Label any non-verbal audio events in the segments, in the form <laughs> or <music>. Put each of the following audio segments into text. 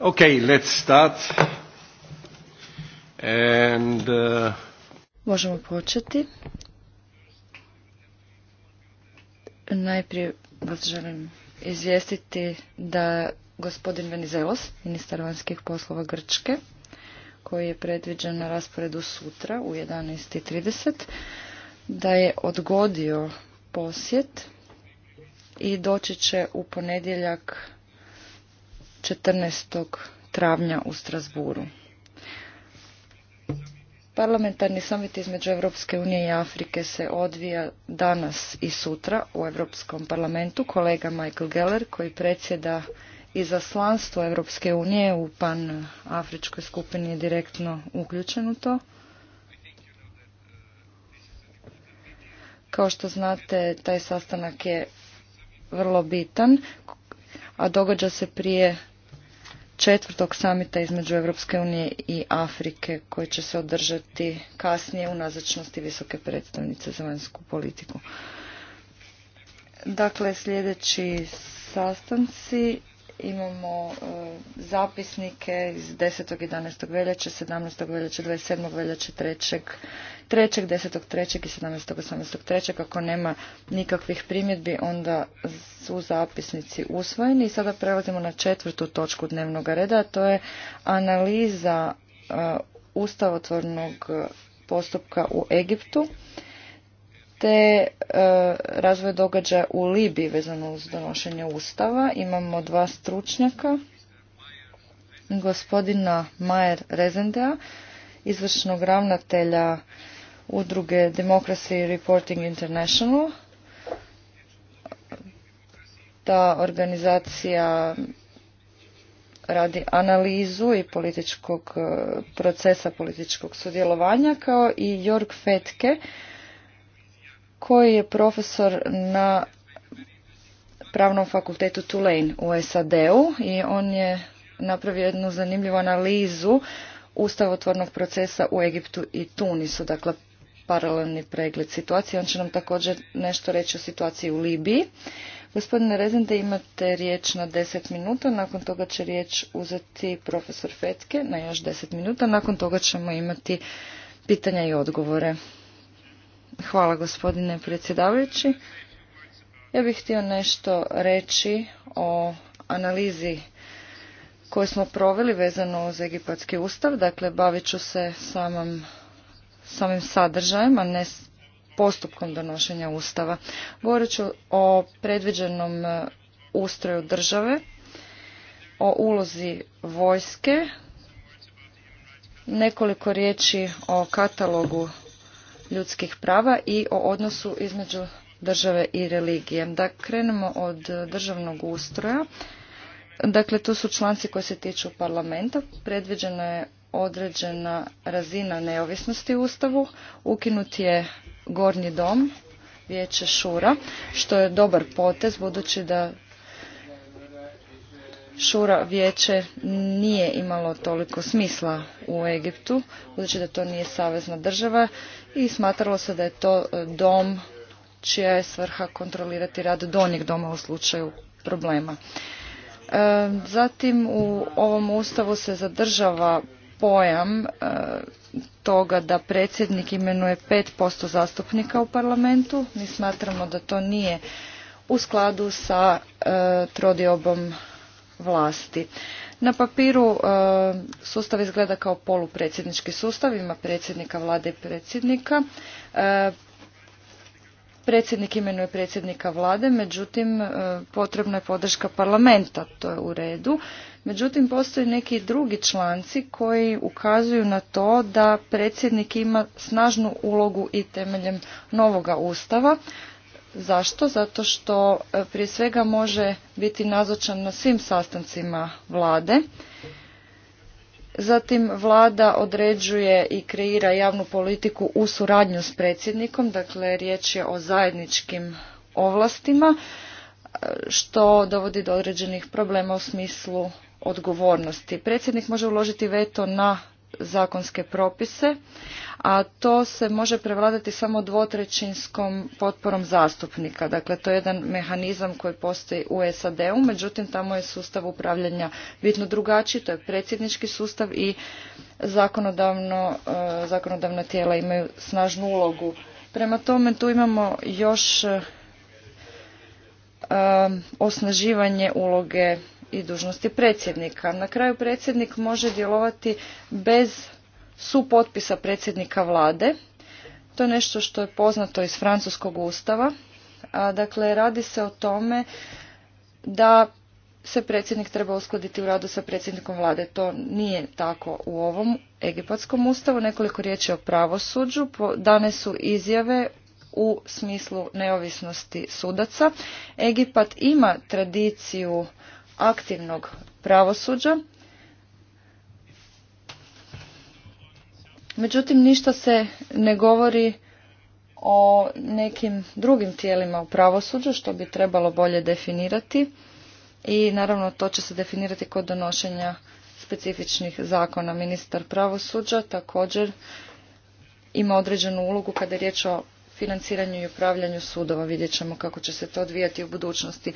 Okay, uh, Možemo početi. Najprije vas želim izvijestiti da gospodin Venizelos, ministar vanjskih poslova Grčke, koji je predviđen na rasporedu sutra u 11.30, da je odgodio posjet i doći će u ponedjeljak 14. travnja u Strasburu. Parlamentarni samit između Europske unije i Afrike se odvija danas i sutra u Europskom parlamentu. Kolega Michael Geller koji predsjeda izaslanstvo Europske unije u pan-afričkoj skupini je direktno uključen u to. Kao što znate, taj sastanak je vrlo bitan, a događa se prije četvrtog samita između Europske unije i Afrike koji će se održati kasnije u nazočnosti visoke predstavnice za vanjsku politiku. Dakle, sljedeći sastanci imamo e, zapisnike iz 10. 11. veljače, 17. veljače, 27. veljače, 3. 3. 10. 3. i 17. 18. 3. Ako nema nikakvih primjedbi, onda su zapisnici usvojeni. I sada prelazimo na četvrtu točku dnevnog reda, a to je analiza e, ustavotvornog postupka u Egiptu te e, razvoj događaja u Libiji vezano uz donošenje ustava. Imamo dva stručnjaka, gospodina Majer Rezendea, izvršnog ravnatelja udruge Democracy Reporting International. Ta organizacija radi analizu i političkog e, procesa političkog sudjelovanja kao i Jorg Fetke, koji je profesor na pravnom fakultetu Tulane u SAD-u i on je napravio jednu zanimljivu analizu ustavotvornog procesa u Egiptu i Tunisu, dakle paralelni pregled situacije. On će nam također nešto reći o situaciji u Libiji. Gospodine Rezende, imate riječ na 10 minuta, nakon toga će riječ uzeti profesor Fetke na još 10 minuta, nakon toga ćemo imati pitanja i odgovore. Hvala gospodine predsjedavajući. Ja bih htio nešto reći o analizi koju smo proveli vezano uz egipatski ustav. Dakle, bavit ću se samim sadržajem, a ne postupkom donošenja ustava. Govorit ću o predviđenom e, ustroju države, o ulozi vojske, nekoliko riječi o katalogu ljudskih prava i o odnosu između države i religije. Da krenemo od državnog ustroja. Dakle, tu su članci koji se tiču parlamenta. Predviđena je određena razina neovisnosti u Ustavu. Ukinut je gornji dom, vijeće Šura, što je dobar potez budući da Šura vijeće nije imalo toliko smisla u Egiptu, budući da to nije savezna država i smatralo se da je to e, dom čija je svrha kontrolirati rad donjeg doma u slučaju problema. E, zatim u ovom ustavu se zadržava pojam e, toga da predsjednik imenuje 5% zastupnika u parlamentu. Mi smatramo da to nije u skladu sa trodiobom vlasti. Na papiru e, sustav izgleda kao polupredsjednički sustav, ima predsjednika vlade i predsjednika. E, predsjednik imenuje predsjednika vlade, međutim e, potrebna je podrška parlamenta, to je u redu. Međutim, postoji neki drugi članci koji ukazuju na to da predsjednik ima snažnu ulogu i temeljem novoga ustava, Zašto? Zato što e, prije svega može biti nazočan na svim sastancima vlade. Zatim vlada određuje i kreira javnu politiku u suradnju s predsjednikom, dakle riječ je o zajedničkim ovlastima, e, što dovodi do određenih problema u smislu odgovornosti. Predsjednik može uložiti veto na zakonske propise, a to se može prevladati samo dvotrećinskom potporom zastupnika. Dakle, to je jedan mehanizam koji postoji u SAD-u, međutim tamo je sustav upravljanja bitno drugačiji, to je predsjednički sustav i zakonodavno, e, zakonodavna tijela imaju snažnu ulogu. Prema tome tu imamo još e, e, osnaživanje uloge i dužnosti predsjednika. Na kraju predsjednik može djelovati bez supotpisa predsjednika vlade. To je nešto što je poznato iz francuskog ustava. A, dakle, radi se o tome da se predsjednik treba uskladiti u radu sa predsjednikom vlade. To nije tako u ovom egipatskom ustavu. Nekoliko riječi o pravosuđu. Dane su izjave u smislu neovisnosti sudaca. Egipat ima tradiciju aktivnog pravosuđa. Međutim, ništa se ne govori o nekim drugim tijelima u pravosuđu što bi trebalo bolje definirati i naravno to će se definirati kod donošenja specifičnih zakona. Ministar pravosuđa također ima određenu ulogu kada je riječ o financiranju i upravljanju sudova. Vidjet ćemo kako će se to odvijati u budućnosti.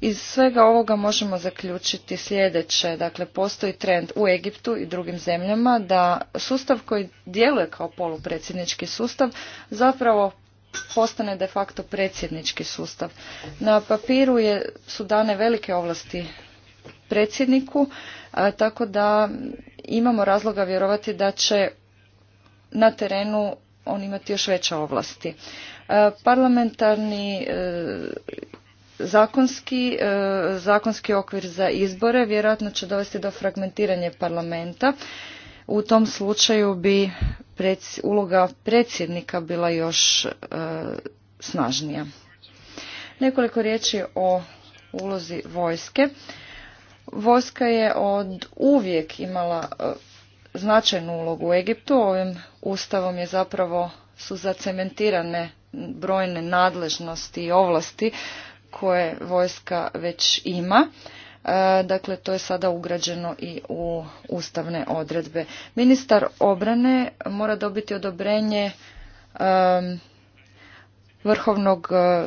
Iz svega ovoga možemo zaključiti sljedeće. Dakle, postoji trend u Egiptu i drugim zemljama da sustav koji djeluje kao polupredsjednički sustav zapravo postane de facto predsjednički sustav. Na papiru je, su dane velike ovlasti predsjedniku, tako da imamo razloga vjerovati da će na terenu on imati još veće ovlasti. E, parlamentarni e, zakonski, e, zakonski okvir za izbore vjerojatno će dovesti do fragmentiranja parlamenta. U tom slučaju bi uloga predsjednika bila još snažnija. Nekoliko riječi o ulozi vojske. Vojska je od uvijek imala značajnu ulogu u Egiptu. Ovim ustavom je zapravo su zacementirane brojne nadležnosti i ovlasti koje vojska već ima. E, dakle, to je sada ugrađeno i u ustavne odredbe. Ministar obrane mora dobiti odobrenje Vrhovnog e,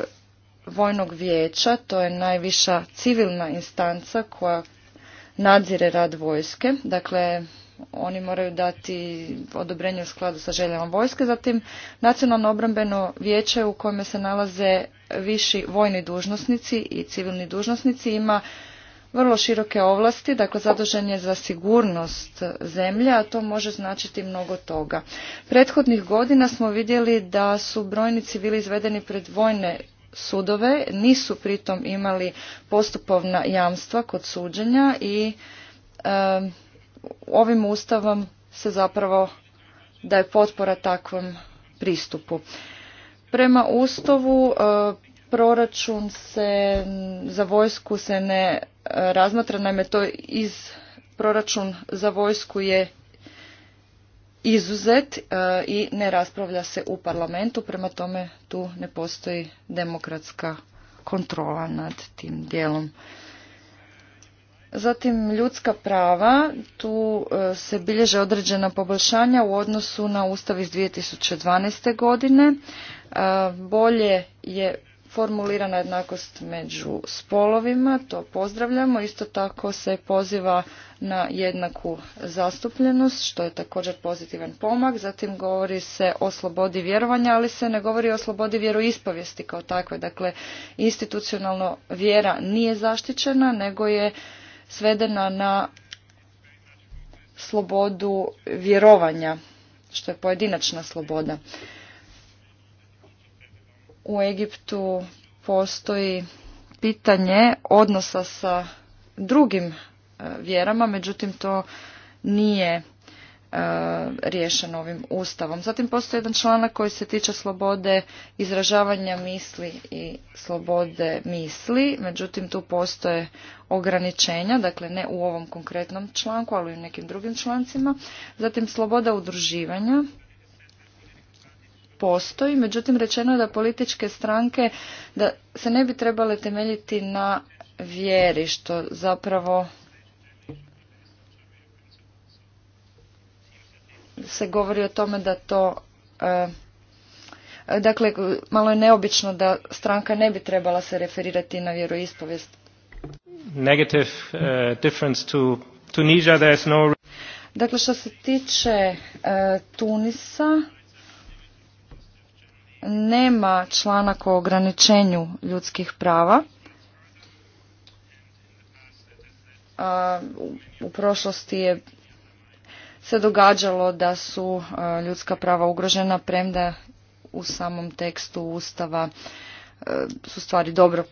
vojnog vijeća, to je najviša civilna instanca koja nadzire rad vojske. Dakle, oni moraju dati odobrenje u skladu sa željama vojske. Zatim nacionalno obrambeno vijeće u kojeme se nalaze viši vojni dužnosnici i civilni dužnosnici ima vrlo široke ovlasti, dakle zadužen je za sigurnost zemlje, a to može značiti mnogo toga. Prethodnih godina smo vidjeli da su brojni civili izvedeni pred vojne sudove, nisu pritom imali postupovna jamstva kod suđenja i ovim ustavom se zapravo daje potpora takvom pristupu. Prema ustavu e, proračun se za vojsku se ne e, razmatra, naime to iz proračun za vojsku je izuzet e, i ne raspravlja se u parlamentu, prema tome tu ne postoji demokratska kontrola nad tim dijelom. Zatim ljudska prava, tu e, se bilježe određena poboljšanja u odnosu na Ustav iz 2012. godine. E, bolje je formulirana jednakost među spolovima, to pozdravljamo. Isto tako se poziva na jednaku zastupljenost, što je također pozitivan pomak. Zatim govori se o slobodi vjerovanja, ali se ne govori o slobodi vjeroispovijesti kao takve. Dakle, institucionalno vjera nije zaštićena, nego je svedena na slobodu vjerovanja, što je pojedinačna sloboda. U Egiptu postoji pitanje odnosa sa drugim e, vjerama, međutim to nije E, riješen ovim ustavom. Zatim postoji jedan članak koji se tiče slobode izražavanja misli i slobode misli, međutim tu postoje ograničenja, dakle ne u ovom konkretnom članku, ali i u nekim drugim člancima. Zatim sloboda udruživanja postoji, međutim rečeno je da političke stranke da se ne bi trebale temeljiti na vjeri, što zapravo se govori o tome da to e, dakle malo je neobično da stranka ne bi trebala se referirati na vjeroispovijest negative e, difference to Tunisia no Dakle što se tiče e, Tunisa nema članak o ograničenju ljudskih prava. u prošlosti je se događalo da su e, ljudska prava ugrožena premda u samom tekstu Ustava e, su stvari dobro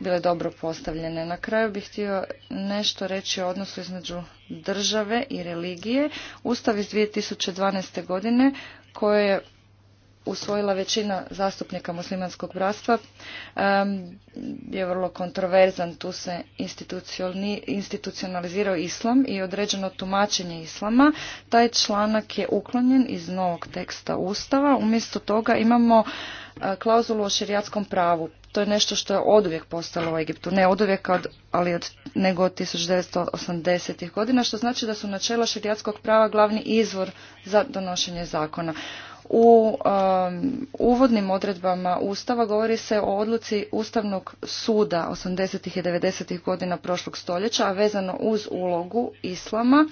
bile dobro postavljene. Na kraju bih htio nešto reći o odnosu između države i religije. Ustav iz 2012. godine koje je usvojila većina zastupnika muslimanskog bratstva je vrlo kontroverzan. Tu se institucionalizirao islam i određeno tumačenje islama. Taj članak je uklonjen iz novog teksta Ustava. Umjesto toga imamo e, klauzulu o širijatskom pravu. To je nešto što je oduvijek postalo u Egiptu. Ne oduvijek, ali od, nego od 1980 godina, što znači da su načela širijatskog prava glavni izvor za donošenje zakona. U um, uvodnim odredbama Ustava govori se o odluci Ustavnog suda 80. i 90. godina prošlog stoljeća, a vezano uz ulogu Islama.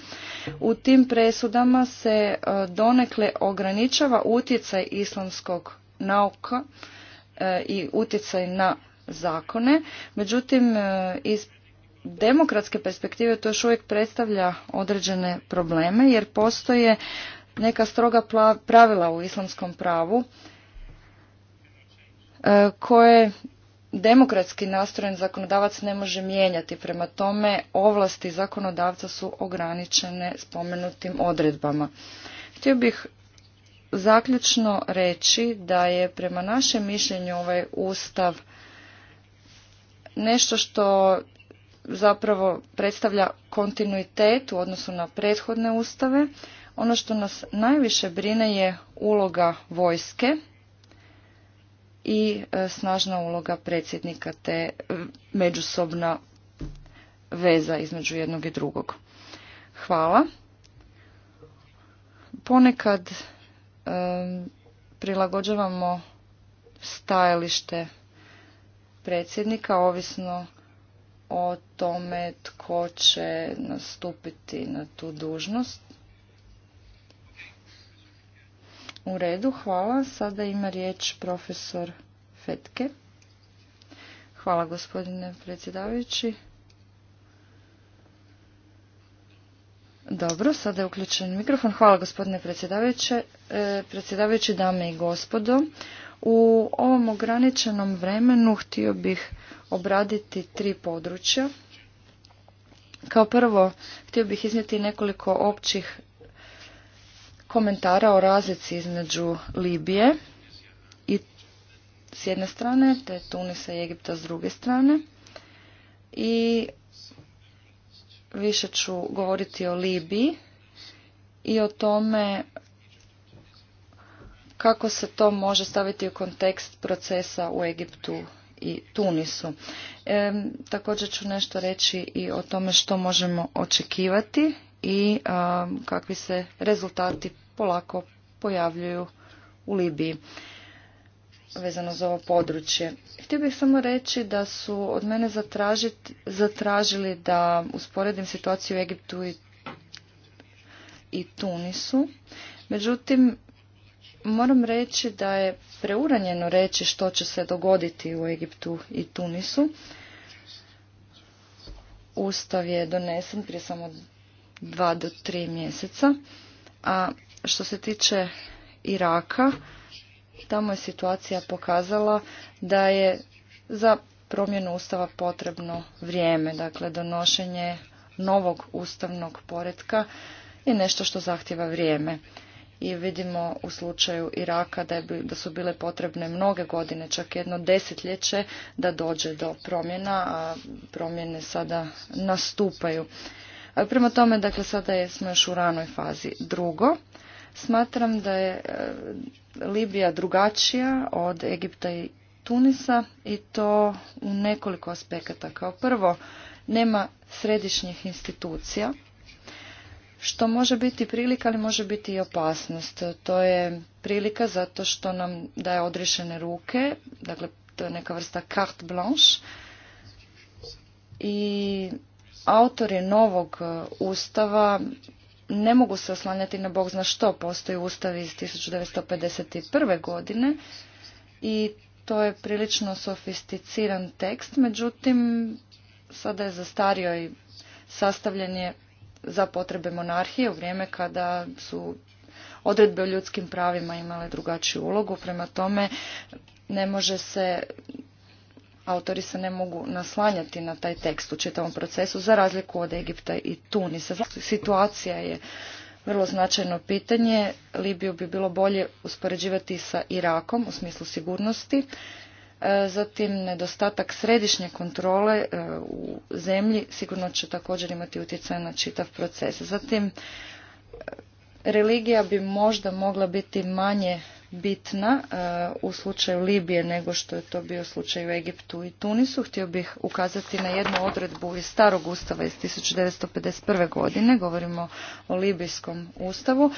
U tim presudama se uh, donekle ograničava utjecaj islamskog nauka uh, i utjecaj na zakone. Međutim, uh, iz demokratske perspektive to još uvijek predstavlja određene probleme jer postoje neka stroga pravila u islamskom pravu e, koje demokratski nastrojen zakonodavac ne može mijenjati. Prema tome, ovlasti zakonodavca su ograničene spomenutim odredbama. Htio bih zaključno reći da je prema našem mišljenju ovaj ustav nešto što zapravo predstavlja kontinuitet u odnosu na prethodne ustave, ono što nas najviše brine je uloga vojske i e, snažna uloga predsjednika te e, međusobna veza između jednog i drugog. Hvala. Ponekad e, prilagođavamo stajalište predsjednika ovisno o tome tko će nastupiti na tu dužnost. U redu, hvala. Sada ima riječ profesor Fetke. Hvala gospodine predsjedavajući. Dobro, sada je uključen mikrofon. Hvala gospodine predsjedavajuće. E, predsjedavajući dame i gospodo. U ovom ograničenom vremenu htio bih obraditi tri područja. Kao prvo, htio bih iznijeti nekoliko općih komentara o razlici između Libije i s jedne strane, te Tunisa i Egipta s druge strane. I više ću govoriti o Libiji i o tome kako se to može staviti u kontekst procesa u Egiptu i Tunisu. E, također ću nešto reći i o tome što možemo očekivati i kakvi se rezultati polako pojavljuju u Libiji vezano za ovo područje. Htio bih samo reći da su od mene zatražili da usporedim situaciju u Egiptu i, Tunisu. Međutim, moram reći da je preuranjeno reći što će se dogoditi u Egiptu i Tunisu. Ustav je donesen prije samo dva do tri mjeseca, a što se tiče Iraka, tamo je situacija pokazala da je za promjenu ustava potrebno vrijeme, dakle donošenje novog ustavnog poretka je nešto što zahtjeva vrijeme. I vidimo u slučaju Iraka da, da su bile potrebne mnoge godine, čak jedno desetljeće da dođe do promjena, a promjene sada nastupaju. Prema tome, dakle, sada smo još u ranoj fazi. Drugo, Smatram da je e, Libija drugačija od Egipta i Tunisa i to u nekoliko aspekata. Kao prvo, nema središnjih institucija, što može biti prilika, ali može biti i opasnost. To je prilika zato što nam daje odrišene ruke, dakle to je neka vrsta carte blanche i autori novog e, ustava ne mogu se oslanjati na Bog zna što. Postoji ustav iz 1951. godine i to je prilično sofisticiran tekst, međutim sada je zastario i sastavljen je za potrebe monarhije u vrijeme kada su odredbe o ljudskim pravima imale drugačiju ulogu, prema tome ne može se autori se ne mogu naslanjati na taj tekst u čitavom procesu, za razliku od Egipta i Tunisa. Situacija je vrlo značajno pitanje. Libiju bi bilo bolje uspoređivati sa Irakom u smislu sigurnosti. E, zatim nedostatak središnje kontrole e, u zemlji sigurno će također imati utjecaj na čitav proces. Zatim e, religija bi možda mogla biti manje bitna e, u slučaju Libije nego što je to bio slučaj u Egiptu i Tunisu. Htio bih ukazati na jednu odredbu iz starog ustava iz 1951. godine, govorimo o libijskom ustavu.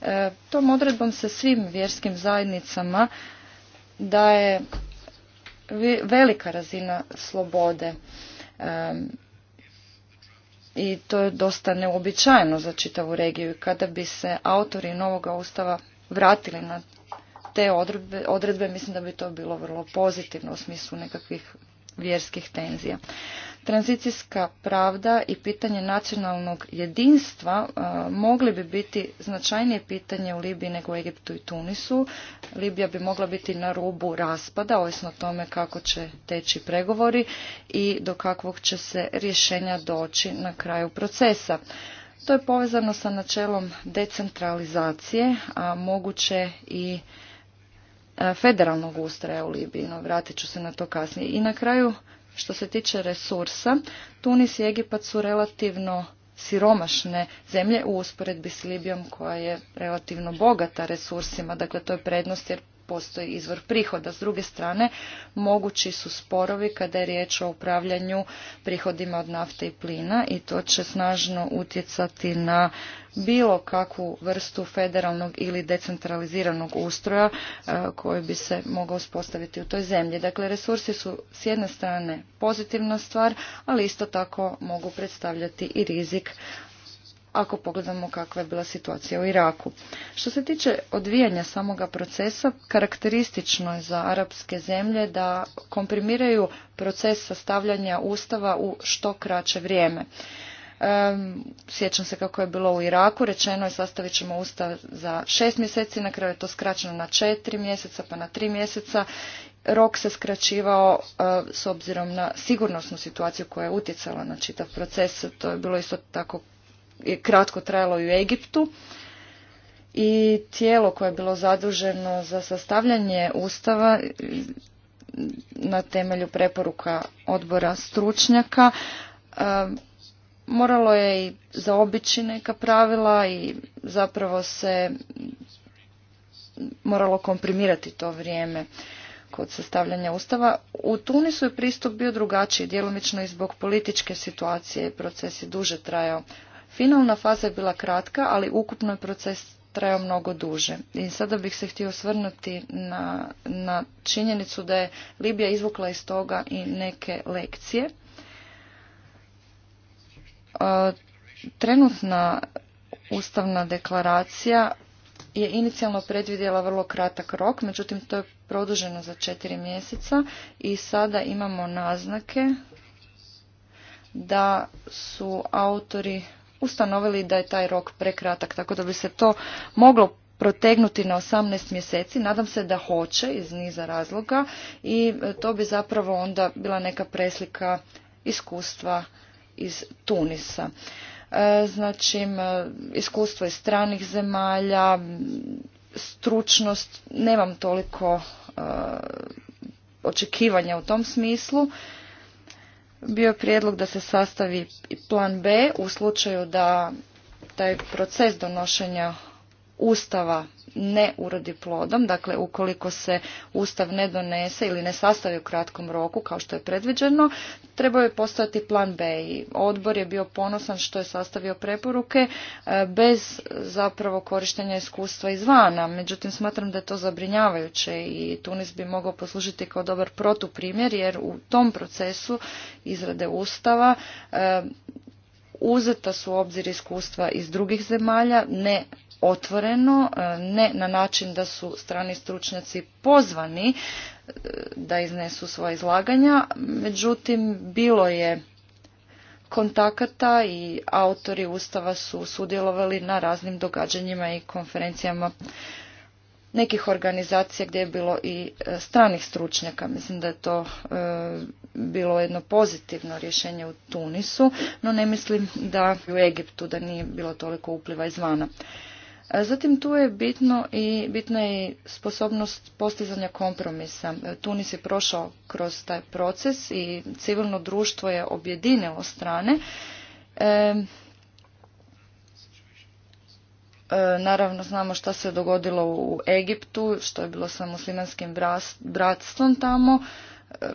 E, tom odredbom se svim vjerskim zajednicama daje velika razina slobode e, i to je dosta neobičajeno za čitavu regiju. Kada bi se autori novoga ustava vratili na te odredbe, odredbe mislim da bi to bilo vrlo pozitivno u smislu nekakvih vjerskih tenzija. Tranzicijska pravda i pitanje nacionalnog jedinstva mogli bi biti značajnije pitanje u Libiji nego u Egiptu i Tunisu. Libija bi mogla biti na rubu raspada, ovisno o tome kako će teći pregovori i do kakvog će se rješenja doći na kraju procesa. To je povezano sa načelom decentralizacije, a moguće i E, federalnog ustraja u Libiji, no vratit ću se na to kasnije. I na kraju, što se tiče resursa, Tunis i Egipat su relativno siromašne zemlje u usporedbi s Libijom koja je relativno bogata resursima, dakle to je prednost jer postoji izvor prihoda. S druge strane, mogući su sporovi kada je riječ o upravljanju prihodima od nafte i plina i to će snažno utjecati na bilo kakvu vrstu federalnog ili decentraliziranog ustroja e, koji bi se mogao uspostaviti u toj zemlji. Dakle, resursi su s jedne strane pozitivna stvar, ali isto tako mogu predstavljati i rizik ako pogledamo kakva je bila situacija u Iraku. Što se tiče odvijanja samoga procesa, karakteristično je za arapske zemlje da komprimiraju proces sastavljanja ustava u što kraće vrijeme. Sjećam se kako je bilo u Iraku, rečeno je sastavit ćemo ustav za šest mjeseci, na kraju je to skraćeno na četiri mjeseca pa na tri mjeseca. Rok se skraćivao e, s obzirom na sigurnosnu situaciju koja je utjecala na čitav proces, to je bilo isto tako je kratko trajalo i u Egiptu i tijelo koje je bilo zaduženo za sastavljanje ustava na temelju preporuka odbora stručnjaka moralo je i zaobići neka pravila i zapravo se moralo komprimirati to vrijeme kod sastavljanja ustava. U Tunisu je pristup bio drugačiji, djelomično i zbog političke situacije, proces je duže trajao. Finalna faza je bila kratka, ali ukupno je proces trajao mnogo duže. I sada bih se htio svrnuti na, na činjenicu da je Libija izvukla iz toga i neke lekcije. trenutna ustavna deklaracija je inicijalno predvidjela vrlo kratak rok, međutim to je produženo za četiri mjeseca i sada imamo naznake da su autori ustanovili da je taj rok prekratak, tako da bi se to moglo protegnuti na 18 mjeseci. Nadam se da hoće iz niza razloga i e, to bi zapravo onda bila neka preslika iskustva iz Tunisa. E, znači, e, iskustvo iz stranih zemalja, stručnost, nemam toliko očekivanja u tom smislu bio prijedlog da se sastavi plan B u slučaju da taj proces donošenja ustava ne urodi plodom, dakle ukoliko se Ustav ne donese ili ne sastavi u kratkom roku kao što je predviđeno, trebao je postojati plan B. I odbor je bio ponosan što je sastavio preporuke e, bez zapravo korištenja iskustva izvana. Međutim, smatram da je to zabrinjavajuće i Tunis bi mogao poslužiti kao dobar protuprimjer jer u tom procesu izrade Ustava e, uzeta su u obzir iskustva iz drugih zemalja, ne otvoreno, e, ne na način da su strani stručnjaci pozvani e, da iznesu svoje izlaganja, međutim bilo je kontakata i autori Ustava su sudjelovali na raznim događanjima i konferencijama nekih organizacija gdje je bilo i e, stranih stručnjaka. Mislim da je to bilo jedno pozitivno rješenje u Tunisu, no ne mislim da u Egiptu da nije bilo toliko upliva izvana. Zatim tu je bitno i bitna je i sposobnost postizanja kompromisa. Tunis je prošao kroz taj proces i civilno društvo je objedinilo strane. E, e naravno znamo šta se dogodilo u Egiptu, što je bilo sa muslimanskim bratstvom tamo. E,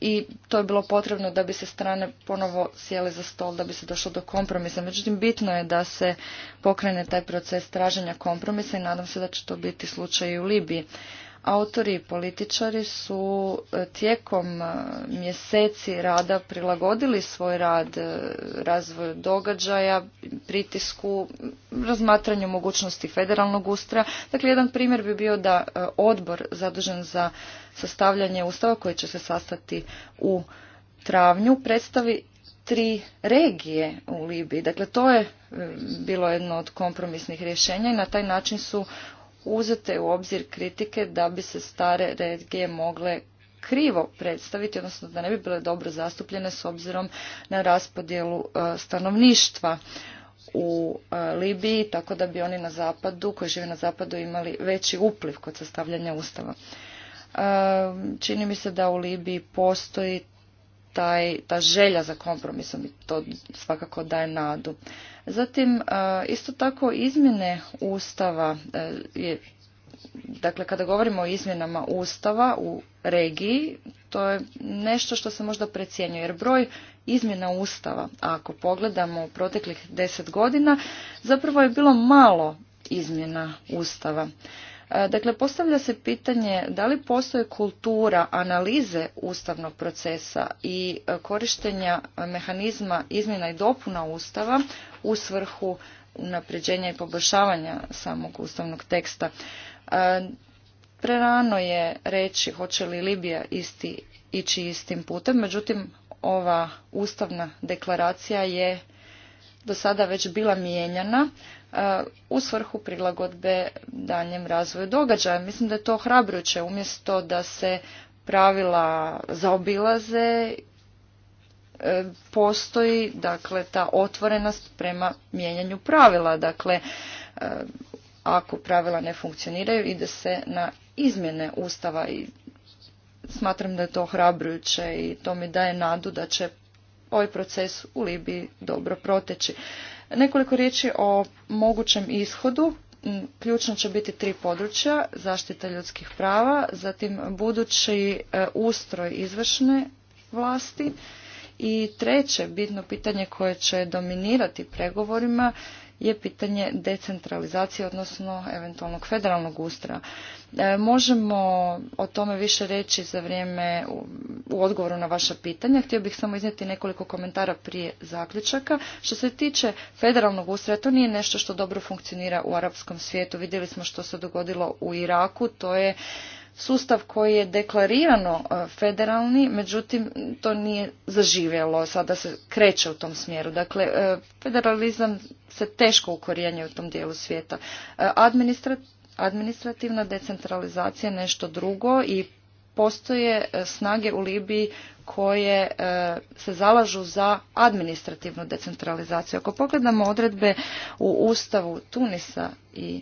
i to je bilo potrebno da bi se strane ponovo sjele za stol, da bi se došlo do kompromisa. Međutim, bitno je da se pokrene taj proces traženja kompromisa i nadam se da će to biti slučaj i u Libiji. Autori i političari su e, tijekom e, mjeseci rada prilagodili svoj rad e, razvoju događaja, pritisku, razmatranju mogućnosti federalnog ustroja. Dakle, jedan primjer bi bio da odbor zadužen za sastavljanje ustava koji će se sastati u travnju predstavi tri regije u Libiji. Dakle, to je bilo jedno od kompromisnih rješenja i na taj način su uzete u obzir kritike da bi se stare regije mogle krivo predstaviti, odnosno da ne bi bile dobro zastupljene s obzirom na raspodjelu e, stanovništva u e, Libiji, tako da bi oni na zapadu, koji žive na zapadu, imali veći upliv kod sastavljanja ustava. E, čini mi se da u Libiji postoji taj, ta želja za kompromisom i to svakako daje nadu. Zatim, e, isto tako izmjene Ustava, e, dakle kada govorimo o izmjenama Ustava u regiji, to je nešto što se možda precijenjuje, jer broj izmjena Ustava, ako pogledamo u proteklih deset godina, zapravo je bilo malo izmjena Ustava. E, dakle, postavlja se pitanje da li postoje kultura analize ustavnog procesa i e, korištenja mehanizma izmjena i dopuna ustava u svrhu unapređenja i poboljšavanja samog ustavnog teksta. E, prerano je reći hoće li Libija isti, ići istim putem, međutim ova ustavna deklaracija je do sada već bila mijenjana E, u svrhu prilagodbe daljem razvoju događaja. Mislim da je to hrabruće umjesto da se pravila zaobilaze e, postoji dakle ta otvorenost prema mijenjanju pravila. Dakle, e, ako pravila ne funkcioniraju ide se na izmjene ustava i smatram da je to hrabrujuće i to mi daje nadu da će ovaj proces u Libiji dobro proteći. Nekoliko riječi o mogućem ishodu. Mm, ključno će biti tri područja, zaštita ljudskih prava, zatim budući e, ustroj izvršne vlasti i treće bitno pitanje koje će dominirati pregovorima je pitanje decentralizacije, odnosno eventualnog federalnog ustroja. E, možemo o tome više reći za vrijeme u odgovoru na vaša pitanja. Htio bih samo iznijeti nekoliko komentara prije zaključaka. Što se tiče federalnog ustroja, to nije nešto što dobro funkcionira u arapskom svijetu. Vidjeli smo što se dogodilo u Iraku, to je sustav koji je deklarirano e, federalni, međutim to nije zaživjelo, sada se kreće u tom smjeru. Dakle, e, federalizam se teško ukorijenje u tom dijelu svijeta. E, administrativna decentralizacija je nešto drugo i postoje snage u Libiji koje se zalažu za administrativnu decentralizaciju. Ako pogledamo odredbe u Ustavu Tunisa i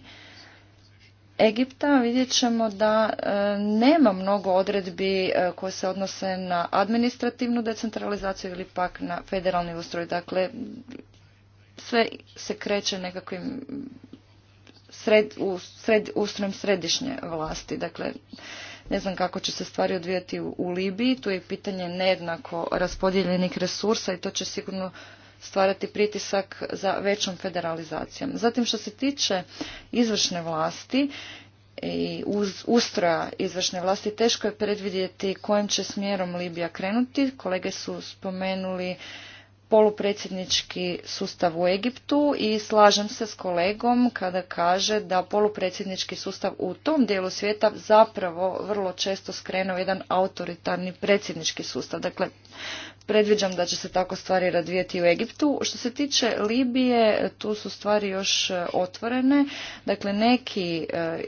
Egipta vidjet ćemo da e, nema mnogo odredbi e, koje se odnose na administrativnu decentralizaciju ili pak na federalni ustroj. Dakle, sve se kreće nekakvim sred, u sred, ustrojem središnje vlasti. Dakle, ne znam kako će se stvari odvijati u, u Libiji. Tu je pitanje nejednako raspodijeljenih resursa i to će sigurno stvarati pritisak za većom federalizacijom. Zatim što se tiče izvršne vlasti i ustroja izvršne vlasti, teško je predvidjeti kojim će smjerom Libija krenuti. Kolege su spomenuli polupredsjednički sustav u Egiptu i slažem se s kolegom kada kaže da polupredsjednički sustav u tom dijelu svijeta zapravo vrlo često skrenuo jedan autoritarni predsjednički sustav. Dakle, predviđam da će se tako stvari radvijeti u Egiptu. Što se tiče Libije, tu su stvari još e, otvorene. Dakle, neki e,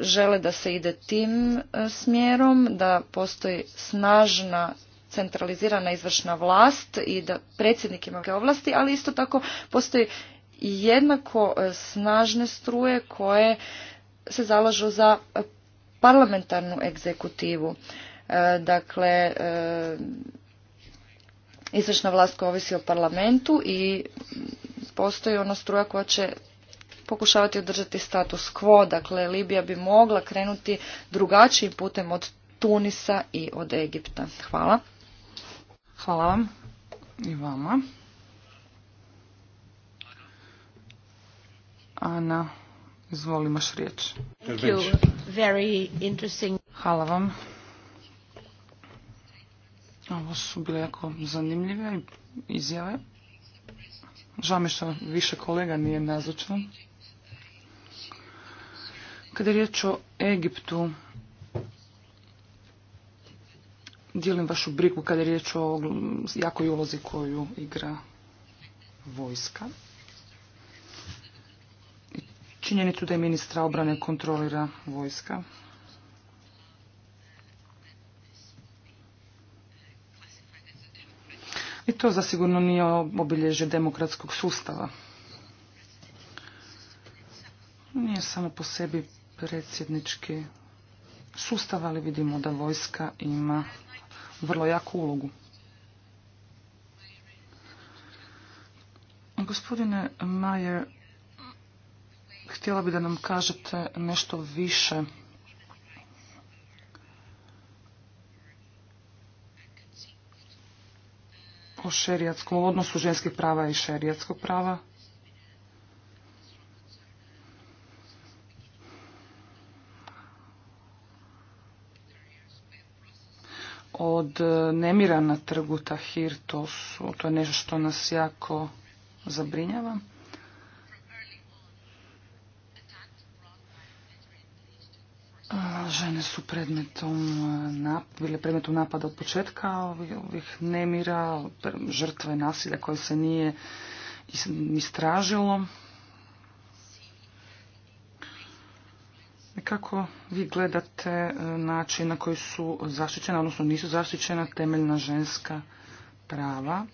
žele da se ide tim e, smjerom, da postoji snažna centralizirana izvršna vlast i da predsjednik ima ovlasti, ali isto tako postoji jednako e, snažne struje koje se zalažu za e, parlamentarnu egzekutivu. E, dakle, izvršna vlast koja ovisi o parlamentu i postoji ona struja koja će pokušavati održati status quo. Dakle, Libija bi mogla krenuti drugačijim putem od Tunisa i od Egipta. Hvala. Hvala vam i vama. Ana, maš riječ. Hvala vam. Ovo su bile jako zanimljive izjave. Žao mi što više kolega nije nazočno. Kada je riječ o Egiptu, dijelim vašu brigu kada je riječ o jakoj ulozi koju igra vojska. Činjenicu da je ministra obrane kontrolira vojska. I to zasigurno nije obilježje demokratskog sustava. Nije samo po sebi predsjednički sustava, ali vidimo da vojska ima vrlo jaku ulogu. Gospodine Majer, htjela bi da nam kažete nešto više o šerijatskom odnosu ženskih prava i šerijatskog prava. od e, nemira na trgu Tahir, to, to je nešto što nas jako zabrinjava. E, žene su predmetom, e, bile predmetom napada od početka ovih nemira, žrtve nasilja koje se nije istražilo. Kako vi gledate e, način na koji su zaštićena, odnosno nisu zaštićena temeljna ženska prava?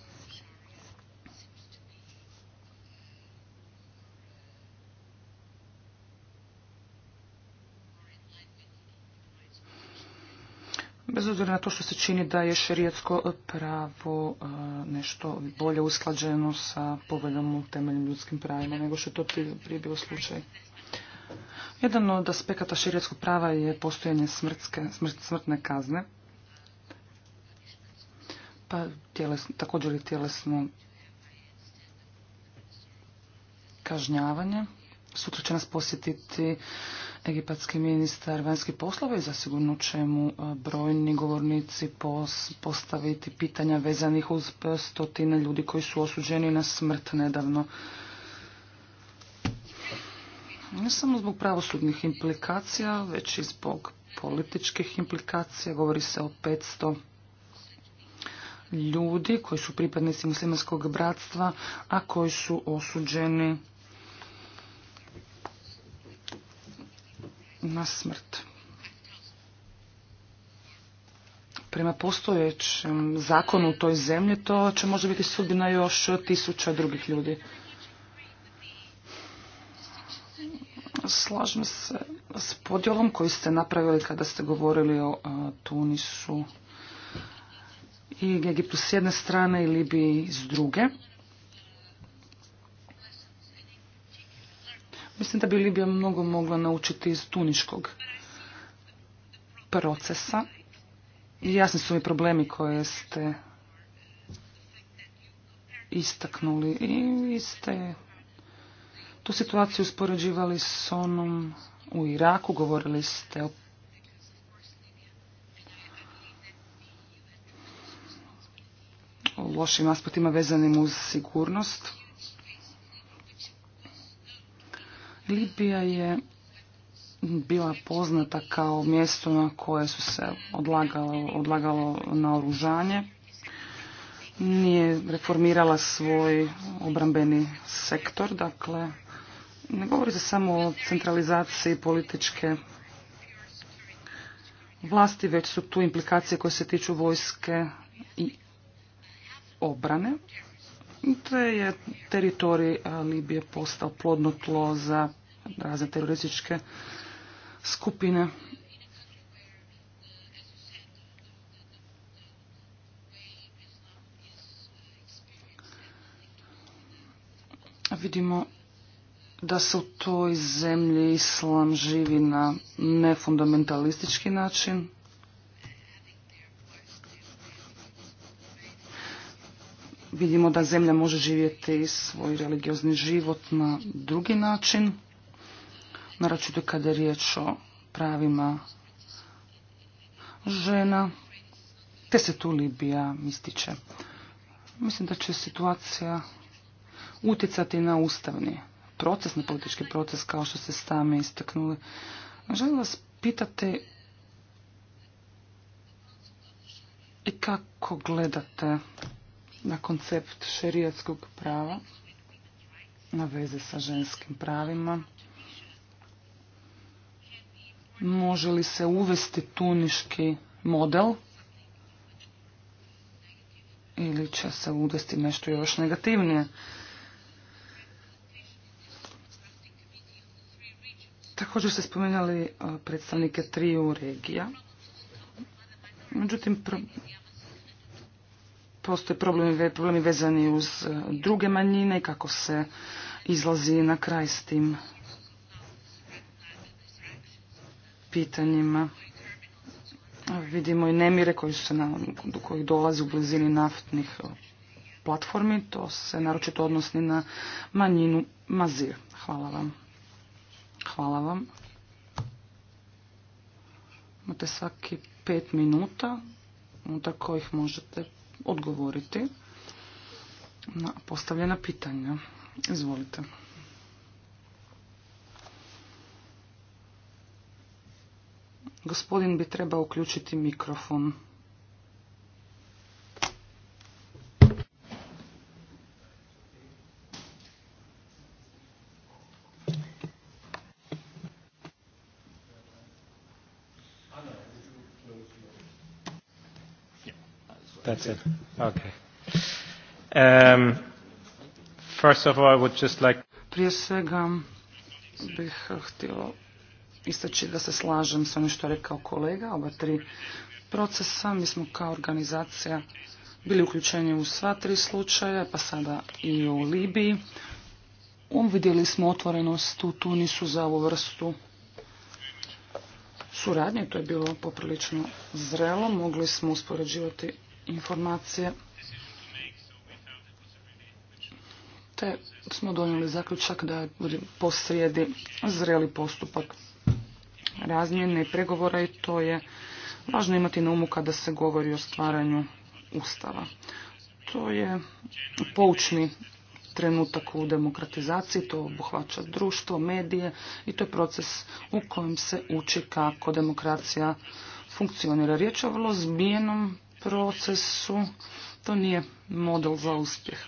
Bez obzira na to što se čini da je šerijetsko pravo e, nešto bolje usklađeno sa poveljom u temeljnim ljudskim pravima nego što je to prije bio slučaj. Jedan od aspekata širijetskog prava je postojanje smrtne kazne, pa također i tjelesno kažnjavanje. Sutra će nas posjetiti egipatski ministar vanjskih poslova i zasigurno će mu e, brojni govornici postaviti pitanja vezanih uz stotine ljudi koji su osuđeni na smrt nedavno. Ne samo zbog pravosudnih implikacija, već i zbog političkih implikacija. Govori se o 500 ljudi koji su pripadnici muslimanskog bratstva, a koji su osuđeni na smrt. Prema postojećem zakonu u toj zemlji to će možda biti sudbina još tisuća drugih ljudi. Slažem se s podjelom koji ste napravili kada ste govorili o e, Tunisu i Egiptu s jedne strane i Libiji s druge. Mislim da bi Libija mnogo mogla naučiti iz tuniškog procesa. I jasni su mi problemi koje ste istaknuli i vi ste tu situaciju uspoređivali s onom u Iraku, govorili ste o lošim aspektima vezanim uz sigurnost. Libija je bila poznata kao mjesto na koje su se odlagalo, odlagalo oružanje. Nije reformirala svoj obrambeni sektor, dakle ne govori se samo o centralizaciji političke vlasti, već su tu implikacije koje se tiču vojske i obrane. Te je teritorij eh, Libije postao plodno tlo za razne terorističke skupine. Vidimo da se u toj zemlji islam živi na nefundamentalistički način. Vidimo da zemlja može živjeti svoj religiozni život na drugi način, naročito kada je riječ o pravima žena, te se tu Libija ističe. Mislim da će situacija utjecati na ustavni na politički proces kao što ste sami istaknuli. Želim vas pitati i kako gledate na koncept šerijatskog prava na veze sa ženskim pravima. Može li se uvesti tuniški model ili će se uvesti nešto još negativnije? Također ste spomenuli e, predstavnike u regija. Međutim, postoje problemi, vezani uz e, druge manjine i kako se izlazi na kraj s tim pitanjima. Vidimo i nemire koji su na, do kojih dolazi u blizini naftnih e, platformi. To se naročito odnosi na manjinu Mazir. Hvala vam. Hvala vam. Imate svaki pet minuta unutar kojih možete odgovoriti na postavljena pitanja. Izvolite. Gospodin bi trebao uključiti mikrofon. That's um, first of all, I would just like... Prije svega bih htio istaći da se slažem sa onim što je rekao kolega, oba tri procesa. Mi smo kao organizacija bili uključeni u sva tri slučaja, pa sada i u Libiji. Uvidjeli um, smo otvorenost u Tunisu za ovu vrstu suradnje, to je bilo poprilično zrelo, mogli smo uspoređivati informacije. Te smo donijeli zaključak da je posrijedi zreli postupak razmjene i pregovora i to je važno imati na umu kada se govori o stvaranju Ustava. To je poučni trenutak u demokratizaciji, to obuhvaća društvo, medije i to je proces u kojem se uči kako demokracija funkcionira. Riječ je o vrlo zbijenom procesu. To nije model za uspjeh.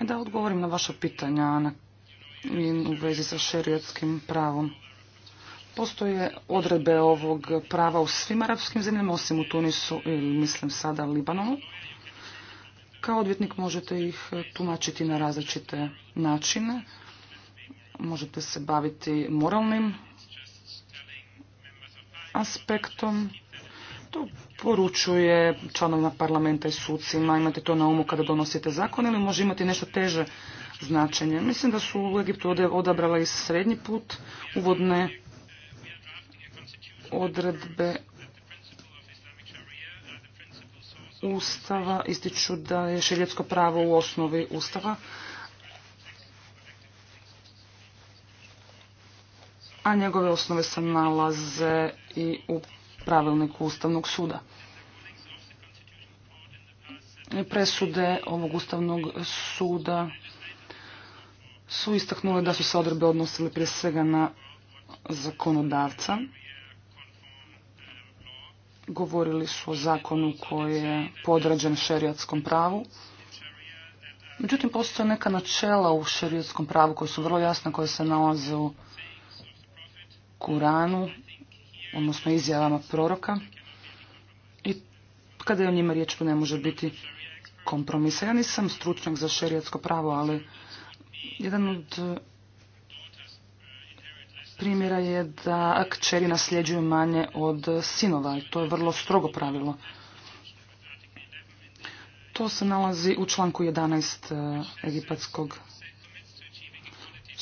Da odgovorim na vaša pitanja, u vezi sa šerijetskim pravom. Postoje odredbe ovog prava u svim arapskim zemljama, osim u Tunisu ili mislim sada Libanonu. Kao odvjetnik možete ih tumačiti na različite načine. Možete se baviti moralnim aspektom to poručuje članovima parlamenta i sucima, imate to na umu kada donosite zakon ili može imati nešto teže značenje. Mislim da su u Egiptu odabrala i srednji put uvodne odredbe Ustava ističu da je širjetsko pravo u osnovi Ustava, a njegove osnove se nalaze i u pravilniku Ustavnog suda. Presude ovog Ustavnog suda su istaknule da su se odrebe odnosile prije svega na zakonodavca. Govorili su o zakonu koji je podrađen šerijatskom pravu. Međutim, postoje neka načela u šerijatskom pravu koja su vrlo jasna, koja se nalaze u Kuranu odnosno izjavama proroka i kada je o njima riječ ne može biti kompromisa. Ja nisam stručnjak za šerijatsko pravo, ali jedan od e, primjera je da kćeri nasljeđuju manje od sinova i to je vrlo strogo pravilo. To se nalazi u članku 11 e, egipatskog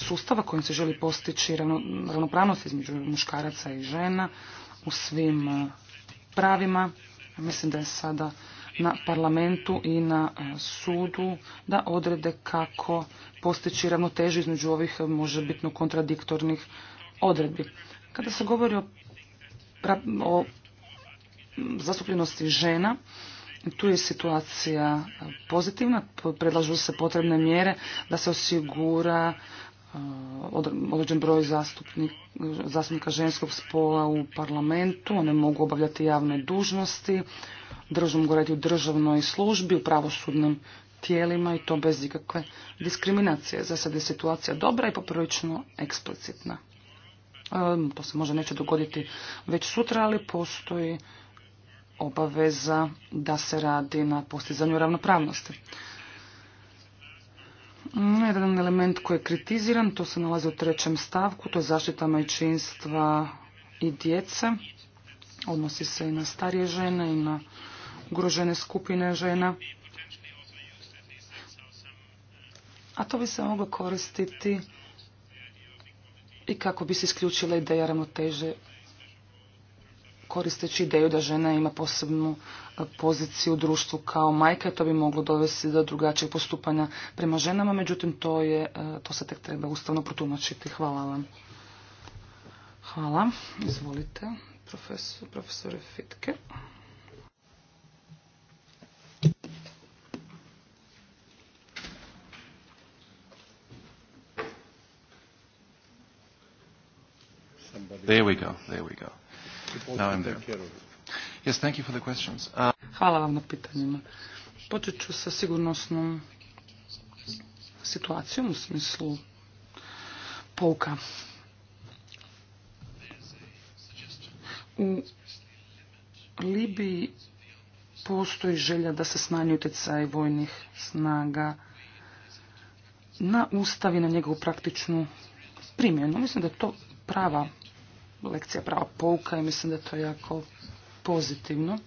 sustava kojim se želi postići ravnopravnost između muškaraca i žena u svim eh, pravima. Mislim da je sada na parlamentu i na eh, sudu da odrede kako postići ravnotežu između ovih eh, možebitno kontradiktornih odredbi. Kada se govori o, o zastupljenosti žena, tu je situacija pozitivna, predlažu se potrebne mjere da se osigura određen broj zastupnika, zastupnika ženskog spola u parlamentu, one mogu obavljati javne dužnosti, goreti u državnoj službi, u pravosudnim tijelima i to bez ikakve diskriminacije. Za sad je situacija dobra i poprilično eksplicitna. E, to se možda neće dogoditi već sutra, ali postoji obaveza da se radi na postizanju ravnopravnosti. Mm, jedan element koji je kritiziran, to se nalazi u trećem stavku, to je zaštita majčinstva i djece. Odnosi se i na starije žene i na ugrožene skupine žena. A to bi se moglo koristiti i kako bi se isključila ideja ravnoteže koristeći ideju da žena ima posebnu e, poziciju u društvu kao majka, to bi moglo dovesti do drugačijeg postupanja prema ženama, međutim to, je, e, to se tek treba ustavno protumačiti. Hvala vam. Hvala. Izvolite, profesor, profesore Fitke. There we go, there we go. Yes, uh, Hvala vam na pitanjima. Počet ću sa sigurnosnom situacijom u smislu pouka. U Libiji postoji želja da se smanji utjecaj vojnih snaga na ustavi na njegovu praktičnu primjenu. Mislim da je to prava lekcija prava pouka i mislim da je to jako pozitivno.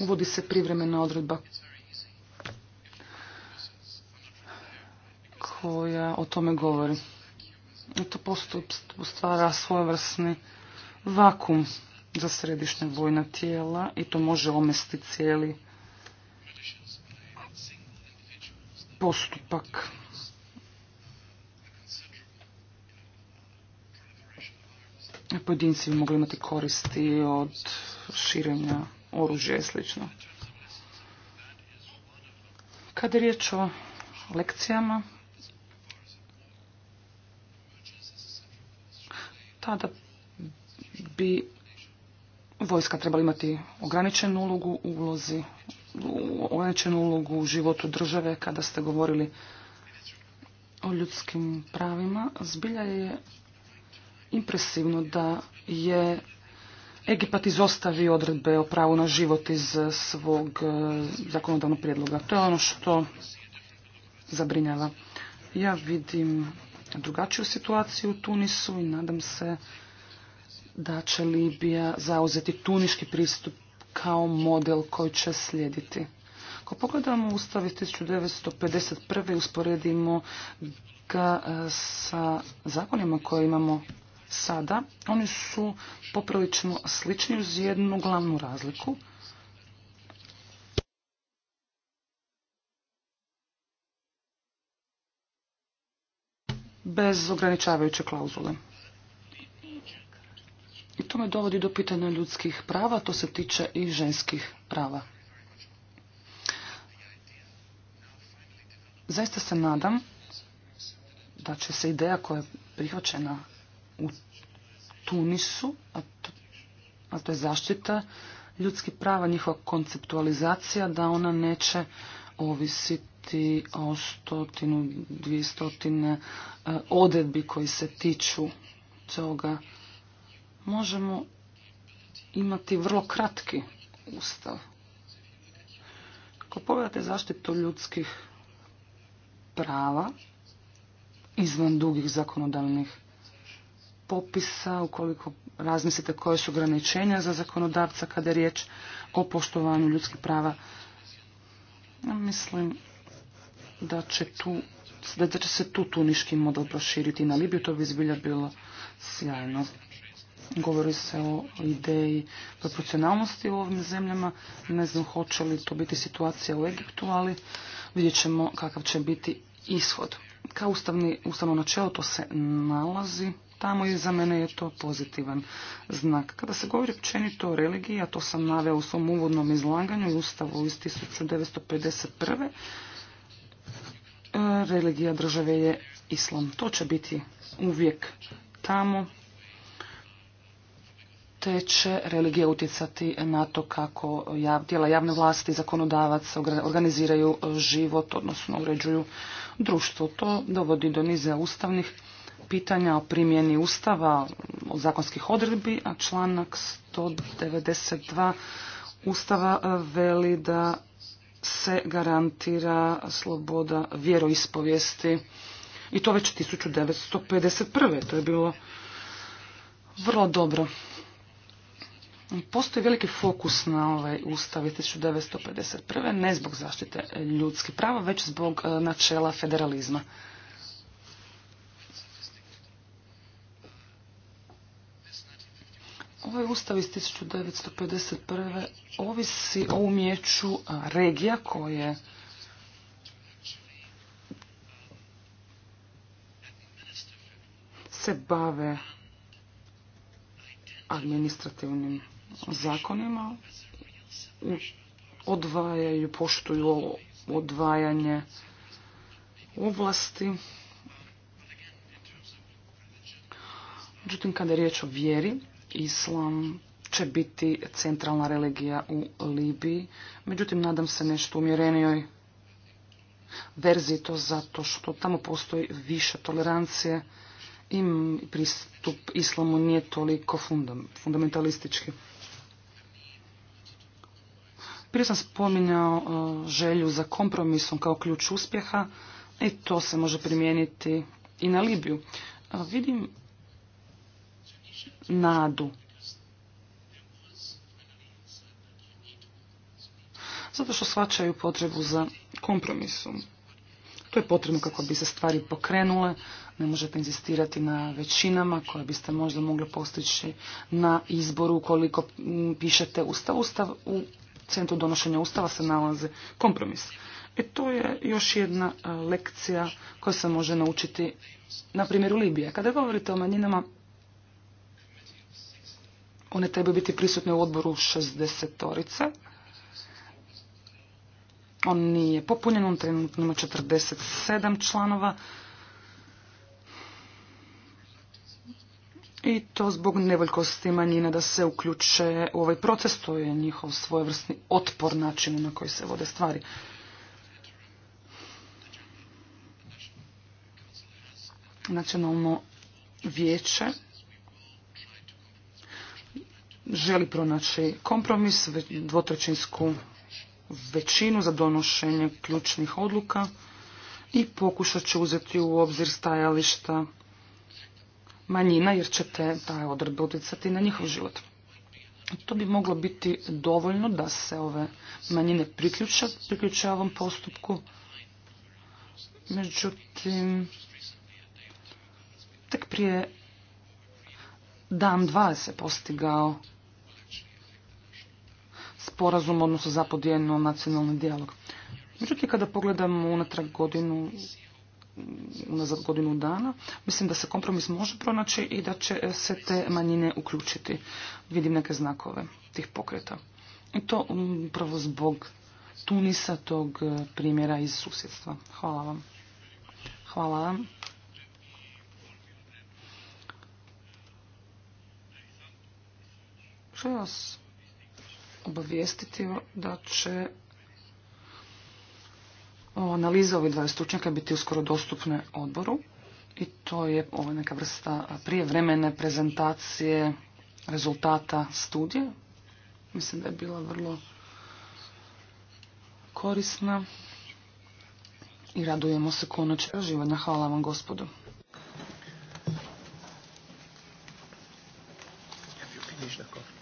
Uvodi se privremena odredba koja o tome govori. to postup stvara svojevrsni vakum za središnje vojna tijela i to može omesti cijeli postupak. pojedinci bi mogli imati koristi od širenja oružja i sl. Kada je riječ o lekcijama, tada bi vojska trebala imati ograničenu ulogu u ulozi, ograničenu ulogu u životu države kada ste govorili o ljudskim pravima. Zbilja je impresivno da je Egipat izostavio odredbe o pravu na život iz eh, svog eh, zakonodavnog prijedloga. To je ono što zabrinjava. Ja vidim drugačiju situaciju u Tunisu i nadam se da će Libija zauzeti tuniški pristup kao model koji će slijediti. Ako pogledamo Ustav iz 1951. usporedimo ga eh, sa zakonima koje imamo sada, oni su poprilično slični uz jednu glavnu razliku. Bez ograničavajuće klauzule. I to me dovodi do pitanja ljudskih prava, to se tiče i ženskih prava. Zaista se nadam da će se ideja koja je prihvaćena u Tunisu, a to, je zaštita ljudskih prava, njihova konceptualizacija, da ona neće ovisiti o stotinu, dvijestotine eh, odredbi koji se tiču toga. Možemo imati vrlo kratki ustav. Ako pogledate zaštitu ljudskih prava izvan dugih zakonodavnih popisa ukoliko razmislite koje su ograničenja za zakonodavca kada je riječ o poštovanju ljudskih prava. Ja mislim da će, tu, da će se tu tuniški model proširiti na Libiju, to bi zbilja bilo sjajno. Govori se o ideji proporcionalnosti u ovim zemljama. Ne znam hoće li to biti situacija u Egiptu, ali vidjet ćemo kakav će biti ishod. Kao ustavni, ustavno načelo to se nalazi tamo i za mene je to pozitivan znak. Kada se govori općenito o religiji, a to sam naveo u svom uvodnom izlaganju i ustavu iz 1951. E, religija države je islam. To će biti uvijek tamo te će religija utjecati na to kako tijela javne vlasti, zakonodavac organiziraju život, odnosno uređuju društvo. To dovodi do niza ustavnih pitanja o primjeni Ustava, o zakonskih odredbi, a članak 192 Ustava e, veli da se garantira sloboda vjeroispovijesti i to već 1951. To je bilo vrlo dobro. Postoji veliki fokus na ovaj ustav 1951. ne zbog zaštite ljudskih prava, već zbog e, načela federalizma. Ovaj ustav iz 1951. ovisi o umjeću regija koje se bave administrativnim zakonima, odvajaju, poštuju odvajanje ovlasti. Međutim, kada je riječ o vjeri, Islam će biti centralna religija u Libiji, međutim nadam se nešto umjerenijoj verziji to zato što tamo postoji više tolerancije i pristup islamu nije toliko fundamentalistički. Prije sam spominjao e, želju za kompromisom kao ključ uspjeha i to se može primijeniti i na Libiju. E, vidim nadu. Zato što svačaju potrebu za kompromisom. To je potrebno kako bi se stvari pokrenule, ne možete inzistirati na većinama koje biste možda mogli postići na izboru koliko pišete Ustav. Ustav u centru donošenja Ustava se nalaze kompromis. E to je još jedna e, lekcija koja se može naučiti na primjeru Libije. Kada govorite o manjinama, one trebaju biti prisutne u odboru 60 On nije popunjen, on trenutno ima 47 članova. I to zbog nevoljkosti manjina da se uključe u ovaj proces, to je njihov svojevrsni otpor načinu na koji se vode stvari. Nacionalno vijeće želi pronaći kompromis, dvotrećinsku većinu za donošenje ključnih odluka i pokušat će uzeti u obzir stajališta manjina jer će te taj odredbe utjecati na njihov život. To bi moglo biti dovoljno da se ove manjine priključe, priključe ovom postupku. Međutim, tek prije dan dva se postigao sporazum, odnosno zapodijeno nacionalni dijalog. Međutim, kada pogledamo unatrag godinu, unazad godinu dana, mislim da se kompromis može pronaći i da će se te manjine uključiti. Vidim neke znakove tih pokreta. I to upravo zbog Tunisa, tog eh, primjera iz susjedstva. Hvala vam. Hvala vam. ću vas obavijestiti da će analiza ovih 20 stručnjaka biti uskoro dostupne odboru i to je ovo neka vrsta prijevremene prezentacije rezultata studije. Mislim da je bila vrlo korisna i radujemo se konačno živanja. Hvala vam gospodu. Have you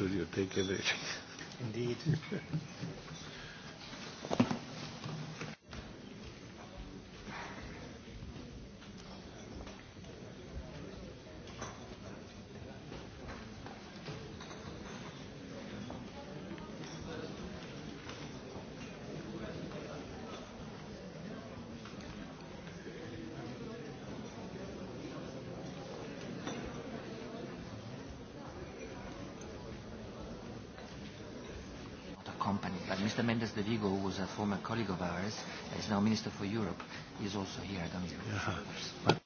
should you take everything? Indeed. a former colleague of ours, is now Minister for Europe. is also here. I don't know. Yeah.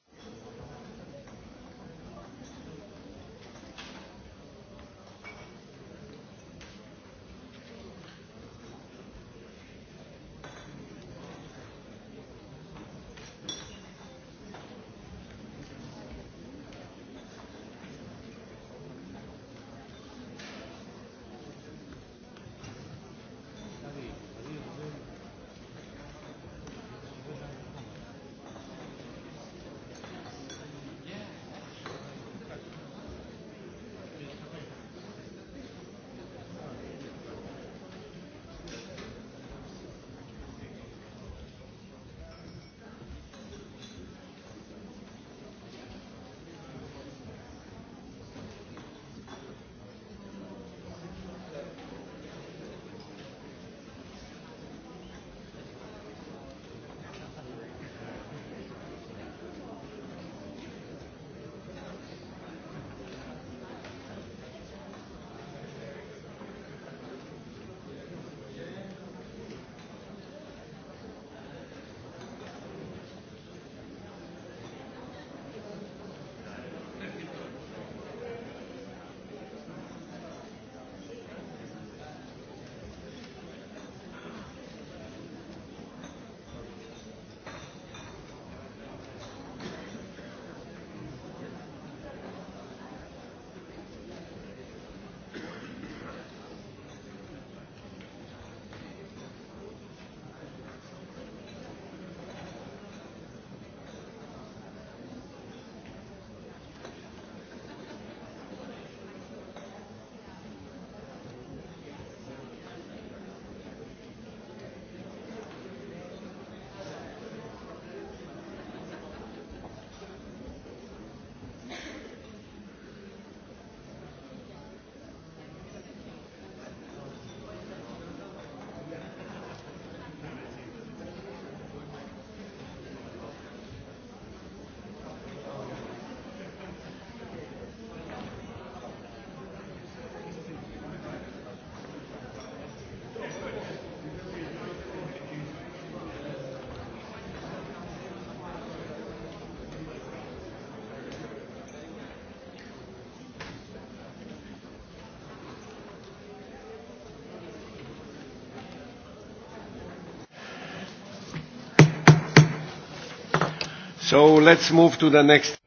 So let's move to the next.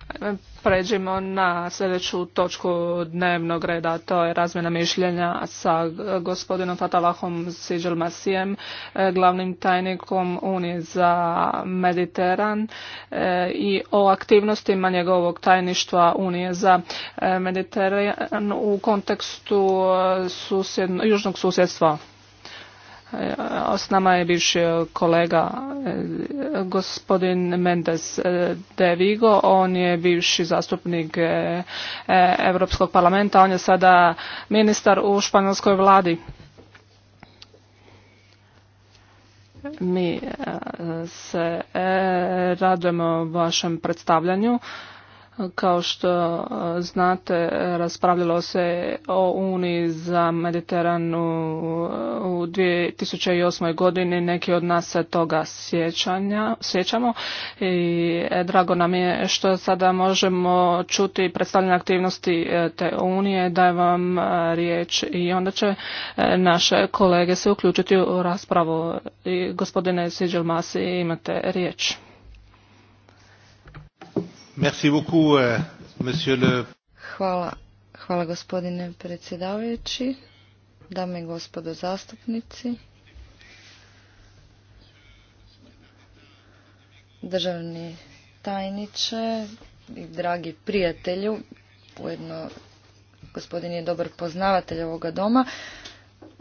Pređimo na sljedeću točku dnevnog reda, to je razmjena mišljenja sa gospodinom Fatalahom Siđel Masijem, e, glavnim tajnikom Unije za Mediteran e, i o aktivnostima njegovog tajništva Unije za e, Mediteran u kontekstu susjedno, južnog susjedstva. S nama je bivši kolega gospodin Mendes eh, de Vigo, on je bivši zastupnik eh, eh, Europskog parlamenta, on je sada ministar u španjolskoj vladi. Mi se radujemo vašem predstavljanju. Kao što e, znate, raspravljalo se o Uniji za Mediteranu e, u 2008. godini. Neki od nas se toga sjećanja, sjećamo i e, drago nam je što sada možemo čuti predstavljanje aktivnosti te Unije. Dajem vam riječ i onda će naše kolege se uključiti u raspravu. I gospodine Siđel Masi, imate riječ. Euh, hvala, hvala gospodine predsjedavajući, dame i gospodo zastupnici, državni tajniče i dragi prijatelju, ujedno gospodin je dobar poznavatelj ovoga doma.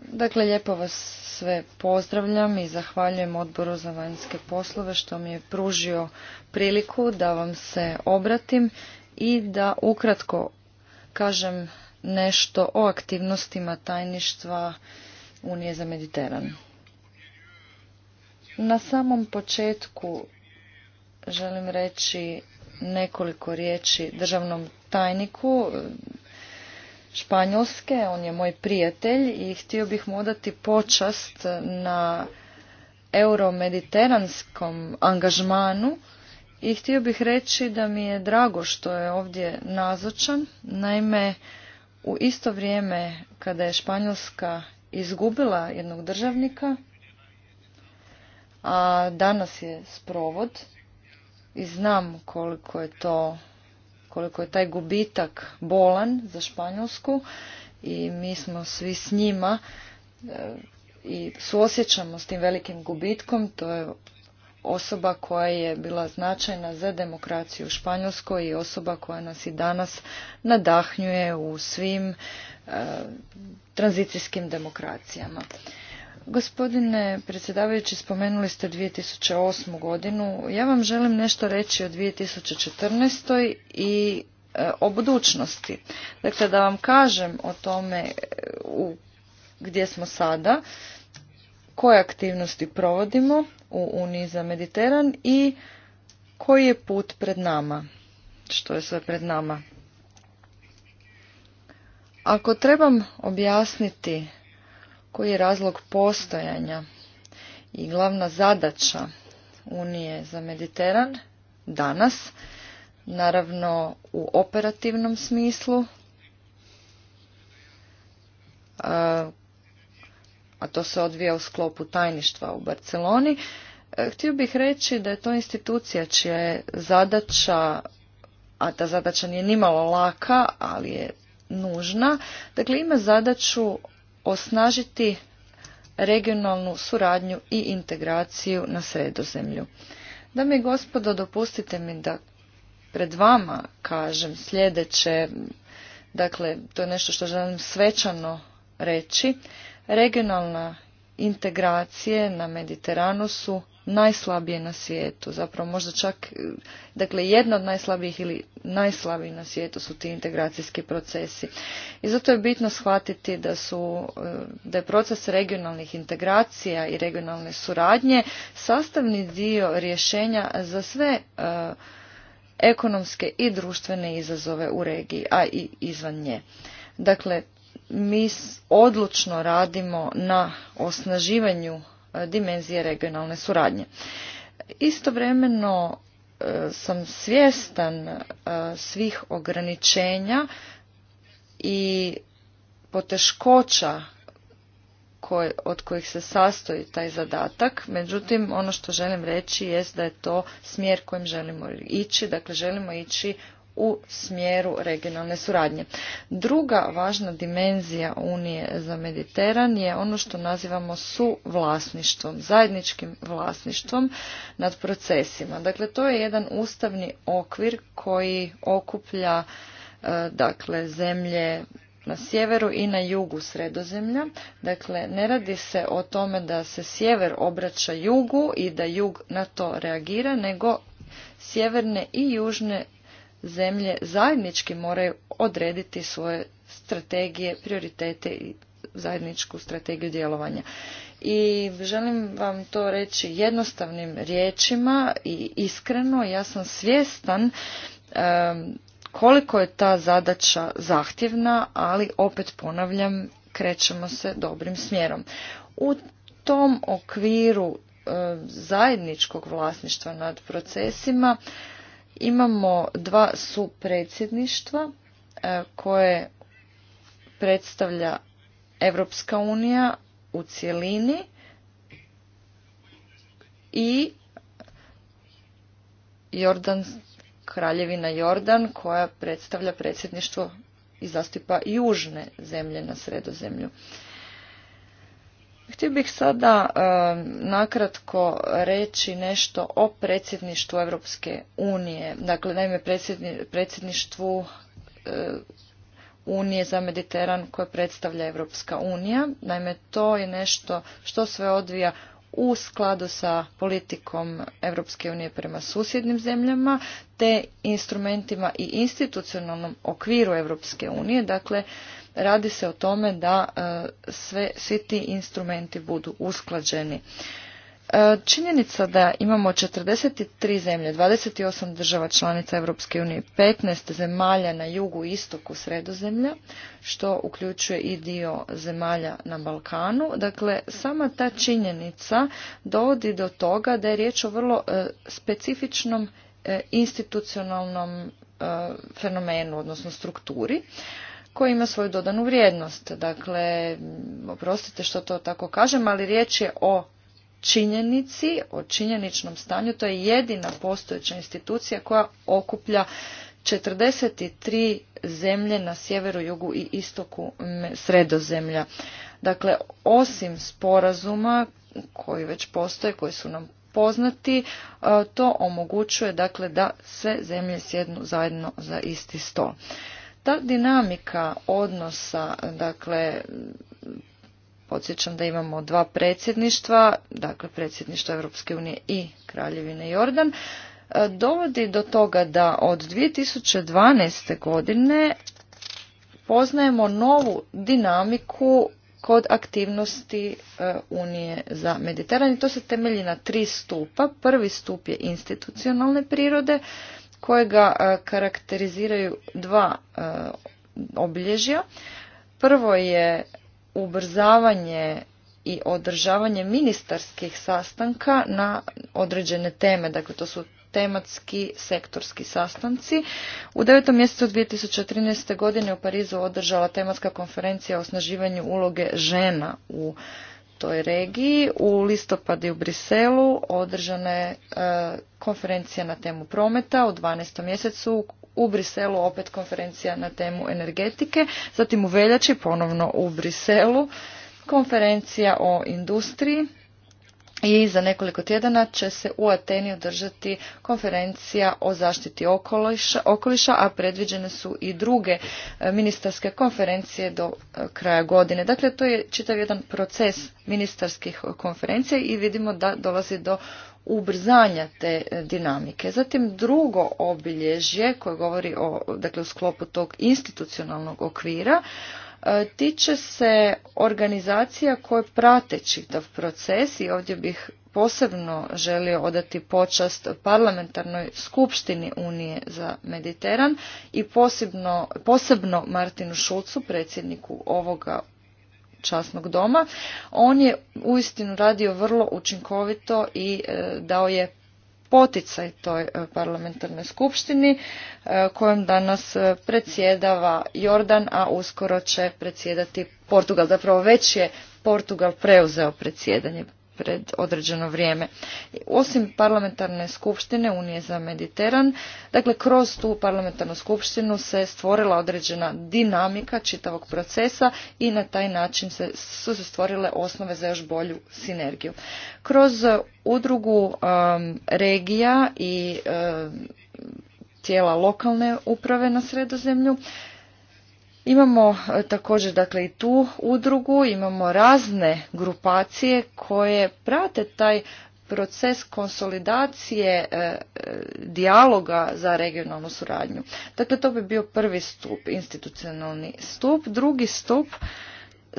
Dakle, lijepo vas sve pozdravljam i zahvaljujem odboru za vanjske poslove što mi je pružio priliku da vam se obratim i da ukratko kažem nešto o aktivnostima tajništva Unije za Mediteran. Na samom početku želim reći nekoliko riječi državnom tajniku Španjolske, on je moj prijatelj i htio bih mu odati počast na euromediteranskom angažmanu i htio bih reći da mi je drago što je ovdje nazočan. Naime, u isto vrijeme kada je Španjolska izgubila jednog državnika, a danas je sprovod i znam koliko je to koliko je taj gubitak bolan za Španjolsku i mi smo svi s njima e, i suosjećamo s tim velikim gubitkom. To je osoba koja je bila značajna za demokraciju u Španjolskoj i osoba koja nas i danas nadahnjuje u svim e, tranzicijskim demokracijama. Gospodine predsjedavajući, spomenuli ste 2008. godinu. Ja vam želim nešto reći o 2014. i e, o budućnosti. Dakle, da vam kažem o tome e, u, gdje smo sada, koje aktivnosti provodimo u Uniji za Mediteran i koji je put pred nama, što je sve pred nama. Ako trebam objasniti koji je razlog postojanja i glavna zadaća Unije za Mediteran danas, naravno u operativnom smislu, a to se odvija u sklopu tajništva u Barceloni, e, htio bih reći da je to institucija čija je zadaća, a ta zadaća nije nimalo laka, ali je nužna, dakle ima zadaću osnažiti regionalnu suradnju i integraciju na sredozemlju. Dame i gospodo, dopustite mi da pred vama kažem sljedeće, dakle, to je nešto što želim svečano reći. Regionalna integracije na Mediteranu su najslabije na svijetu, zapravo možda čak, e, dakle jedna od najslabijih ili najslabiji na svijetu su ti integracijski procesi. I zato je bitno shvatiti da su, e, da je proces regionalnih integracija i regionalne suradnje sastavni dio rješenja za sve e, ekonomske i društvene izazove u regiji, a i izvan nje. Dakle, mi odlučno radimo na osnaživanju dimenzije regionalne suradnje. Istovremeno e, sam svjestan e, svih ograničenja i poteškoća od kojih se sastoji taj zadatak. Međutim, ono što želim reći jest da je to smjer kojim želimo ići. Dakle, želimo ići u smjeru regionalne suradnje. Druga važna dimenzija Unije za Mediteran je ono što nazivamo suvlasništvom, zajedničkim vlasništvom nad procesima. Dakle, to je jedan ustavni okvir koji okuplja e, dakle zemlje na sjeveru i na jugu sredozemlja. Dakle, ne radi se o tome da se sjever obraća jugu i da jug na to reagira, nego sjeverne i južne zemlje zajednički moraju odrediti svoje strategije, prioritete i zajedničku strategiju djelovanja. I želim vam to reći jednostavnim riječima i iskreno, ja sam svjestan koliko je ta zadaća zahtjevna, ali opet ponavljam, krećemo se dobrim smjerom. U tom okviru zajedničkog vlasništva nad procesima Imamo dva supredsjedništva e, koje predstavlja Europska unija u cjelini i Jordan, kraljevina Jordan koja predstavlja predsjedništvo i zastupa južne zemlje na sredozemlju. Htio bih sada e, nakratko reći nešto o predsjedništvu Europske unije. Dakle, naime predsjedništvu e, Unije za Mediteran koje predstavlja Europska unija. Naime, to je nešto što sve odvija u skladu sa politikom Europske unije prema susjednim zemljama te instrumentima i institucionalnom okviru Europske unije. Dakle, radi se o tome da e, sve, svi ti instrumenti budu usklađeni. E, činjenica da imamo 43 zemlje, 28 država članica Europske unije, 15 zemalja na jugu i istoku sredozemlja, što uključuje i dio zemalja na Balkanu. Dakle, sama ta činjenica dovodi do toga da je riječ o vrlo e, specifičnom institucionalnom fenomenu, odnosno strukturi, koji ima svoju dodanu vrijednost. Dakle, oprostite što to tako kažem, ali riječ je o činjenici, o činjeničnom stanju. To je jedina postojeća institucija koja okuplja 43 zemlje na sjeveru, jugu i istoku sredozemlja. Dakle, osim sporazuma koji već postoje, koji su nam poznati, e, to omogućuje dakle da sve zemlje sjednu zajedno za isti stol ta dinamika odnosa, dakle, podsjećam da imamo dva predsjedništva, dakle predsjedništvo Europske unije i Kraljevine Jordan, e, dovodi do toga da od 2012. godine poznajemo novu dinamiku kod aktivnosti e, Unije za Mediteran i to se temelji na tri stupa. Prvi stup je institucionalne prirode, kojega e, karakteriziraju dva e, obilježja. Prvo je ubrzavanje i održavanje ministarskih sastanka na određene teme, dakle to su tematski sektorski sastanci. U 9. mjesecu 2013. godine u Parizu održala tematska konferencija o osnaživanju uloge žena u toj regiji. U listopadu u Briselu održana je e, konferencija na temu prometa u 12. mjesecu u Briselu opet konferencija na temu energetike, zatim u veljači ponovno u Briselu konferencija o industriji i za nekoliko tjedana će se u Ateni održati konferencija o zaštiti okoliša, a predviđene su i druge e, ministarske konferencije do e, kraja godine. Dakle, to je čitav jedan proces ministarskih konferencija i vidimo da dolazi do ubrzanja te e, dinamike. Zatim drugo obilježje koje govori o, dakle, u sklopu tog institucionalnog okvira, E, tiče se organizacija koje prate čitav proces i ovdje bih posebno želio odati počast parlamentarnoj skupštini Unije za Mediteran i posebno, posebno Martinu Šulcu, predsjedniku ovoga časnog doma. On je uistinu radio vrlo učinkovito i e, dao je poticaj toj e, parlamentarnoj skupštini e, kojom danas e, predsjedava Jordan, a uskoro će predsjedati Portugal. Zapravo već je Portugal preuzeo predsjedanje pred određeno vrijeme. Osim parlamentarne skupštine Unije za Mediteran, dakle kroz tu parlamentarnu skupštinu se stvorila određena dinamika čitavog procesa i na taj način se, su se stvorile osnove za još bolju sinergiju. Kroz udrugu um, regija i um, tijela lokalne uprave na sredozemlju Imamo e, također dakle i tu udrugu, imamo razne grupacije koje prate taj proces konsolidacije e, e, dijaloga za regionalnu suradnju. Dakle, to bi bio prvi stup, institucionalni stup. Drugi stup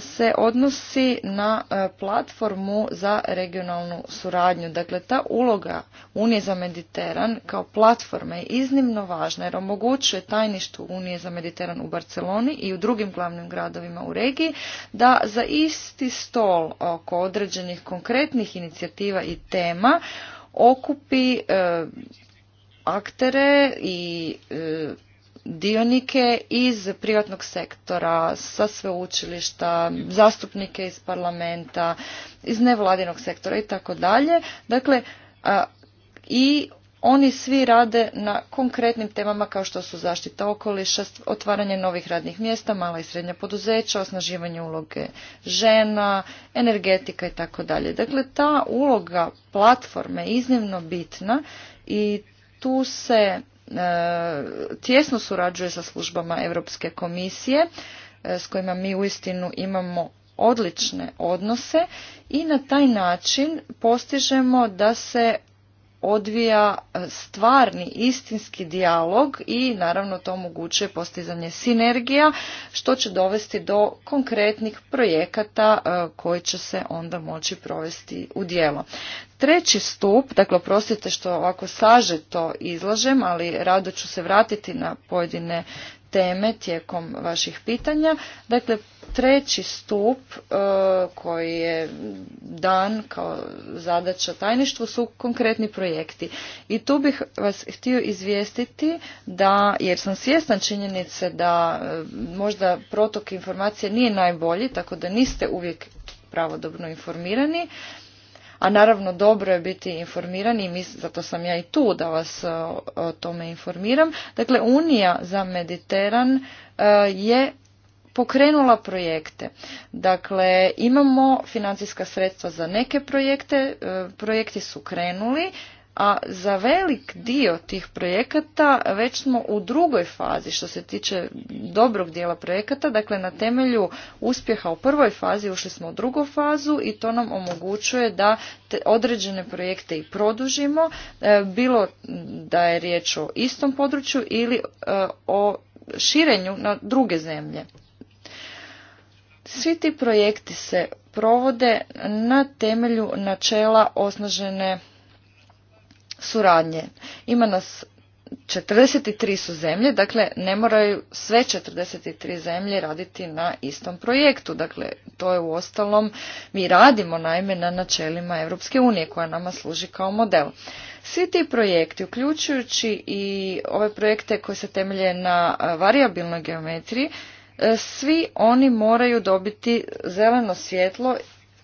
se odnosi na e, platformu za regionalnu suradnju. Dakle, ta uloga Unije za Mediteran kao platforma je iznimno važna jer omogućuje tajništu Unije za Mediteran u Barceloni i u drugim glavnim gradovima u regiji da za isti stol oko određenih konkretnih inicijativa i tema okupi e, aktere i e, dionike iz privatnog sektora, sa sveučilišta, zastupnike iz parlamenta, iz nevladinog sektora i tako dalje. Dakle, i oni svi rade na konkretnim temama kao što su zaštita okoliša, otvaranje novih radnih mjesta, mala i srednja poduzeća, osnaživanje uloge žena, energetika i tako dalje. Dakle, ta uloga platforme je iznimno bitna i tu se E, tjesno surađuje sa službama Europske komisije e, s kojima mi uistinu imamo odlične odnose i na taj način postižemo da se odvija e, stvarni, istinski dijalog i naravno to omogućuje postizanje sinergija što će dovesti do konkretnih projekata e, koji će se onda moći provesti u djelo. Treći stup, dakle oprostite što ovako sažeto izlažem, ali rado ću se vratiti na pojedine teme tijekom vaših pitanja. Dakle, treći stup e, koji je dan kao zadaća tajništvu su konkretni projekti. I tu bih vas htio izvijestiti da, jer sam svjestan činjenice da e, možda protok informacije nije najbolji, tako da niste uvijek pravodobno informirani. A naravno dobro je biti informirani i zato sam ja i tu da vas e, o tome informiram. Dakle, Unija za Mediteran e, je pokrenula projekte. Dakle, imamo financijska sredstva za neke projekte, e, projekti su krenuli, a za velik dio tih projekata već smo u drugoj fazi što se tiče dobrog dijela projekata, dakle na temelju uspjeha u prvoj fazi ušli smo u drugu fazu i to nam omogućuje da te određene projekte i produžimo, e, bilo da je riječ o istom području ili e, o širenju na druge zemlje. Svi ti projekti se provode na temelju načela osnažene suradnje. Ima nas 43 su zemlje, dakle ne moraju sve 43 zemlje raditi na istom projektu. Dakle, to je u ostalom, mi radimo naime na načelima Europske unije koja nama služi kao model. Svi ti projekti, uključujući i ove projekte koji se temelje na variabilnoj geometriji, e, svi oni moraju dobiti zeleno svjetlo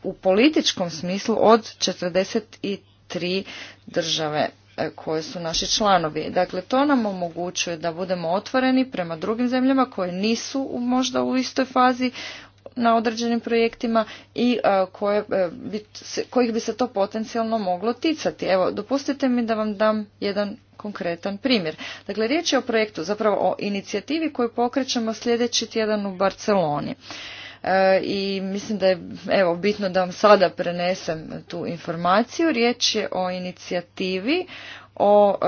u političkom smislu od 43 tri države e, koje su naši članovi. Dakle, to nam omogućuje da budemo otvoreni prema drugim zemljama koje nisu možda u istoj fazi na određenim projektima i e, koje e, kojih bi se to potencijalno moglo ticati. Evo, dopustite mi da vam dam jedan konkretan primjer. Dakle, riječ je o projektu, zapravo o inicijativi koju pokrećemo sljedeći tjedan u Barceloni. E, i mislim da je evo bitno da vam sada prenesem tu informaciju. Riječ je o inicijativi o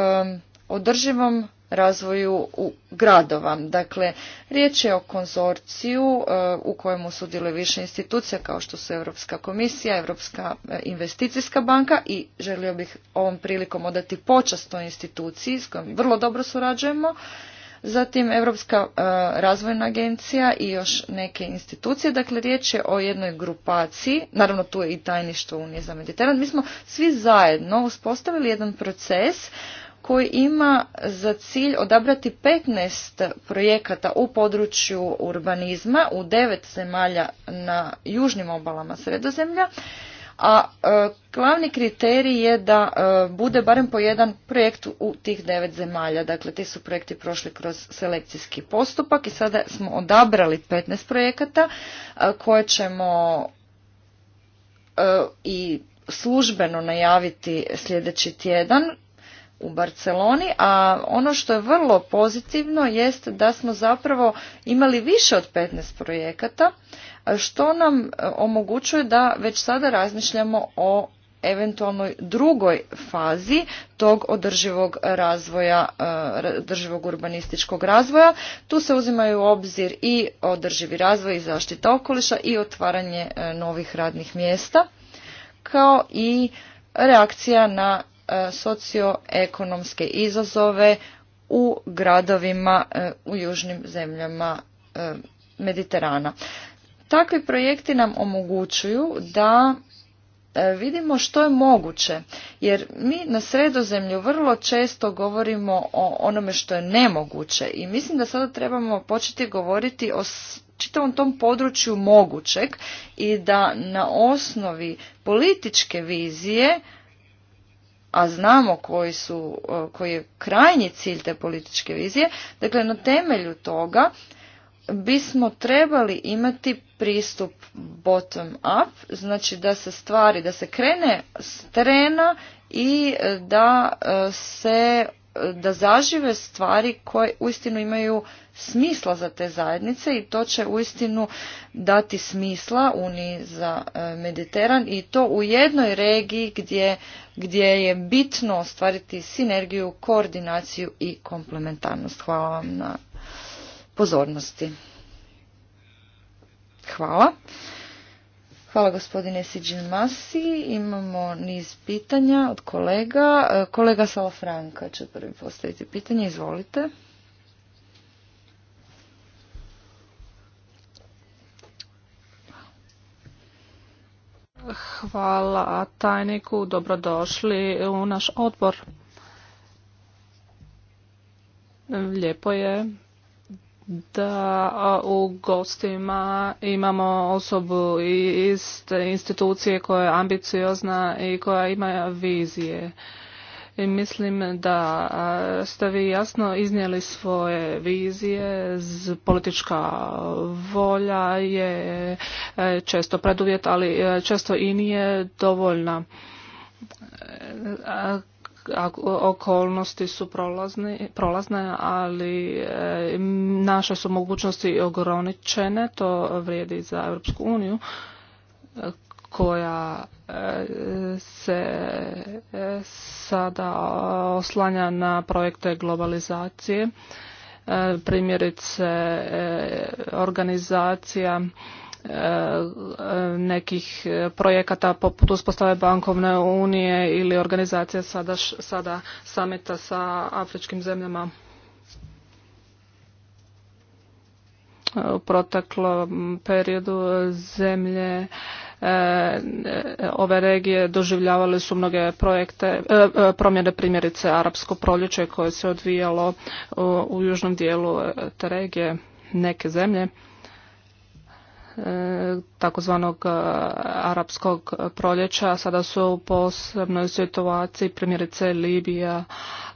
održivom razvoju u gradova. Dakle, riječ je o konzorciju e, u kojemu sudjeluje više institucija kao što su Europska komisija, Europska e, investicijska banka i želio bih ovom prilikom odati počast toj instituciji s kojom vrlo dobro surađujemo zatim Europska e, razvojna agencija i još neke institucije. Dakle, riječ je o jednoj grupaciji, naravno tu je i tajništvo Unije za Mediteran. Mi smo svi zajedno uspostavili jedan proces koji ima za cilj odabrati 15 projekata u području urbanizma u devet zemalja na južnim obalama sredozemlja a e, glavni kriterij je da e, bude barem po jedan projekt u tih devet zemalja. Dakle, ti su projekti prošli kroz selekcijski postupak i sada smo odabrali 15 projekata e, koje ćemo i službeno najaviti sljedeći tjedan u Barceloni, a ono što je vrlo pozitivno jest da smo zapravo imali više od 15 projekata, što nam e, omogućuje da već sada razmišljamo o eventualnoj drugoj fazi tog održivog razvoja, e, održivog urbanističkog razvoja. Tu se uzimaju u obzir i održivi razvoj i zaštita okoliša i otvaranje e, novih radnih mjesta, kao i reakcija na E, socioekonomske izazove u gradovima e, u južnim zemljama e, Mediterana. Takvi projekti nam omogućuju da vidimo što je moguće, jer mi na sredozemlju vrlo često govorimo o onome što je nemoguće i mislim da sada trebamo početi govoriti o čitavom tom području mogućeg i da na osnovi političke vizije a znamo koji, su, e, koji je krajnji cilj te političke vizije, dakle na temelju toga bismo trebali imati pristup bottom up, znači da se stvari, da se krene s trena i e, da e, se da zažive stvari koje uistinu imaju smisla za te zajednice i to će uistinu dati smisla Uniji za e, Mediteran i to u jednoj regiji gdje, gdje je bitno ostvariti sinergiju, koordinaciju i komplementarnost. Hvala vam na pozornosti. Hvala. Hvala gospodine Siđin Masi. Imamo niz pitanja od kolega. E, kolega Salafranka će prvi postaviti pitanje. Izvolite. Hvala tajniku, dobrodošli u naš odbor. Lijepo je da u gostima imamo osobu iz institucije koja je ambiciozna i koja ima vizije. I mislim da ste vi jasno iznijeli svoje vizije, politička volja je e, često preduvjet, ali e, često i nije dovoljna e, okolnosti su prolazne, ali e, naše su mogućnosti ograničene, to vrijedi za Europsku uniju koja e, se e, sada oslanja na projekte globalizacije primjerice organizacija E, nekih projekata poput uspostave bankovne unije ili organizacije sada, sada sameta sa afričkim zemljama. E, u proteklom periodu zemlje e, ove regije doživljavale su mnoge projekte, promjene primjerice arapsko proljeće koje se odvijalo u južnom dijelu te regije neke zemlje Eh, takozvanog eh, arapskog proljeća. Sada su u posebnoj situaciji primjerice Libija,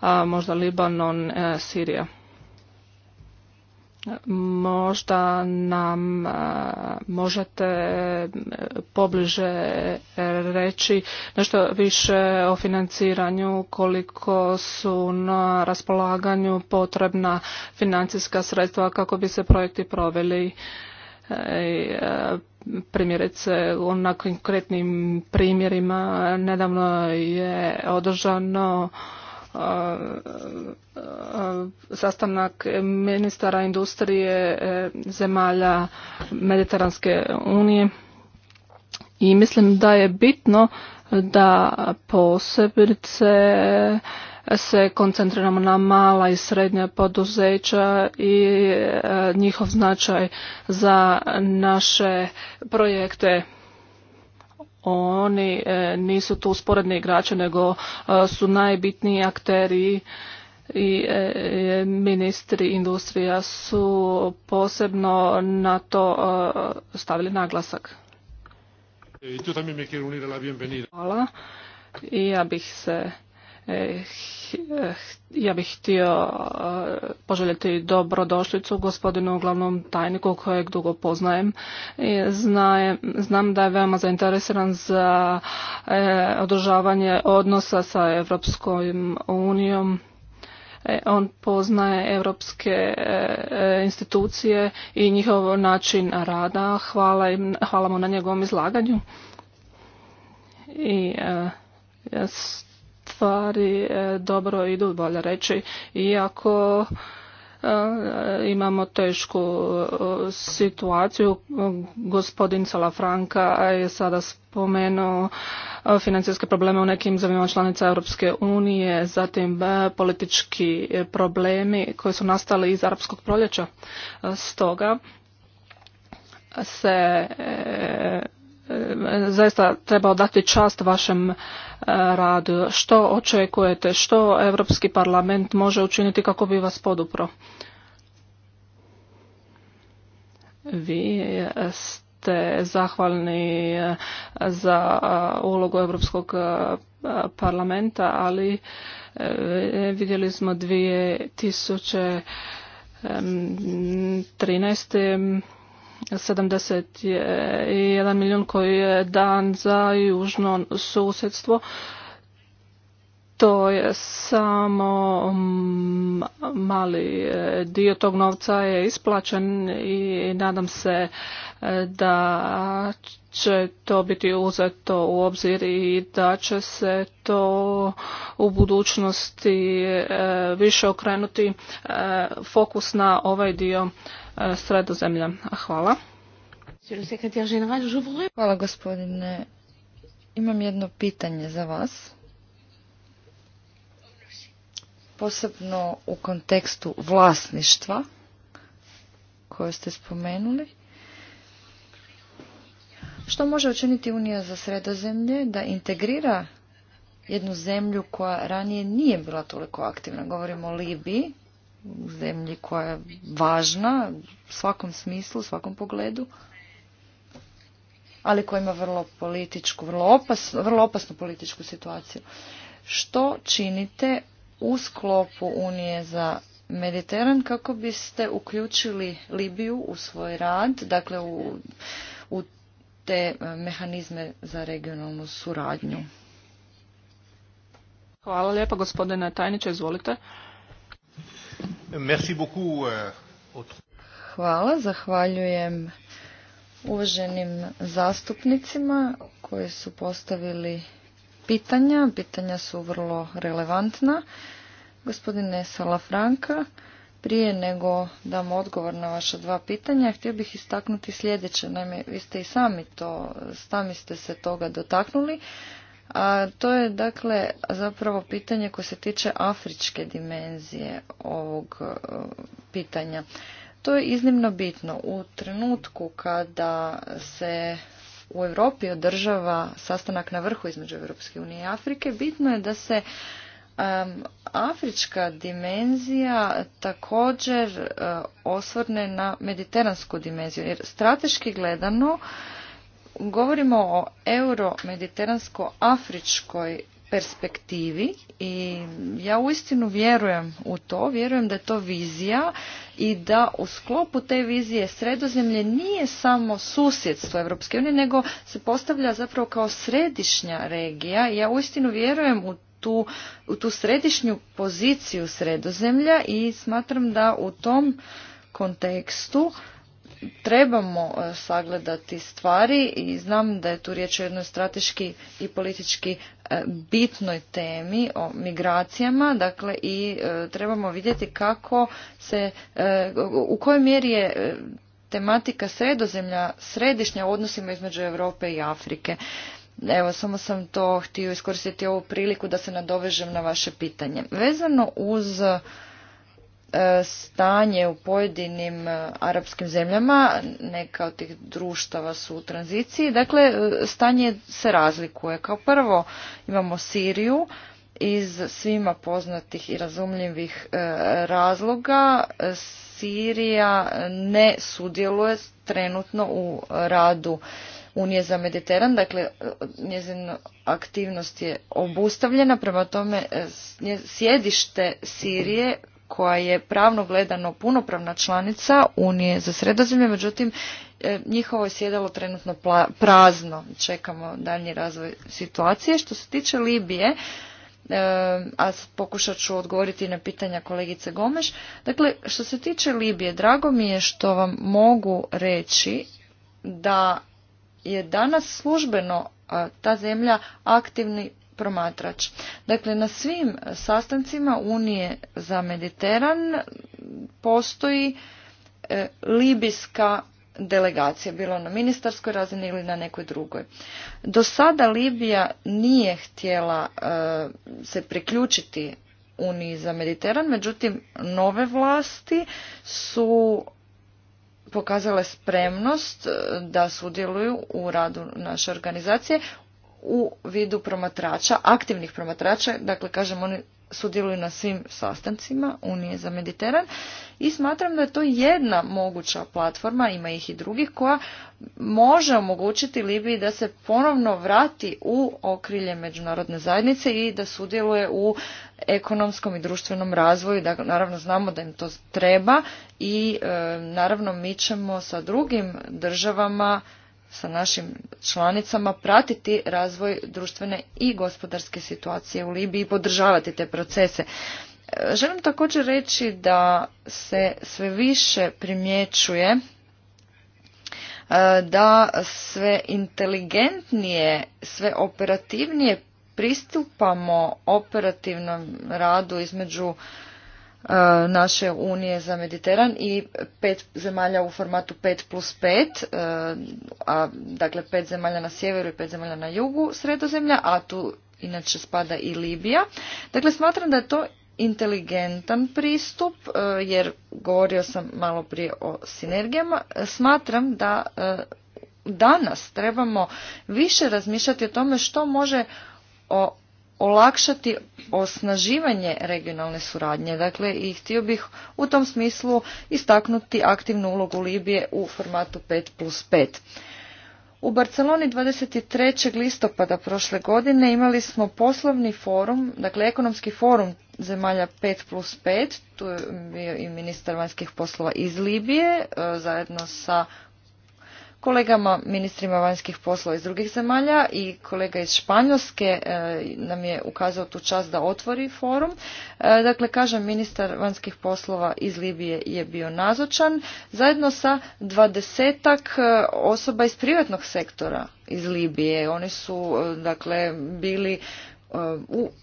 a možda Libanon, eh, Sirija. Možda nam možete pobliže reći nešto više o financiranju, koliko su na raspolaganju potrebna financijska sredstva kako bi se projekti proveli E, primjerice na konkretnim primjerima nedavno je održano e, e, sastanak ministara industrije zemalja Mediteranske unije i mislim da je bitno da posebice se koncentriramo na mala i srednja poduzeća i e, njihov značaj za naše projekte oni e, nisu tu sporedni igrači nego e, su najbitniji akteri i ministri industrija su posebno na to stavili naglasak. Hvala. I ja bih se Eh, ja bih htio eh, poželjeti dobrodošlicu gospodinu glavnom tajniku kojeg dugo poznajem. znam da je veoma zainteresiran za eh, održavanje odnosa sa Evropskom unijom. E, on poznaje europske institucije i njihov način rada. Hvala, mu na njegovom izlaganju. I, stvari e, dobro idu, bolje reći, iako e, imamo tešku e, situaciju. Gospodin Salafranka je sada spomenuo financijske probleme u nekim zemljama članica Europske unije, zatim politički problemi koji su nastali iz arapskog proljeća. Stoga se E, zaista treba dati čast vašem e, radu. Što očekujete? Što Europski parlament može učiniti kako bi vas podupro? Vi ste zahvalni e, za ulogu Europskog parlamenta, ali vidjeli smo 2013 71 milijun koji je dan za južno susjedstvo. To je samo mm, mali e, dio tog novca je isplaćen i nadam se e, da će to biti uzeto u obzir i da će se to u budućnosti e, više okrenuti fokus na ovaj dio sredozemlja. Hvala. Hvala gospodine. Imam jedno pitanje za vas. Posebno u kontekstu vlasništva koje ste spomenuli. Što može učiniti Unija za sredozemlje da integrira jednu zemlju koja ranije nije bila toliko aktivna? Govorimo o Libiji, zemlji koja je važna u svakom smislu, u svakom pogledu, ali koja ima vrlo političku, vrlo opasnu, vrlo opasnu političku situaciju. Što činite u sklopu Unije za Mediteran kako biste uključili Libiju u svoj rad, dakle u, u te e, mehanizme za regionalnu suradnju? Hvala lijepa gospodine tajniče, izvolite. Merci euh, Hvala, zahvaljujem uvaženim zastupnicima koji su postavili pitanja. Pitanja su vrlo relevantna. Gospodine Salafranka, prije nego dam odgovor na vaša dva pitanja, htio bih istaknuti sljedeće. Naime, vi ste i sami to, sami ste se toga dotaknuli. A to je dakle zapravo pitanje koje se tiče afričke dimenzije ovog e, pitanja. To je iznimno bitno u trenutku kada se u Europi održava sastanak na vrhu između Europske unije i Afrike, bitno je da se afrička dimenzija također uh, osvrne na mediteransku dimenziju. Jer strateški gledano Govorimo o euromediteransko afričkoj perspektivi i ja uistinu vjerujem u to, vjerujem da je to vizija i da u sklopu te vizije sredozemlje nije samo susjedstvo Europske unije, nego se postavlja zapravo kao središnja regija. Ja uistinu vjerujem u tu, u tu središnju poziciju sredozemlja i smatram da u tom kontekstu trebamo e, sagledati stvari i znam da je tu riječ o jednoj strateški i politički e, bitnoj temi o migracijama, dakle i e, trebamo vidjeti kako se, u kojoj mjeri je tematika sredozemlja središnja odnosima između Europe i Afrike. Evo, samo sam to htio iskoristiti ovu priliku da se nadovežem na vaše pitanje. Vezano uz E, stanje u pojedinim e, arapskim zemljama, neka od tih društava su u tranziciji, dakle e, stanje se razlikuje. Kao prvo imamo Siriju iz svima poznatih i razumljivih razloga. Sirija ne sudjeluje trenutno u radu Unije za Mediteran, dakle njezina aktivnost je obustavljena, prema tome sjedište Sirije koja je pravno gledano punopravna članica Unije za sredozemlje, međutim e, njihovo je sjedalo trenutno prazno. Čekamo daljnji razvoj situacije. Što se tiče Libije, e, a pokušat ću odgovoriti na pitanja kolegice Gomeš. Dakle, što se tiče Libije, drago mi je što vam mogu reći da je danas službeno ta zemlja aktivni promatrač. Dakle, na svim sastancima Unije za Mediteran postoji e, libijska delegacija, bilo na ministarskoj razini ili na nekoj drugoj. Do sada Libija nije htjela e, se priključiti Uniji za Mediteran, međutim nove vlasti su pokazale spremnost e, da sudjeluju u radu naše organizacije u vidu promatrača, aktivnih promatrača, dakle kažem oni sudjeluju na svim sastancima Unije za Mediteran i smatram da je to jedna moguća platforma, ima ih i drugih, koja može omogućiti Libiji da se ponovno vrati u okrilje međunarodne zajednice i da sudjeluje u ekonomskom i društvenom razvoju. Dakle, naravno znamo da im to treba i e, naravno mi ćemo sa drugim državama sa našim članicama pratiti razvoj društvene i gospodarske situacije u Libiji i podržavati te procese. E, želim također reći da se sve više primjećuje e, da sve inteligentnije, sve operativnije pristupamo operativnom radu između E, naše unije za Mediteran i pet zemalja u formatu 5 plus 5, e, a, dakle pet zemalja na sjeveru i pet zemalja na jugu sredozemlja, a tu inače spada i Libija. Dakle, smatram da je to inteligentan pristup, e, jer govorio sam malo prije o sinergijama. Smatram da danas trebamo više razmišljati o tome što može olakšati osnaživanje regionalne suradnje. Dakle, i htio bih u tom smislu istaknuti aktivnu ulogu Libije u formatu 5 plus 5. U Barceloni 23. listopada prošle godine imali smo poslovni forum, dakle ekonomski forum zemalja 5 plus 5, tu je bio i ministar vanjskih poslova iz Libije, e, zajedno sa kolegama ministrima vanjskih poslova iz drugih zemalja i kolega iz Španjolske e, nam je ukazao tu čast da otvori forum. E, dakle, kažem, ministar vanjskih poslova iz Libije je bio nazočan zajedno sa dvadesetak e, osoba iz privatnog sektora iz Libije. Oni su, dakle, bili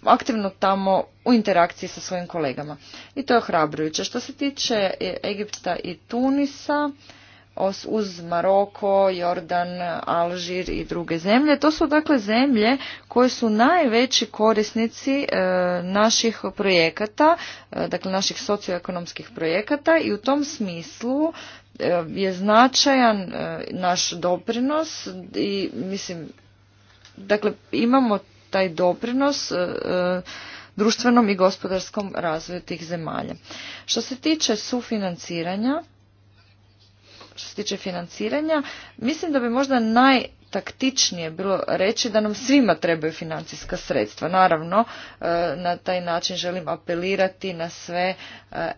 aktivno tamo u interakciji sa svojim kolegama. I to je ohrabrujuće. Što se tiče Egipta i Tunisa, uz Maroko, Jordan, Alžir i druge zemlje. To su dakle zemlje koje su najveći korisnici e, naših projekata, e, dakle naših socioekonomskih projekata i u tom smislu e, je značajan naš doprinos i mislim, dakle imamo taj doprinos društvenom i gospodarskom razvoju tih zemalja. Što se tiče sufinanciranja, što se tiče financiranja, mislim da bi možda najtaktičnije bilo reći da nam svima trebaju financijska sredstva. Naravno, e, na taj način želim apelirati na sve e,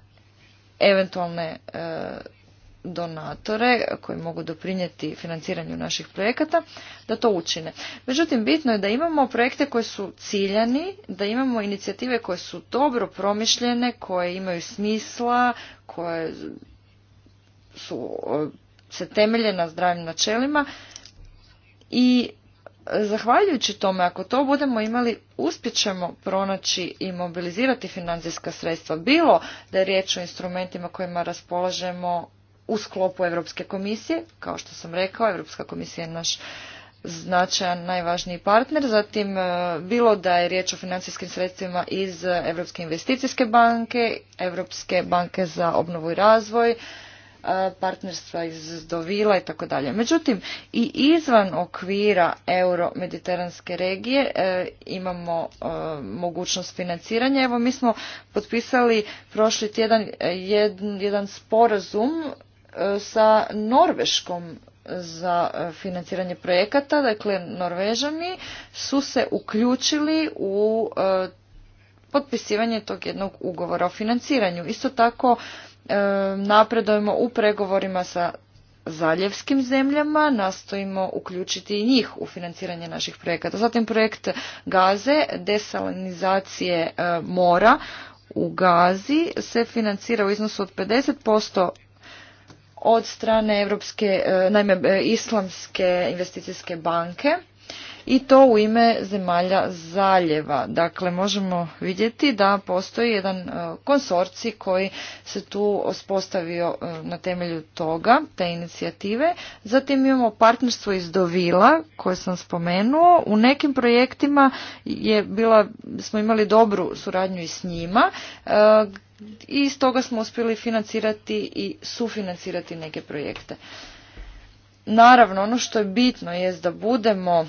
eventualne e, donatore koji mogu doprinijeti financiranju naših projekata da to učine. Međutim, bitno je da imamo projekte koji su ciljani, da imamo inicijative koje su dobro promišljene, koje imaju smisla, koje su, e, se temelje na zdravim načelima i e, zahvaljujući tome, ako to budemo imali, uspjećemo pronaći i mobilizirati financijska sredstva. Bilo da je riječ o instrumentima kojima raspolažemo u sklopu Europske komisije, kao što sam rekao, Europska komisija je naš značajan najvažniji partner, zatim e, bilo da je riječ o financijskim sredstvima iz Europske investicijske banke, Europske banke za obnovu i razvoj, partnerstva iz Dovila i tako dalje. Međutim, i izvan okvira euro-mediteranske regije e, imamo e, mogućnost financiranja. Evo, mi smo potpisali prošli tjedan e, jedan sporazum sa Norveškom za financiranje projekata. Dakle, Norvežani su se uključili u potpisivanje tog jednog ugovora o financiranju. Isto tako, napredujemo u pregovorima sa zaljevskim zemljama, nastojimo uključiti i njih u financiranje naših projekata. Zatim projekt Gaze, desalinizacije e, mora u Gazi se financira u iznosu od 50% od strane Europske, e, naime e, Islamske investicijske banke i to u ime zemalja zaljeva. Dakle, možemo vidjeti da postoji jedan e, konsorci koji se tu ospostavio e, na temelju toga, te inicijative. Zatim imamo partnerstvo iz Dovila koje sam spomenuo. U nekim projektima je bila, smo imali dobru suradnju i s njima e, i iz toga smo uspjeli financirati i sufinancirati neke projekte. Naravno, ono što je bitno je da budemo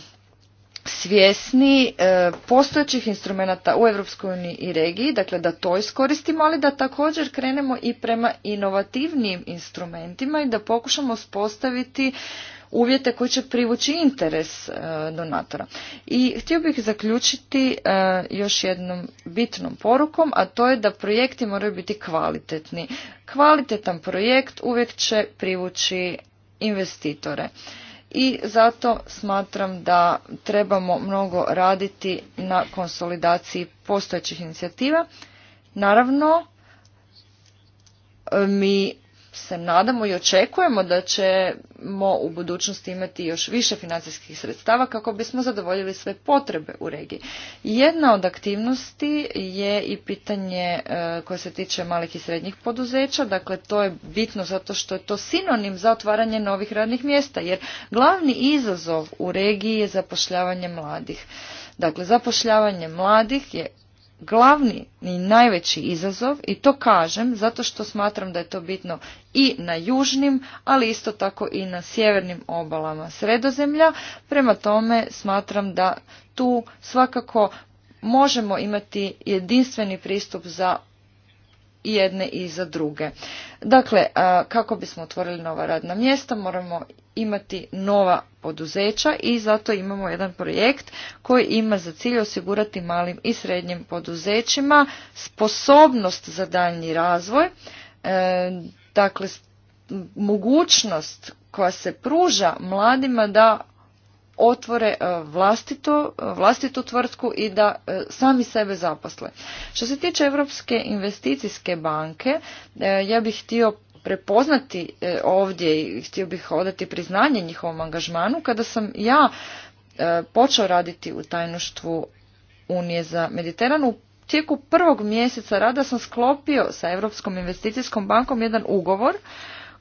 svjesni e, postojećih instrumenata u EU i regiji, dakle da to iskoristimo, ali da također krenemo i prema inovativnim instrumentima i da pokušamo spostaviti uvjete koji će privući interes e, donatora. I htio bih zaključiti e, još jednom bitnom porukom, a to je da projekti moraju biti kvalitetni. Kvalitetan projekt uvijek će privući investitore i zato smatram da trebamo mnogo raditi na konsolidaciji postojećih inicijativa. Naravno, mi se nadamo i očekujemo da ćemo u budućnosti imati još više financijskih sredstava kako bismo zadovoljili sve potrebe u regiji. Jedna od aktivnosti je i pitanje e, koje se tiče malih i srednjih poduzeća, dakle to je bitno zato što je to sinonim za otvaranje novih radnih mjesta jer glavni izazov u regiji je zapošljavanje mladih. Dakle, zapošljavanje mladih je glavni i najveći izazov i to kažem zato što smatram da je to bitno i na južnim, ali isto tako i na sjevernim obalama sredozemlja. Prema tome smatram da tu svakako možemo imati jedinstveni pristup za i jedne za druge. Dakle, kako bismo otvorili nova radna mjesta, moramo imati nova poduzeća i zato imamo jedan projekt koji ima za cilj osigurati malim i srednjim poduzećima sposobnost za daljnji razvoj, e, dakle mogućnost koja se pruža mladima da otvore e, e, vlastitu tvrtku i da e, sami sebe zaposle. Što se tiče Europske investicijske banke, ja bih htio prepoznati ovdje i htio bih odati priznanje njihovom angažmanu kada sam ja počeo raditi u tajnoštvu Unije za Mediteranu. u tijeku prvog mjeseca rada sam sklopio sa Europskom investicijskom bankom jedan ugovor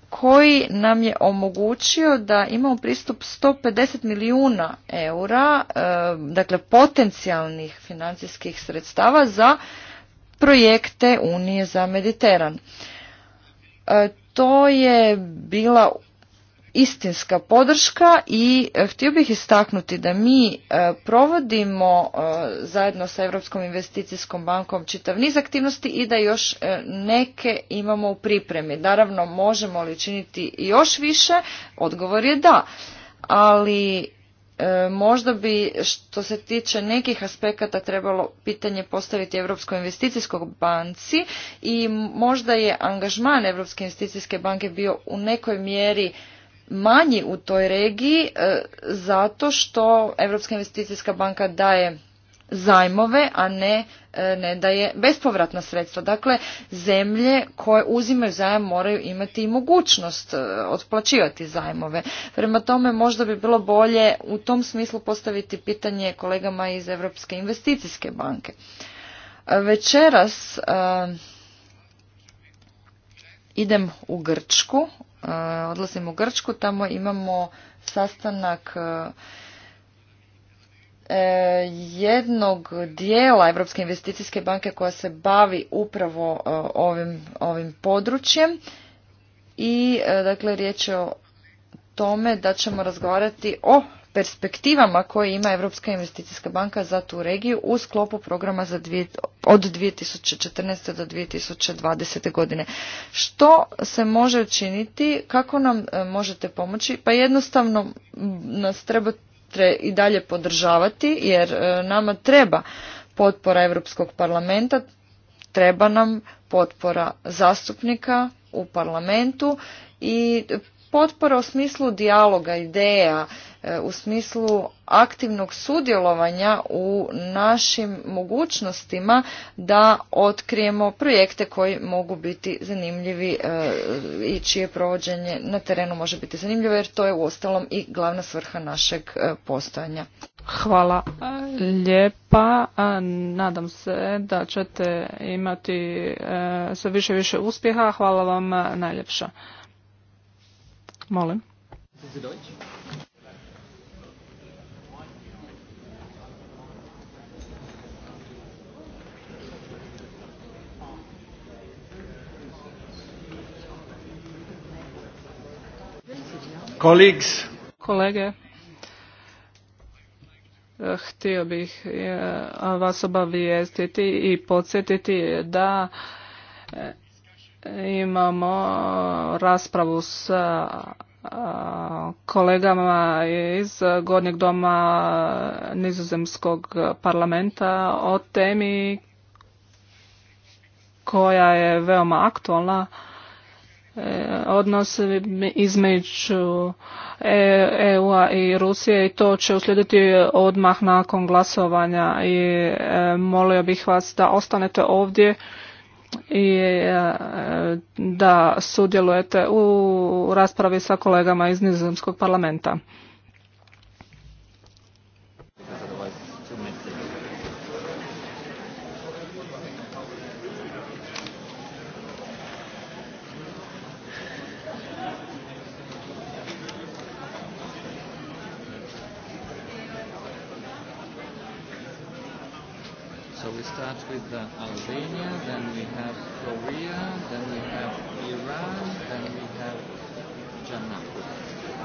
koji nam je omogućio da imamo pristup 150 milijuna eura, e, dakle potencijalnih financijskih sredstava za projekte Unije za Mediteran. E, to je bila istinska podrška i e, htio bih istaknuti da mi e, provodimo e, zajedno sa Europskom investicijskom bankom čitav niz aktivnosti i da još neke imamo u pripremi. Naravno, možemo li činiti još više? Odgovor je da. Ali možda bi što se tiče nekih aspekata trebalo pitanje postaviti Europskoj investicijskoj banci i možda je angažman Europske investicijske banke bio u nekoj mjeri manji u toj regiji e, zato što Europska investicijska banka daje zajmove, a ne, e, ne daje bespovratna sredstva. Dakle, zemlje koje uzimaju zajam moraju imati i mogućnost e, otplaćivati zajmove. Prema tome, možda bi bilo bolje u tom smislu postaviti pitanje kolegama iz Europske investicijske banke. Večeras idem u Grčku Eh, odlazim u Grčku, tamo imamo sastanak eh, jednog dijela Europske investicijske banke koja se bavi upravo eh, ovim, ovim područjem i dakle riječ je o tome da ćemo razgovarati o perspektivama koje ima Europska investicijska banka za tu regiju u sklopu programa za dvije, od 2014. do 2020. godine. Što se može učiniti, kako nam e, možete pomoći? Pa jednostavno nas treba i dalje podržavati jer e, nama treba potpora Europskog parlamenta, treba nam potpora zastupnika u parlamentu i potpora u smislu dijaloga, ideja, e, u smislu aktivnog sudjelovanja u našim mogućnostima da otkrijemo projekte koji mogu biti zanimljivi e, i čije provođenje na terenu može biti zanimljivo jer to je ostalom i glavna svrha našeg e, postojanja. Hvala lijepa. Nadam se da ćete imati sve više i više uspjeha. Hvala vam najljepša. Molim. Colleagues. Kolege, eh, htio bih eh, vas obavijestiti i podsjetiti da eh, imamo uh, raspravu s uh, kolegama iz Gornjeg doma Nizozemskog parlamenta o temi koja je veoma aktualna uh, odnos između EU-a e i Rusije i to će uslijediti odmah nakon glasovanja i e, molio bih vas da ostanete ovdje i e, da sudjelujete u raspravi sa kolegama iz nizozemskog parlamenta. So we start with uh, Albania,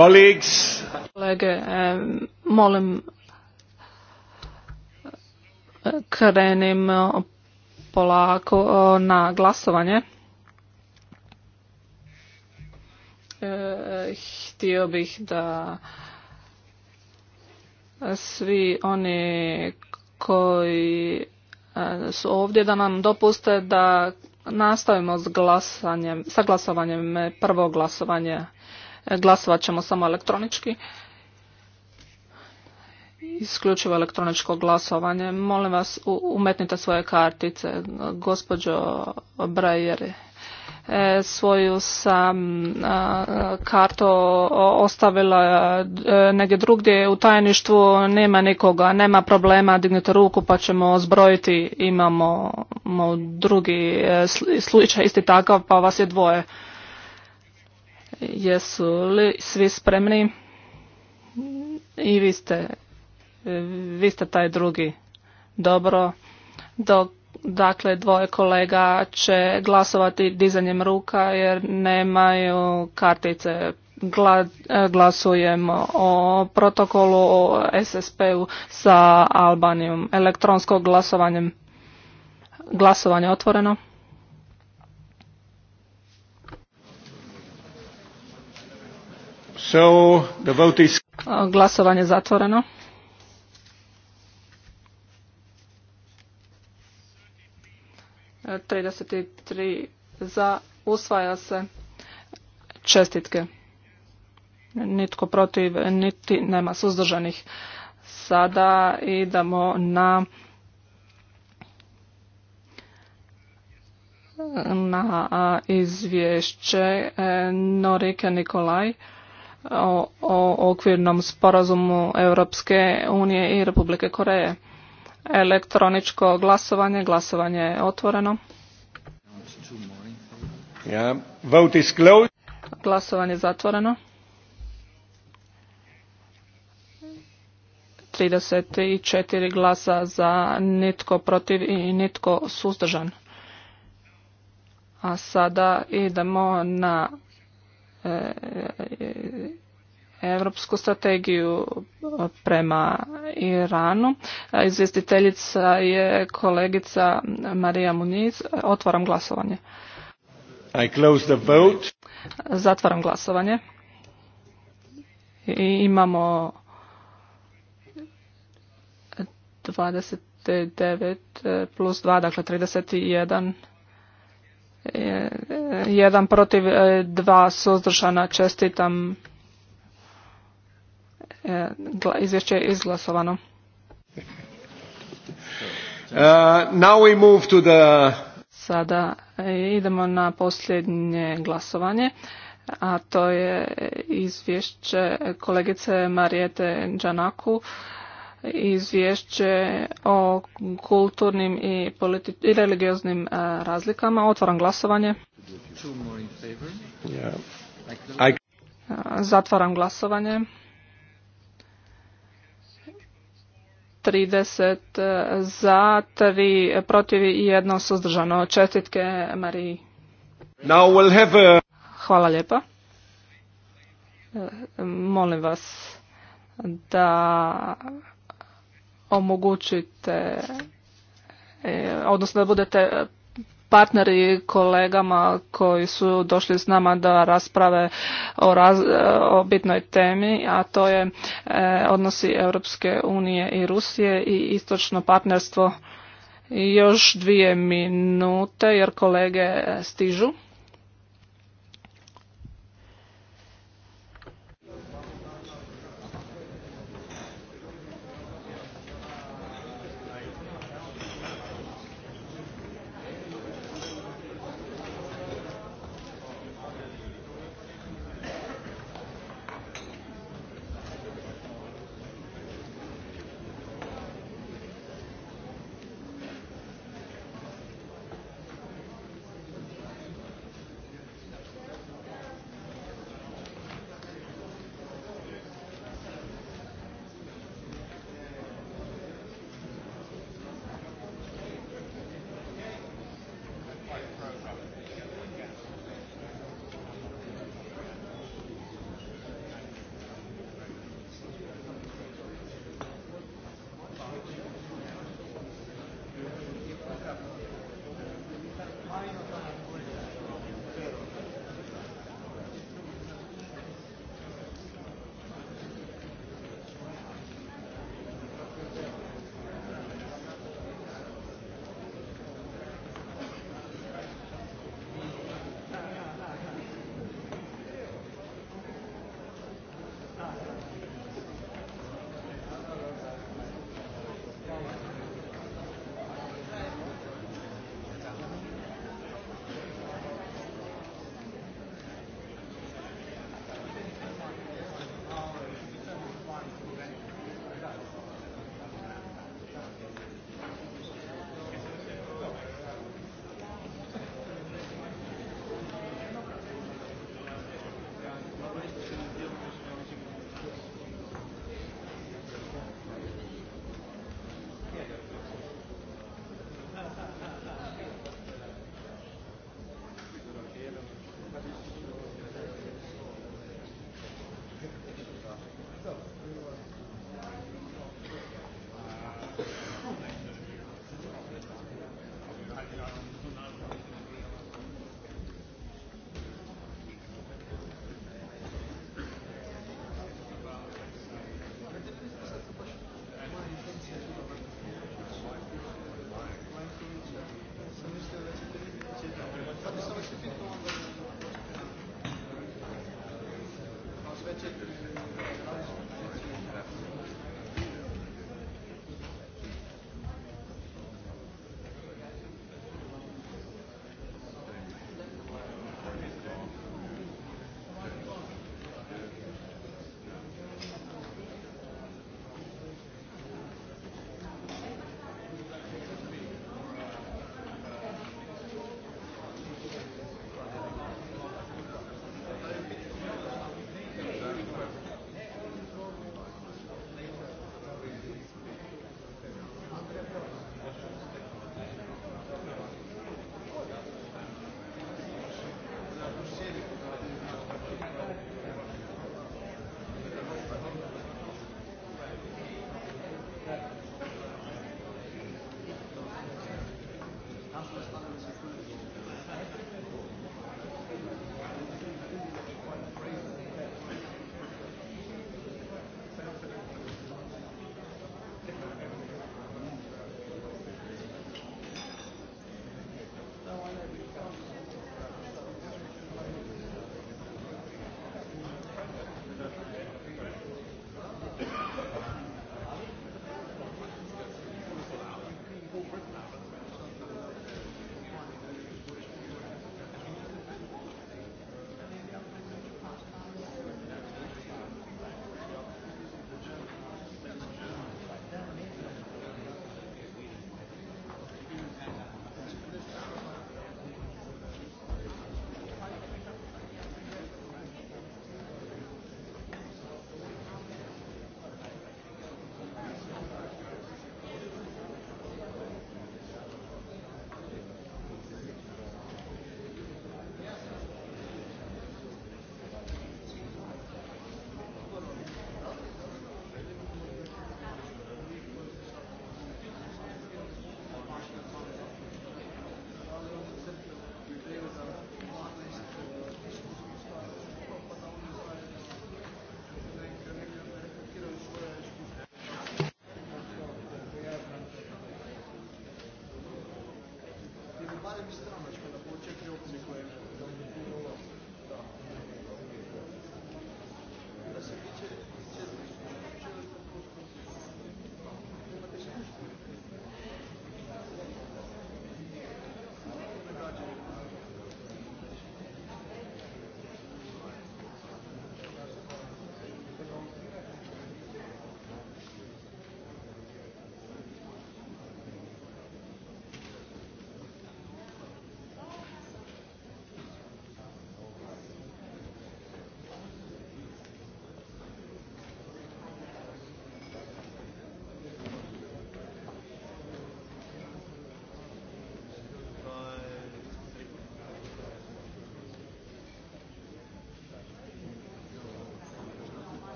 Kolege, molim krenim polako na glasovanje. E, htio bih da svi oni koji e, su ovdje da nam dopuste da nastavimo s glasanjem, sa glasovanjem prvo glasovanje Glasovat ćemo samo elektronički. Isključivo elektroničko glasovanje. Molim vas, umetnite svoje kartice. Gospođo Brajer, e, svoju sam kartu ostavila e, negdje drugdje u tajništvu, nema nikoga, nema problema, dignite ruku pa ćemo zbrojiti, imamo drugi e, slučaj isti takav pa vas je dvoje. Jesu li svi spremni? I vi ste, vi ste taj drugi. Dobro. Dok, dakle, dvoje kolega će glasovati dizanjem ruka jer nemaju kartice. glasujemo o protokolu o SSP-u sa Albanijom. Elektronsko glasovanjem. Glasovanje otvoreno. Glasovanje je Glasovanje zatvoreno. 33 za, usvaja se čestitke. Nitko protiv, niti nema suzdržanih. Sada idemo na na izvješće e, Norike Nikolaj o, okvirnom sporazumu Europske unije i Republike Koreje. Elektroničko glasovanje, glasovanje je otvoreno. Glasovanje je zatvoreno. 34 glasa za, nitko protiv i nitko suzdržan. A sada idemo na evropsku strategiju prema Iranu. Izvjestiteljica je kolegica Marija Muniz. Otvaram glasovanje. I Zatvaram glasovanje. I imamo 29 plus 2, dakle 31 jedan protiv e, dva suzdržana čestitam e, izvješće je izglasovano e, now we move sada idemo na posljednje glasovanje a to je izvješće kolegice Marijete Đanaku izvješće o kulturnim i, i religioznim e, razlikama. Otvaram glasovanje. E, zatvaram glasovanje. 30 e, za, 3 protiv i jedno suzdržano. Čestitke Mariji. Hvala lijepa. Molim vas da omogućite, e, odnosno da budete partneri kolegama koji su došli s nama da rasprave o, raz, e, bitnoj temi, a to je e, odnosi Europske unije i Rusije i istočno partnerstvo. Još dvije minute jer kolege stižu.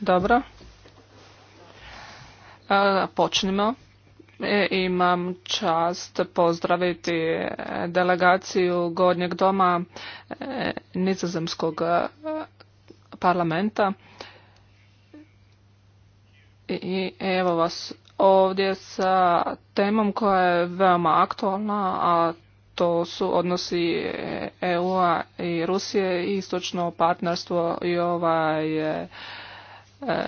Dobro. Počnimo. E, imam čast pozdraviti e, delegaciju Gornjeg doma e, Nizozemskog parlamenta. I evo vas ovdje sa temom koja je veoma aktualna, a to su odnosi i Rusije i istočno partnerstvo i ova je e,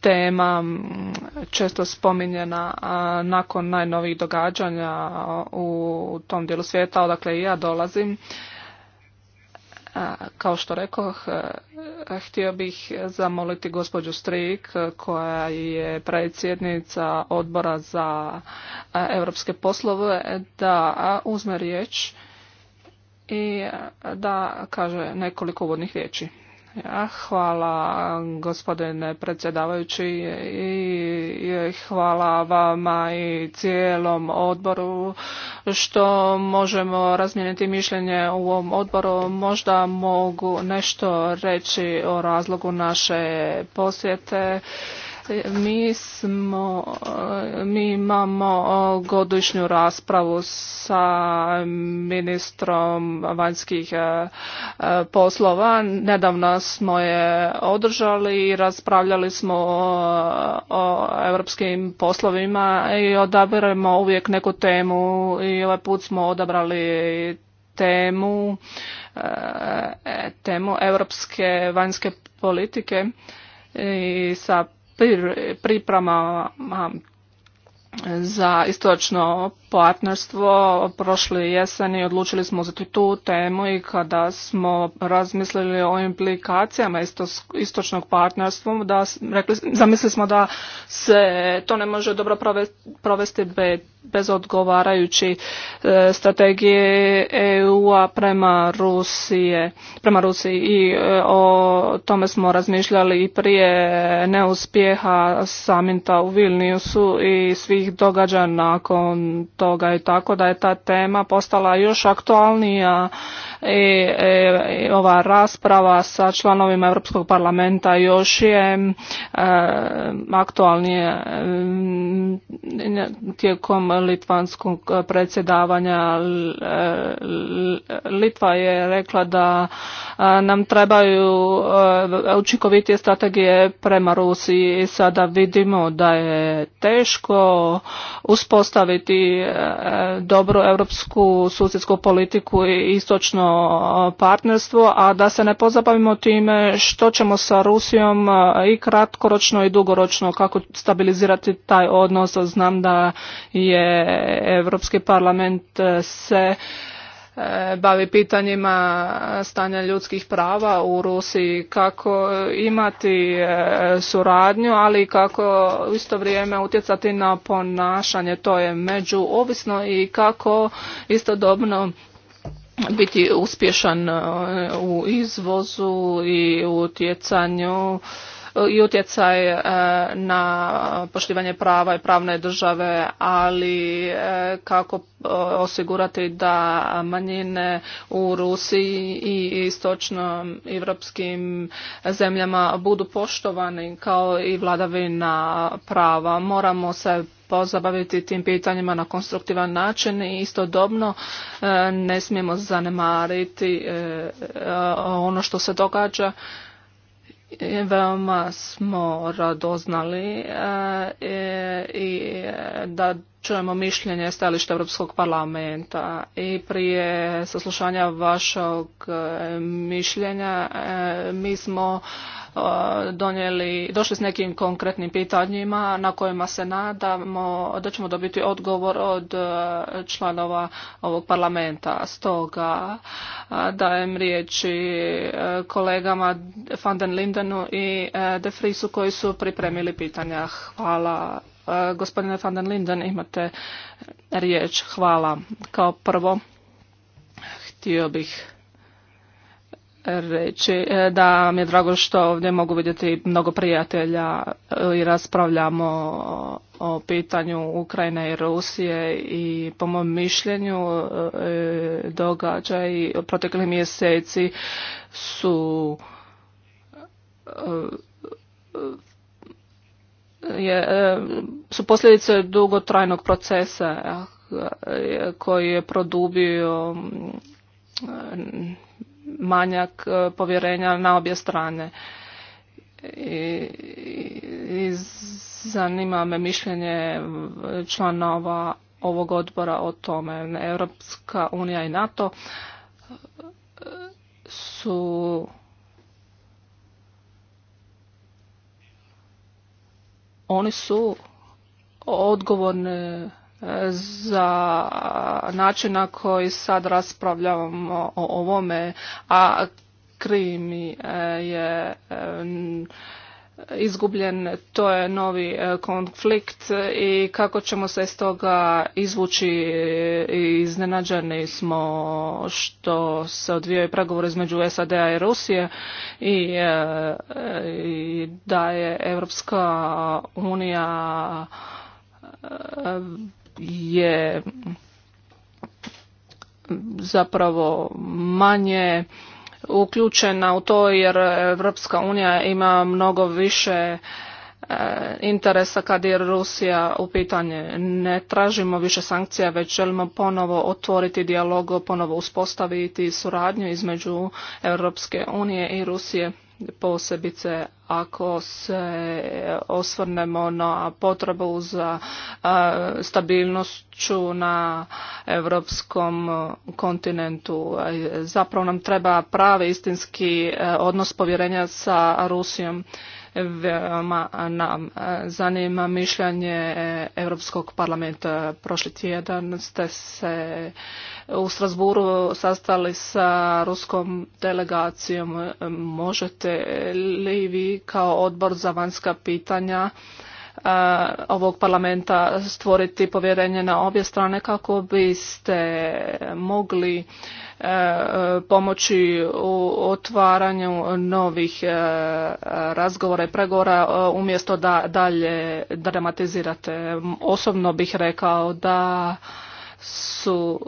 tema često spominjena nakon najnovih događanja u tom dijelu svijeta odakle i ja dolazim. Kao što rekoh, e, htio bih zamoliti gospođu Strik koja je predsjednica odbora za e, europske poslove da uzme riječ i da kaže nekoliko uvodnih riječi. Ja, hvala gospodine predsjedavajući i hvala vama i cijelom odboru što možemo razmijeniti mišljenje u ovom odboru. Možda mogu nešto reći o razlogu naše posjete. Mi smo, mi imamo godišnju raspravu sa ministrom vanjskih e, e, poslova. Nedavno smo je održali i raspravljali smo o, o europskim poslovima i odabiramo uvijek neku temu i ovaj put smo odabrali temu e, temu europske vanjske politike i sa pripremama za istočno partnerstvo prošle jeseni odlučili smo uzeti tu temu i kada smo razmislili o implikacijama istočnog partnerstva, da zamislili smo da se to ne može dobro provesti bez odgovarajući e, strategije EU-a prema Rusije, prema Rusiji i e, o tome smo razmišljali i prije neuspjeha saminta u Vilniusu i svih događa nakon toga i tako da je ta tema postala još aktualnija i, ova rasprava sa članovima Europskog parlamenta još je e, aktualnije mm, tijekom litvanskog predsjedavanja e, Litva je rekla da e, nam trebaju e, učinkovitije strategije prema Rusiji i sada vidimo da je teško uspostaviti Eh, dobru europsku susjedsku politiku i istočno eh, partnerstvo, a da se ne pozabavimo time što ćemo sa Rusijom eh, i kratkoročno i dugoročno, kako stabilizirati taj odnos. Znam da je Europski parlament se E, bavi pitanjima stanja ljudskih prava u Rusiji, kako imati e, suradnju, ali kako u isto vrijeme utjecati na ponašanje, to je međuovisno i kako istodobno biti uspješan e, u izvozu i utjecanju i utjecaj e, na poštivanje prava i pravne države, ali e, kako e, osigurati da manjine u Rusiji i istočno evropskim zemljama budu poštovani kao i vladavina prava. Moramo se pozabaviti tim pitanjima na konstruktivan način i istodobno ne smijemo zanemariti ono što se događa Veoma smo radoznali e, e, i da čujemo mišljenje stajališta Europskog parlamenta i prije saslušanja vašog e, mišljenja mi smo E, donijeli, došli s nekim konkretnim pitanjima na kojima se nadamo da ćemo dobiti odgovor od e, članova ovog parlamenta. Stoga e, dajem riječi kolegama Van den Lindenu i De Frisu koji su pripremili pitanja. Hvala. Gospodine Van den Linden, imate riječ. Hvala. Kao prvo, htio bih reći e, da mi je drago što ovdje mogu vidjeti mnogo prijatelja e, i raspravljamo o pitanju Ukrajine i Rusije i po mom mišljenju e, događaj proteklih mjeseci su je, su posljedice dugotrajnog procesa koji je produbio manjak e, povjerenja na obje strane. I, i zanima me mišljenje članova ovog odbora o tome. Europska unija i NATO e, su oni su odgovorni za način na koji sad raspravljamo o ovome, a Krim je izgubljen, to je novi e, konflikt i kako ćemo se iz toga izvući e, iznenađeni smo što se odvijaju pregovori između SAD-a i Rusije i, e, i da je Europska unija je zapravo manje uključena u to jer Europska unija ima mnogo više e, interesa kad je Rusija u pitanje. Ne tražimo više sankcija, već želimo ponovo otvoriti dijalog, ponovo uspostaviti suradnju između Europske unije i Rusije posebice ako se osvrnemo na potrebu za stabilnošću na europskom kontinentu. Zapravo nam treba pravi istinski odnos povjerenja sa Rusijom. Veoma nam e, zanima mišljanje e, Europskog parlamenta. Prošli tjedan ste se u Strasburu sastali sa ruskom delegacijom. Možete li vi kao odbor za vanjska pitanja E, ovog parlamenta stvoriti povjerenje na obje strane kako biste mogli e, pomoći u otvaranju novih e, razgovora i pregovora umjesto da dalje dramatizirate. Osobno bih rekao da su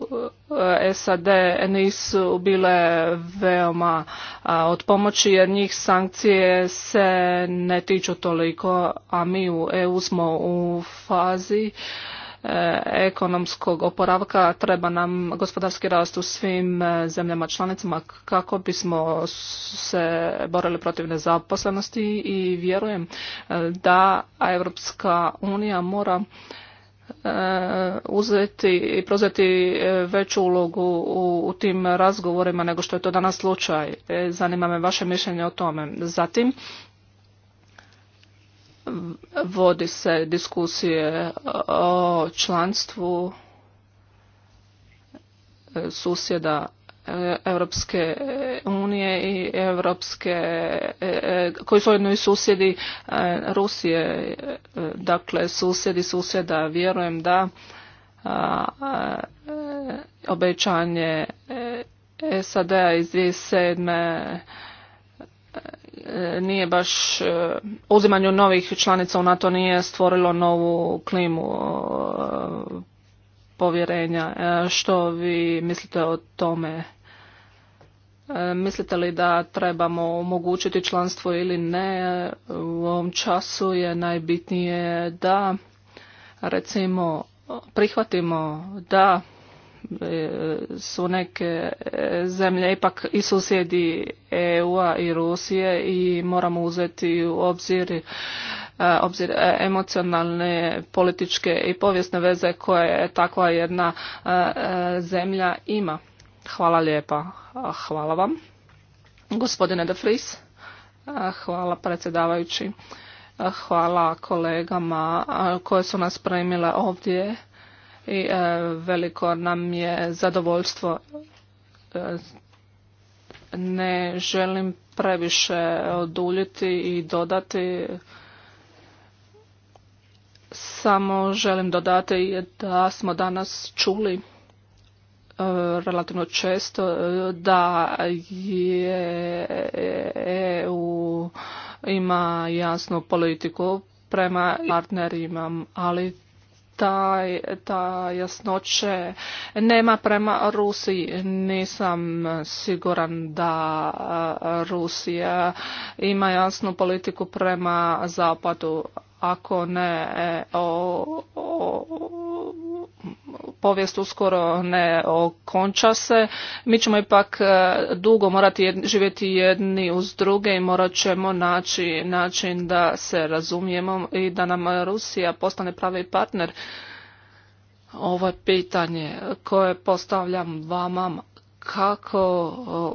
e, SAD nisu bile veoma od pomoći jer njih sankcije se ne tiču toliko, a mi u EU smo u fazi e, ekonomskog oporavka treba nam gospodarski rast u svim e, zemljama članicama kako bismo se borili protiv nezaposlenosti i vjerujem da Europska unija mora E, uzeti i prozeti e, veću ulogu u tim razgovorima nego što je to danas slučaj. E, zanima me vaše mišljenje o tome. Zatim, vodi se diskusije o članstvu susjeda Europske e, unije i Europske, e, e, koji su jedno i susjedi Rusije, dakle susjedi susjeda, vjerujem da obećanje SAD-a iz 2007 nije baš uzimanju novih članica u NATO nije stvorilo novu klimu povjerenja. E, što vi mislite o tome? E, mislite li da trebamo omogućiti članstvo ili ne? U ovom času je najbitnije da recimo prihvatimo da e, su neke zemlje ipak i susjedi EU-a i Rusije i moramo uzeti u obzir E, obzir e, emocionalne, političke i povijesne veze koje takva jedna e, zemlja ima. Hvala lijepa. Hvala vam. Gospodine De Vries, hvala predsjedavajući. Hvala kolegama koje su nas premile ovdje i veliko nam je zadovoljstvo. Ne želim previše oduljiti i dodati samo želim dodati da smo danas čuli e, relativno često e, da je EU ima jasnu politiku prema partnerima, ali taj ta jasnoće nema prema Rusiji. Nisam siguran da e, Rusija ima jasnu politiku prema Zapadu, ako ne e, o, o, povijest uskoro ne okonča se, mi ćemo ipak e, dugo morati živjeti jedni uz druge i morat ćemo naći način da se razumijemo i da nam Rusija postane pravi partner. Ovo je pitanje koje postavljam vama, kako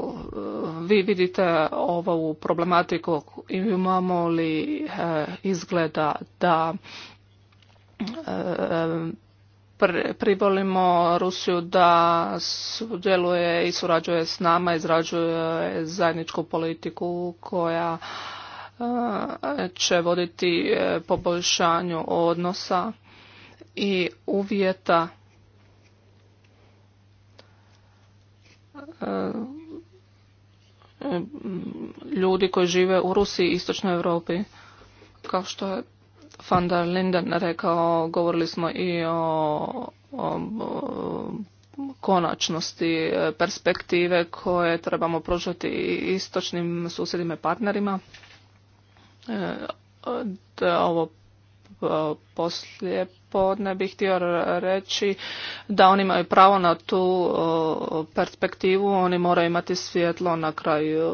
vi vidite ovu problematiku, imamo li e, izgleda da e, e, privolimo Rusiju da sudjeluje i surađuje s nama, izrađuje zajedničku politiku koja će voditi poboljšanju odnosa i uvjeta E, ljudi koji žive u Rusiji i Istočnoj Europi. Kao što je van der Linden rekao, govorili smo i o, konačnosti e, perspektive koje trebamo pružati istočnim susjedima i partnerima. E, da ovo poslije podne bih htio reći da oni imaju pravo na tu perspektivu, oni moraju imati svjetlo na kraju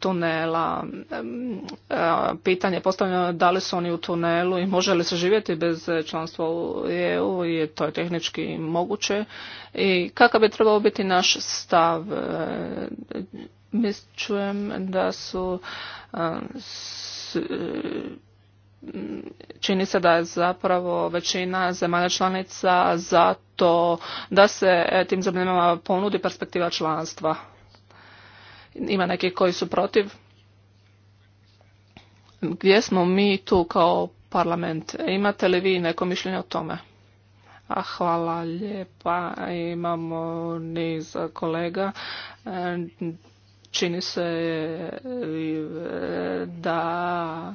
tunela. E, pitanje je postavljeno da li su oni u tunelu i može li se živjeti bez članstva u EU i to je tehnički moguće. I kakav bi trebao biti naš stav? Mislim e, da su čini se da je zapravo većina zemalja članica za to da se e, tim zemljama ponudi perspektiva članstva. Ima neki koji su protiv. Gdje smo mi tu kao parlament? E, imate li vi neko mišljenje o tome? A hvala lijepa. Imamo niz kolega. E, čini se da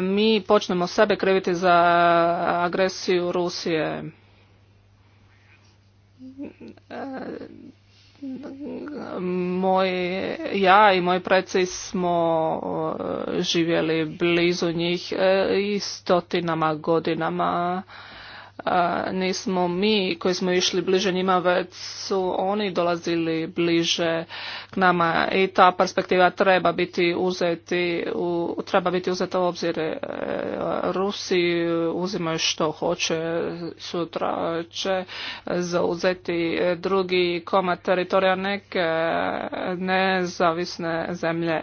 mi počnemo sebe kriviti za agresiju Rusije. Moj ja i moji preci smo živjeli blizu njih e, i stotinama godinama nismo mi koji smo išli bliže njima, već su oni dolazili bliže k nama i ta perspektiva treba biti uzeti, u, treba biti uzeta u obzir. E, Rusi uzimaju što hoće, sutra će zauzeti drugi koma teritorija neke nezavisne zemlje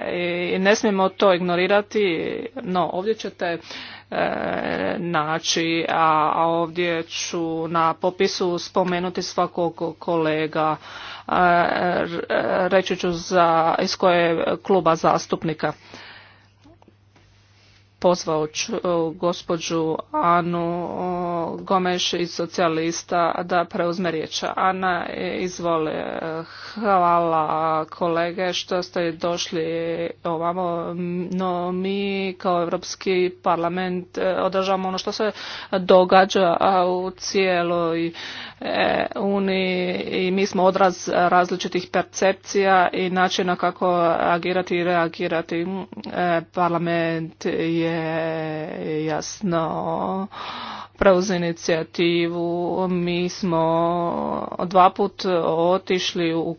i ne smijemo to ignorirati, no ovdje ćete E, naći, a ovdje ću na popisu spomenuti svakog kolega, e, reći ću za, iz koje kluba zastupnika pozvao gospođu Anu Gomeš iz socijalista da preuzme riječ. Ana, e, izvole, Hvala kolege što ste došli ovamo. No, mi kao Europski parlament e, održavamo ono što se događa u cijeloj E, uniji i mi smo odraz različitih percepcija i načina kako agirati i reagirati. E, Parlament je jasno preuz inicijativu. Mi smo dva put otišli u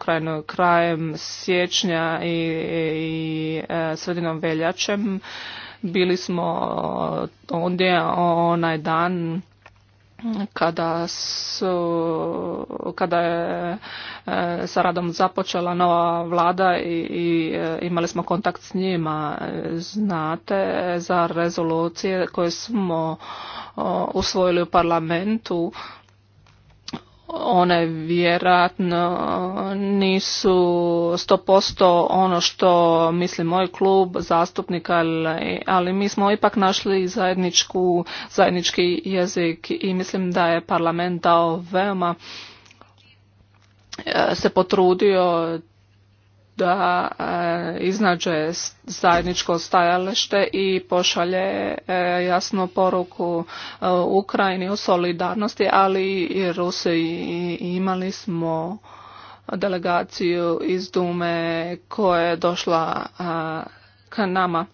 krajem siječnja i, i e, sredinom veljačem. Bili smo ondje onaj dan kada, su, kada je e, sa radom započela nova vlada i, i e, imali smo kontakt s njima. E, znate za rezolucije koje smo usvojili u parlamentu one vjerojatno nisu posto ono što misli moj klub zastupnika, ali mi smo ipak našli zajedničku, zajednički jezik i mislim da je parlament dao veoma e, se potrudio da e, iznađe zajedničko stajalište i pošalje e, jasnu poruku e, Ukrajini u solidarnosti, ali i Rusiji. Imali smo delegaciju iz Dume koja je došla ka nama.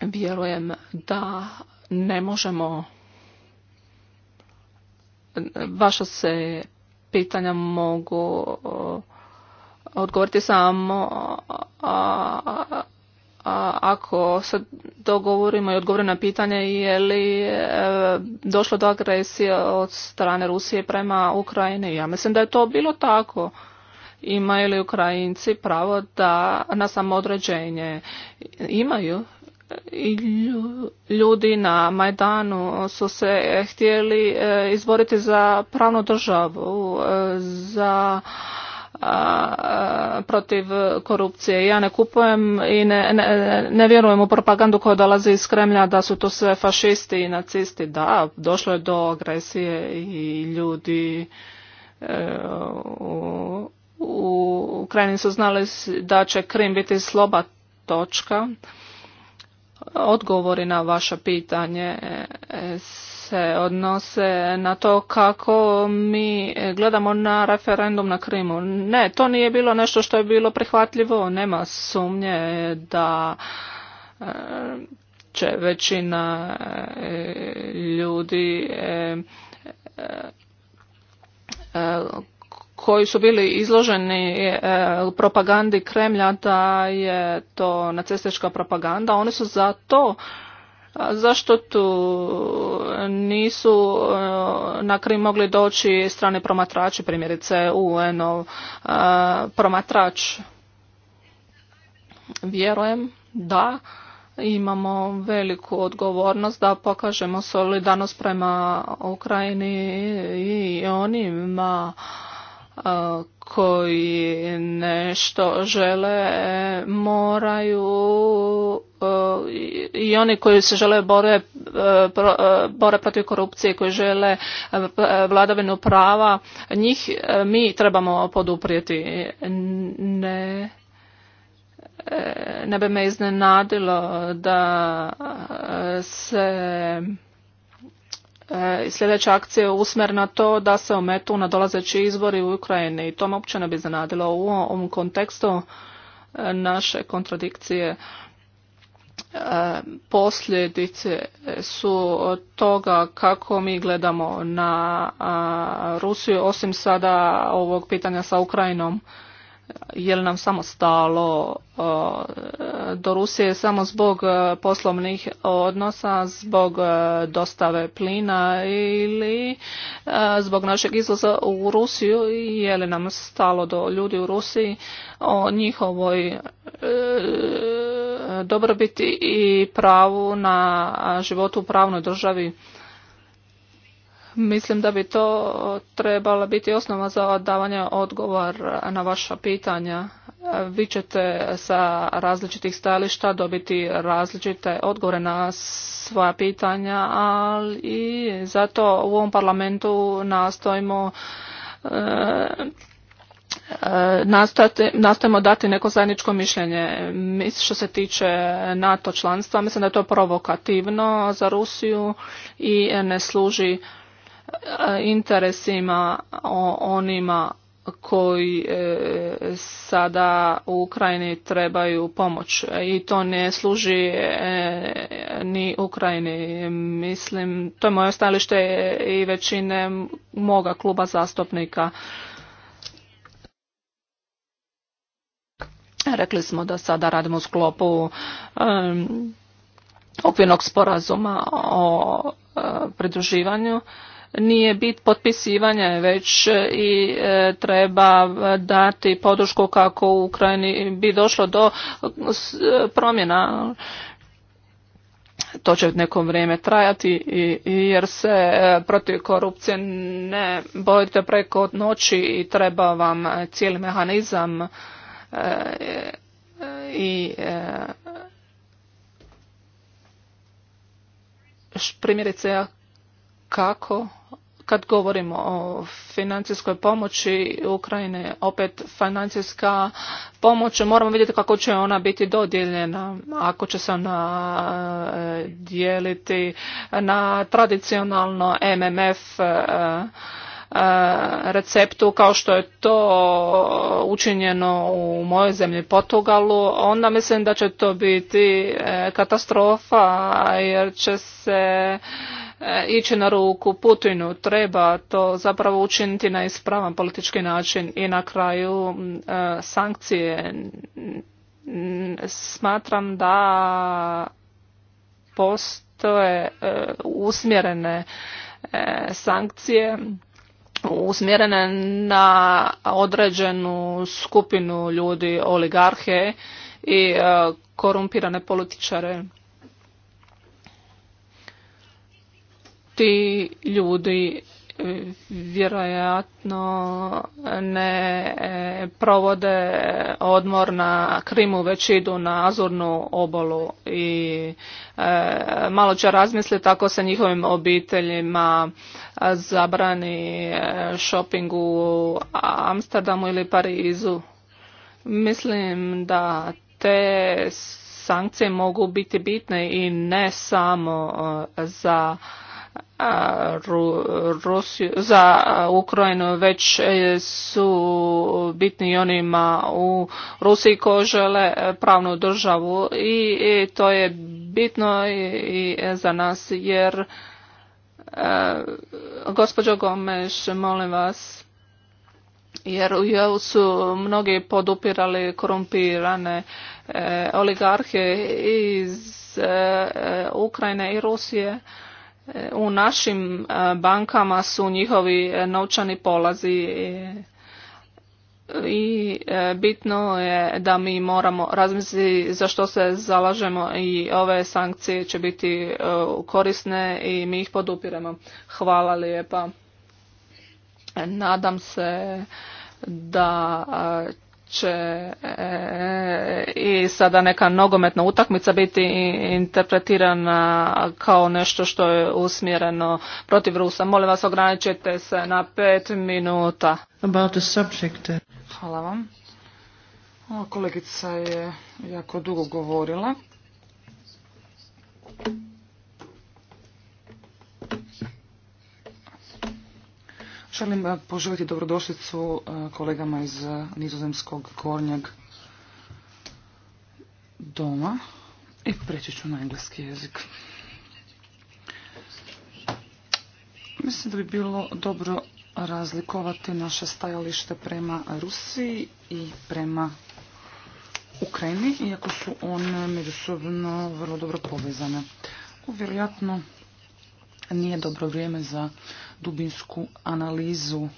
Vjerujem da ne možemo vaša se pitanja mogu odgovoriti samo a, ako se dogovorimo i odgovorimo na pitanje je li e, došlo do agresije od strane Rusije prema Ukrajini. Ja mislim da je to bilo tako. Imaju li Ukrajinci pravo da na samoodređenje? Imaju. I ljudi na Majdanu su se htjeli e, izboriti za pravnu državu, e, za a, protiv korupcije. Ja ne kupujem i ne, ne, vjerujem u propagandu koja dolazi iz Kremlja da su to sve fašisti i nacisti. Da, došlo je do agresije i ljudi e, u, u Ukrajini su znali da će Krim biti sloba točka. Odgovori na vaše pitanje e, se odnose na to kako mi gledamo na referendum na Krimu. Ne, to nije bilo nešto što je bilo prihvatljivo. Nema sumnje da e, će većina e, ljudi e, koji su bili izloženi propagandi Kremlja da je to nacistička propaganda. Oni su za to Zašto tu nisu e, na Krim mogli doći strane promatrači, primjerice UN-ov e, promatrač? Vjerujem da imamo veliku odgovornost da pokažemo solidarnost prema Ukrajini i onima koji nešto žele moraju i oni koji se žele bore, bore protiv korupcije, koji žele vladavinu prava, njih mi trebamo poduprijeti. Ne, e, ne bi me iznenadilo da se E, sljedeća akcija je na to da se ometu na dolazeći izbori u Ukrajini i to me uopće ne bi zanadilo u ovom kontekstu e, naše kontradikcije e, posljedice su toga kako mi gledamo na Rusiju osim sada ovog pitanja sa Ukrajinom je li nam samo stalo do Rusije samo zbog e, poslovnih odnosa, zbog e, dostave plina ili e, zbog našeg izlaza u Rusiju, je li nam stalo do ljudi u Rusiji, o njihovoj dobrobiti i pravu na životu u pravnoj državi Mislim da bi to trebala biti osnova za davanje odgovor na vaša pitanja. Vi ćete sa različitih stajališta dobiti različite odgovore na svoja pitanja, ali i zato u ovom parlamentu nastojimo eh, nastojimo dati neko zajedničko mišljenje. što se tiče NATO članstva, mislim da je to provokativno za Rusiju i ne služi E, interesima o onima koji e, sada u Ukrajini trebaju pomoć i to ne služi e, ni Ukrajini. Mislim, to je moje stajalište i većine moga kluba zastupnika. Rekli smo da sada radimo u sklopu okvirnog sporazuma o pridruživanju nije bit potpisivanja, već e, i e, treba dati podršku kako u Ukrajini bi došlo do e, promjena to će neko vrijeme trajati jer se protiv korupcije ne bojite preko noći i treba vam cijeli mehanizam i primjerice kako kad govorimo o financijskoj pomoći Ukrajine, opet financijska pomoć, moramo vidjeti kako će ona biti dodijeljena, ako će se ona e, dijeliti na tradicionalno MMF e, e, receptu kao što je to učinjeno u mojoj zemlji Portugalu, onda mislim da će to biti katastrofa jer će se E, ići na ruku Putinu. Treba to zapravo učiniti na ispravan politički način i na kraju e, sankcije. Smatram da postoje e, usmjerene sankcije usmjerene na određenu skupinu ljudi oligarhe i korumpirane političare ti ljudi e, vjerojatno ne e, provode odmor na Krimu, već idu na Azurnu obolu i e, malo će razmisliti ako se njihovim obiteljima zabrani shopping u Amsterdamu ili Parizu. Mislim da te sankcije mogu biti bitne i ne samo za Rusiju, za Ukrajinu već su bitni onima u Rusiji koji žele pravnu državu i, to je bitno i, za nas jer e, gospođo Gomeš molim vas jer u su mnogi podupirali korumpirane e, oligarhe iz e, Ukrajine i Rusije u našim e, bankama su njihovi e, novčani polazi e, i bitno je da mi moramo razmisliti za što se zalažemo i ove sankcije će biti korisne i mi ih podupiremo. Hvala lijepa. Nadam se da će e, i sada neka nogometna utakmica biti interpretirana kao nešto što je usmjereno protiv Rusa. Molim vas ograničite se na pet minuta. Hvala vam. kolegica je jako dugo govorila. Želim eh, poželjeti dobrodošlicu eh, kolegama iz eh, nizozemskog gornjeg doma i preći ću na engleski jezik. Mislim da bi bilo dobro razlikovati naše stajalište prema Rusiji i prema Ukrajini, iako su one međusobno vrlo dobro povezane. Vjerojatno nije dobro vrijeme za dubinsku analizu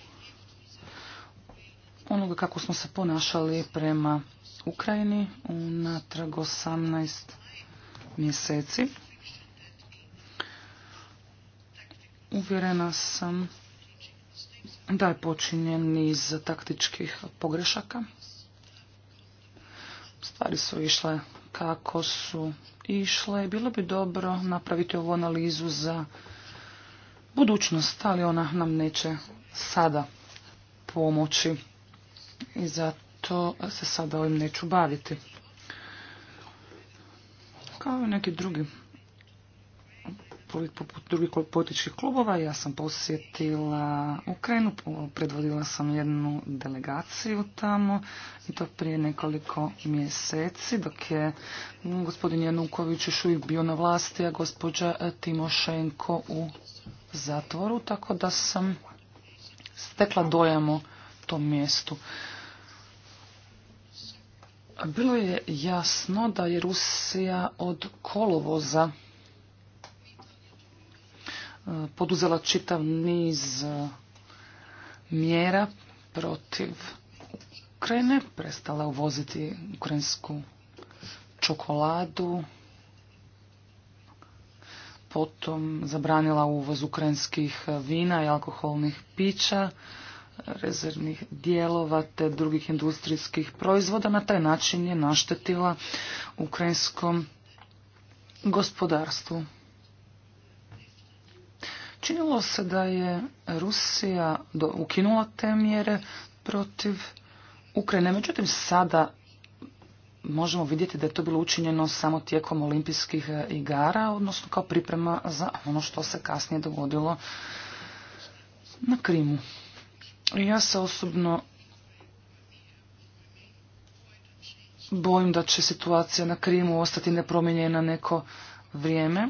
onoga kako smo se ponašali prema Ukrajini unatrag 18 mjeseci. Uvjerena sam da je počinjen niz taktičkih pogrešaka. Stvari su išle kako su išle bilo bi dobro napraviti ovu analizu za budućnost, ali ona nam neće sada pomoći i zato se sada ovim neću baviti. Kao i neki drugi poput drugih političkih klubova, ja sam posjetila Ukrajinu, predvodila sam jednu delegaciju tamo i to prije nekoliko mjeseci, dok je gospodin Januković još uvijek bio na vlasti, a gospođa Timošenko u zatvoru, tako da sam stekla dojam o tom mjestu. Bilo je jasno da je Rusija od kolovoza e, poduzela čitav niz e, mjera protiv Ukrajine, prestala uvoziti ukrajinsku čokoladu, potom zabranila uvoz ukrajinskih vina i alkoholnih pića, rezervnih dijelova te drugih industrijskih proizvoda. Na taj način je naštetila ukrajinskom gospodarstvu. Činilo se da je Rusija ukinula te mjere protiv Ukrajine. Međutim, sada možemo vidjeti da je to bilo učinjeno samo tijekom olimpijskih e, igara, odnosno kao priprema za ono što se kasnije dogodilo na Krimu. Ja se osobno bojim da će situacija na Krimu ostati nepromijenjena neko vrijeme.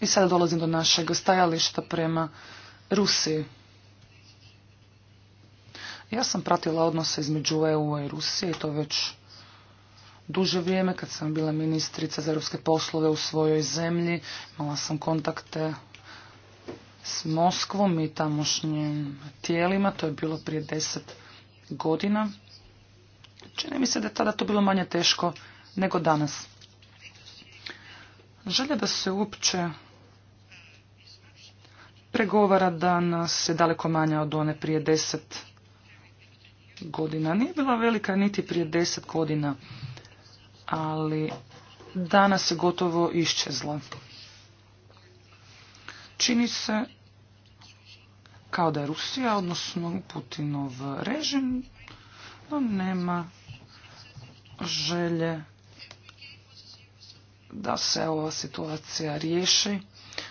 I sada dolazim do našeg stajališta prema Rusiji. Ja sam pratila odnose između EU i Rusije i to već duže vrijeme kad sam bila ministrica za europske poslove u svojoj zemlji. Imala sam kontakte s Moskvom i tamošnjim tijelima. To je bilo prije deset godina. Čini mi se da je tada to bilo manje teško nego danas. Želja da se uopće pregovara danas je daleko manja od one prije deset godina. Nije bila velika niti prije deset godina ali danas je gotovo iščezla. Čini se kao da je Rusija, odnosno Putinov režim, no nema želje da se ova situacija riješi.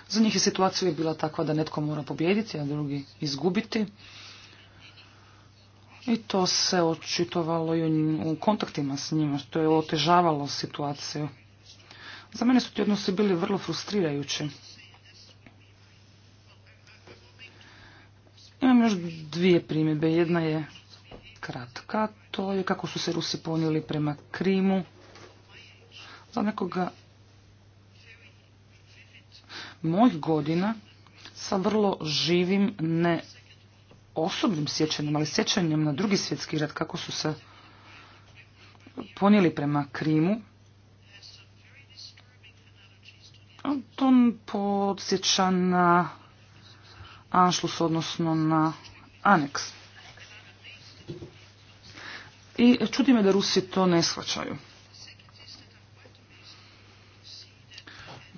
Za njih je situacija bila takva da netko mora pobijediti, a drugi izgubiti. I to se očitovalo i u kontaktima s njima, što je otežavalo situaciju. Za mene su ti odnosi bili vrlo frustrirajući. Imam još dvije primjedbe. Jedna je kratka, to je kako su se Rusi ponijeli prema Krimu. Za nekoga mojih godina sa vrlo živim, ne osobnim sjećanjem, ali sjećanjem na drugi svjetski rat, kako su se ponijeli prema Krimu. To podsjeća na Anšlus, odnosno na Aneks. I čudi me da Rusi to ne shvaćaju.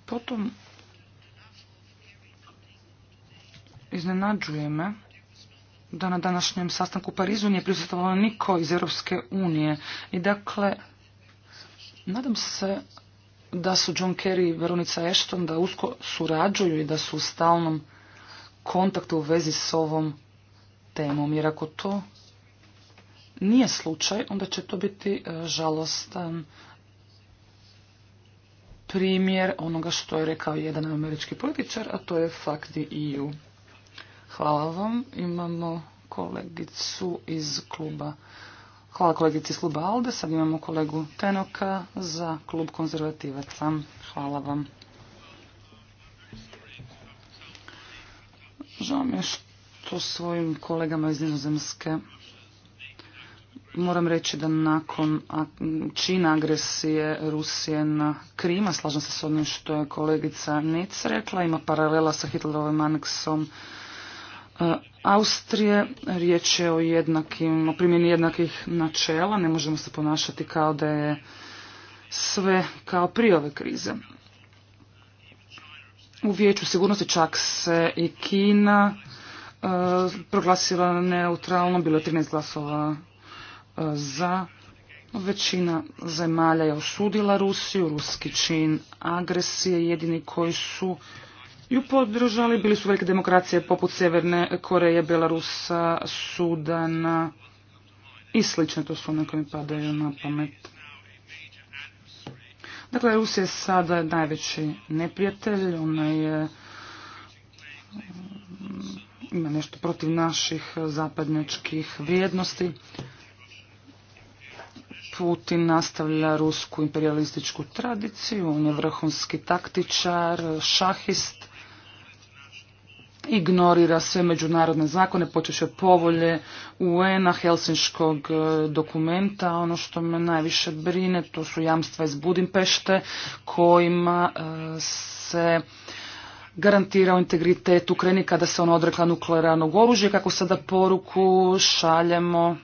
Potom iznenađuje me da na današnjem sastanku u Parizu nije prisutovalo niko iz Europske unije. I dakle, nadam se da su John Kerry i Veronica Ashton da usko surađuju i da su u stalnom kontaktu u vezi s ovom temom. Jer ako to nije slučaj, onda će to biti e, žalostan primjer onoga što je rekao jedan američki političar, a to je fakti EU. Hvala vam. Imamo kolegicu iz kluba. Hvala kolegici iz kluba Alde. Sad imamo kolegu Tenoka za klub konzervativaca. Hvala vam. Žao mi je što svojim kolegama iz Nizozemske moram reći da nakon čina agresije Rusije na Krima, slažem se s onim što je kolegica Nic rekla, ima paralela sa Hitlerovim aneksom Austrije. Riječ je o, jednakim, o primjeni jednakih načela. Ne možemo se ponašati kao da je sve kao prije ove krize. U vijeću sigurnosti čak se i Kina e, proglasila neutralno, bilo je 13 glasova e, za. Većina zemalja je osudila Rusiju, ruski čin agresije, jedini koji su ju podržali. Bili su velike demokracije poput Sjeverne Koreje, Belarusa, Sudana i slične. To su one koje mi padaju na pamet. Dakle, Rusija je sada najveći neprijatelj. Ona je mm, ima nešto protiv naših zapadnjačkih vrijednosti. Putin nastavlja rusku imperialističku tradiciju, on je vrhunski taktičar, šahist, ignorira sve međunarodne zakone, počeš od povolje UN-a, Helsinškog e, dokumenta. Ono što me najviše brine, to su jamstva iz Budimpešte kojima e, se garantirao integritet Ukrajini kada se ona odrekla nuklearnog oružja, kako sada poruku šaljemo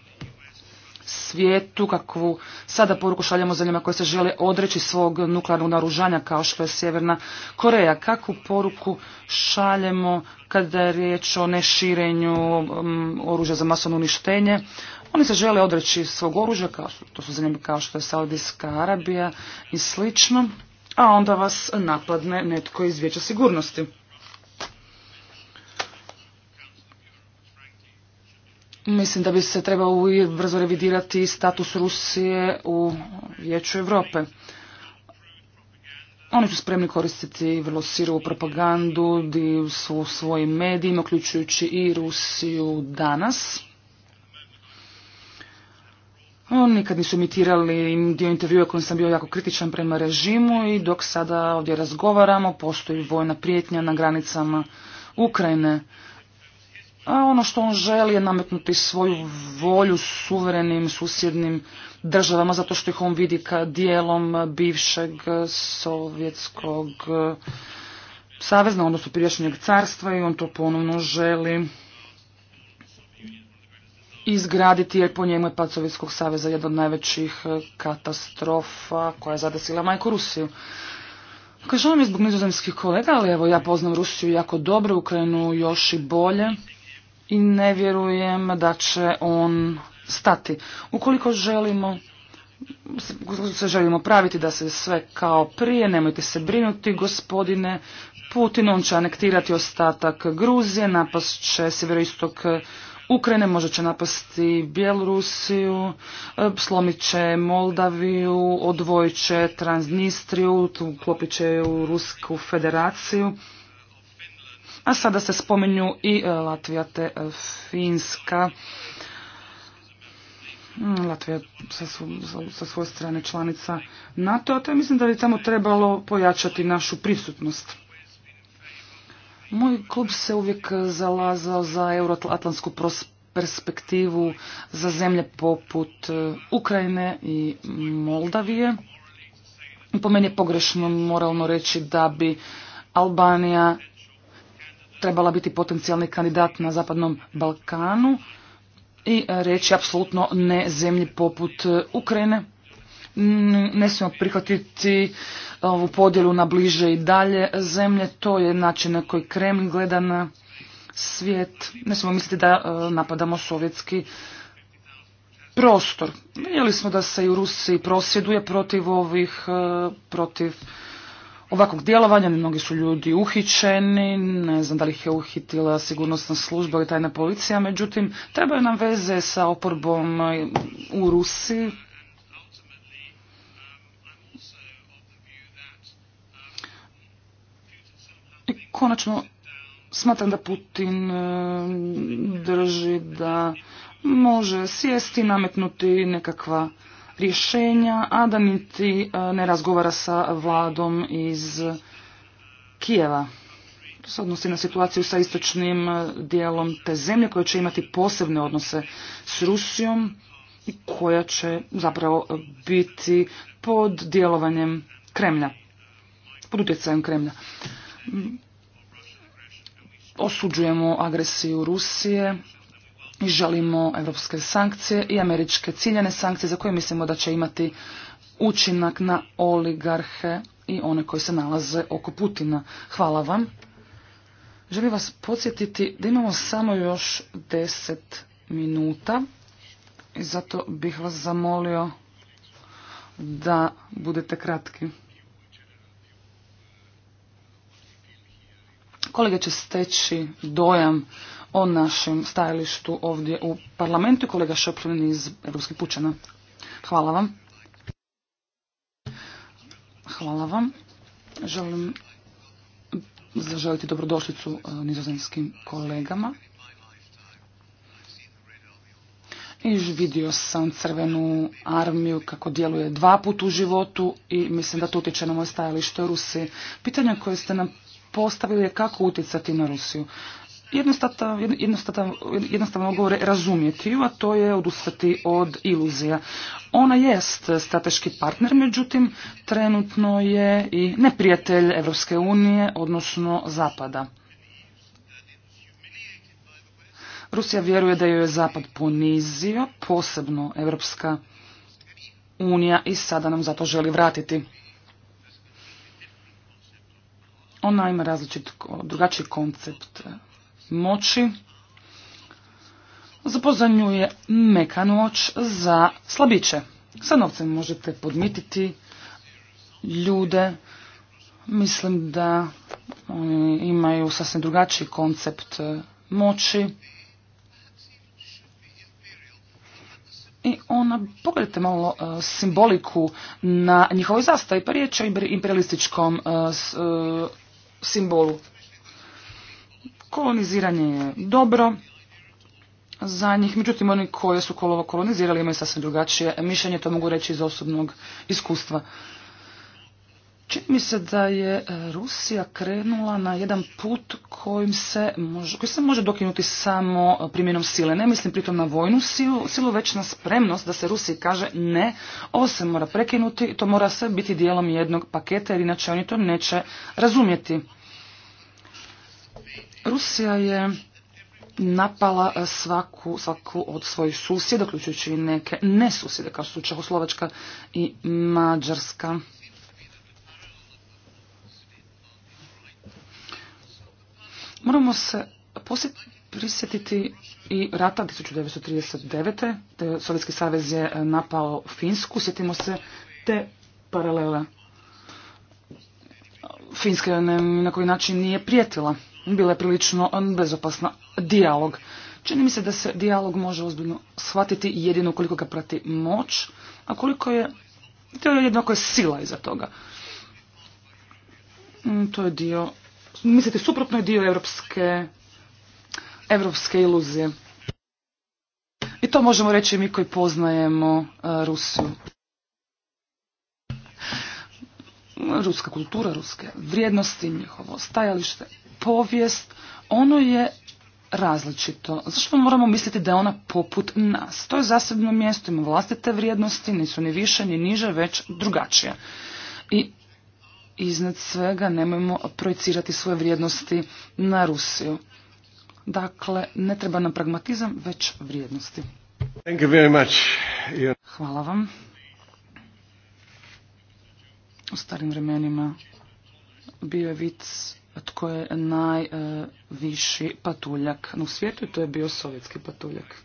svijetu, kakvu sada poruku šaljemo zemljama koje se žele odreći svog nuklearnog naružanja kao što je Sjeverna Koreja. Kakvu poruku šaljemo kada je riječ o neširenju um, oružja za masovno uništenje? Oni se žele odreći svog oružja, kao što, to su zemlje kao što je Saudijska Arabija i slično, a onda vas napadne netko iz vijeća sigurnosti. Mislim da bi se trebao brzo revidirati status Rusije u Vijeću Europe. Oni su spremni koristiti vrlo sirovu propagandu u svojim medijima, uključujući i Rusiju danas. Oni nikad nisu imitirali dio intervjua kojim sam bio jako kritičan prema režimu i dok sada ovdje razgovaramo postoji vojna prijetnja na granicama Ukrajine a ono što on želi je nametnuti svoju volju suverenim susjednim državama, zato što ih on vidi dijelom bivšeg sovjetskog e, savezna, odnosno prijašnjeg carstva i on to ponovno želi izgraditi jer po njemu je pad Sovjetskog saveza jedna od najvećih e, katastrofa koja je zadesila majku Rusiju. Kažem vam je zbog nizozemskih kolega, ali evo ja poznam Rusiju jako dobro, Ukrajinu još i bolje i ne vjerujem da će on stati. Ukoliko želimo se želimo praviti da se sve kao prije, nemojte se brinuti gospodine Putin, on će anektirati ostatak Gruzije, napast će sjeveroistok Ukrajine, možda će napasti Bjelorusiju, slomit će Moldaviju, odvojit će Transnistriju, uklopit će u Rusku federaciju a sada se spominju i e, Latvija te e, Finska. Mm, Latvija sa, sa svoje strane članica NATO, a to je mislim da bi tamo trebalo pojačati našu prisutnost. Moj klub se uvijek zalazao za euroatlantsku perspektivu za zemlje poput e, Ukrajine i Moldavije. Po meni je pogrešno moralno reći da bi Albanija trebala biti potencijalni kandidat na Zapadnom Balkanu i reći apsolutno ne zemlji poput e, Ukrajine. Ne smijemo prihvatiti ovu podjelu na bliže i dalje zemlje. To je način na koji Kreml gleda na svijet. Ne smijemo misliti da e, napadamo sovjetski prostor. Vidjeli smo da se i u Rusiji prosvjeduje protiv ovih, e, protiv ovakvog djelovanja, mnogi su ljudi uhićeni, ne znam da li ih je uhitila sigurnosna služba ili tajna policija, međutim trebaju nam veze sa oporbom u Rusiji. I konačno smatram da Putin e, drži da može sjesti nametnuti nekakva rješenja, a da niti e, ne razgovara sa vladom iz Kijeva. To se odnosi na situaciju sa istočnim e, dijelom te zemlje koja će imati posebne odnose s Rusijom i koja će zapravo biti pod djelovanjem Kremlja, pod utjecajem Kremlja. Osuđujemo agresiju Rusije želimo evropske sankcije i američke ciljene sankcije za koje mislimo da će imati učinak na oligarhe i one koji se nalaze oko Putina. Hvala vam. Želim vas podsjetiti da imamo samo još deset minuta i zato bih vas zamolio da budete kratki. Kolege će steći dojam o našem stajalištu ovdje u parlamentu. Kolega Šoplin iz Europskih pučana. Hvala vam. Hvala vam. Želim zaželiti dobrodošlicu e, nizozemskim kolegama. I vidio sam crvenu armiju kako djeluje dva put u životu i mislim da to utječe na moje stajalište rusije Pitanje koje ste nam postavili je kako utjecati na Rusiju jednostavno govore razumjeti a to je odustati od iluzija. Ona jest strateški partner, međutim, trenutno je i neprijatelj Evropske unije, odnosno Zapada. Rusija vjeruje da joj je Zapad ponizio, posebno Evropska unija i sada nam zato želi vratiti. Ona ima različit drugačiji koncept moći. zapozanjuje je meka za slabiće. Sa novcem možete podmititi ljude. Mislim da oni imaju sasvim drugačiji koncept e, moći. I ona, pogledajte malo e, simboliku na njihovoj zastavi, pa riječ je o imperialističkom e, simbolu. Koloniziranje je dobro za njih, međutim oni koji su kolonizirali imaju sasvim drugačije mišljenje, to mogu reći iz osobnog iskustva. Čini mi se da je e, Rusija krenula na jedan put kojim se može, koji se može dokinuti samo e, primjenom sile. Ne mislim pritom na vojnu silu, silu već na spremnost da se Rusiji kaže ne, ovo se mora prekinuti, to mora sve biti dijelom jednog paketa jer inače oni to neće razumjeti. Rusija je napala svaku, svaku od svojih susjeda, uključujući i neke ne susjede, kao su Čehoslovačka i Mađarska. Moramo se prisjetiti i rata 1939. Te Sovjetski savez je napao Finsku. Sjetimo se te paralele. Finska je na koji način nije prijetila bila je prilično bezopasna dijalog. Čini mi se da se dijalog može ozbiljno shvatiti jedino koliko ga prati moć, a koliko je, to jednako je sila iza toga. Mm, to je dio, mislite, suprotno je dio evropske, evropske iluzije. I to možemo reći mi koji poznajemo e, Rusiju. ruska kultura, ruske vrijednosti, njihovo stajalište, povijest, ono je različito. Zašto moramo misliti da je ona poput nas? To je zasebno mjesto, ima vlastite vrijednosti, nisu ni više ni niže, već drugačije. I iznad svega nemojmo projecirati svoje vrijednosti na Rusiju. Dakle, ne treba nam pragmatizam, već vrijednosti. Hvala vam. U starim vremenima bio je vic tko je najviši patuljak u svijetu i to je bio sovjetski patuljak.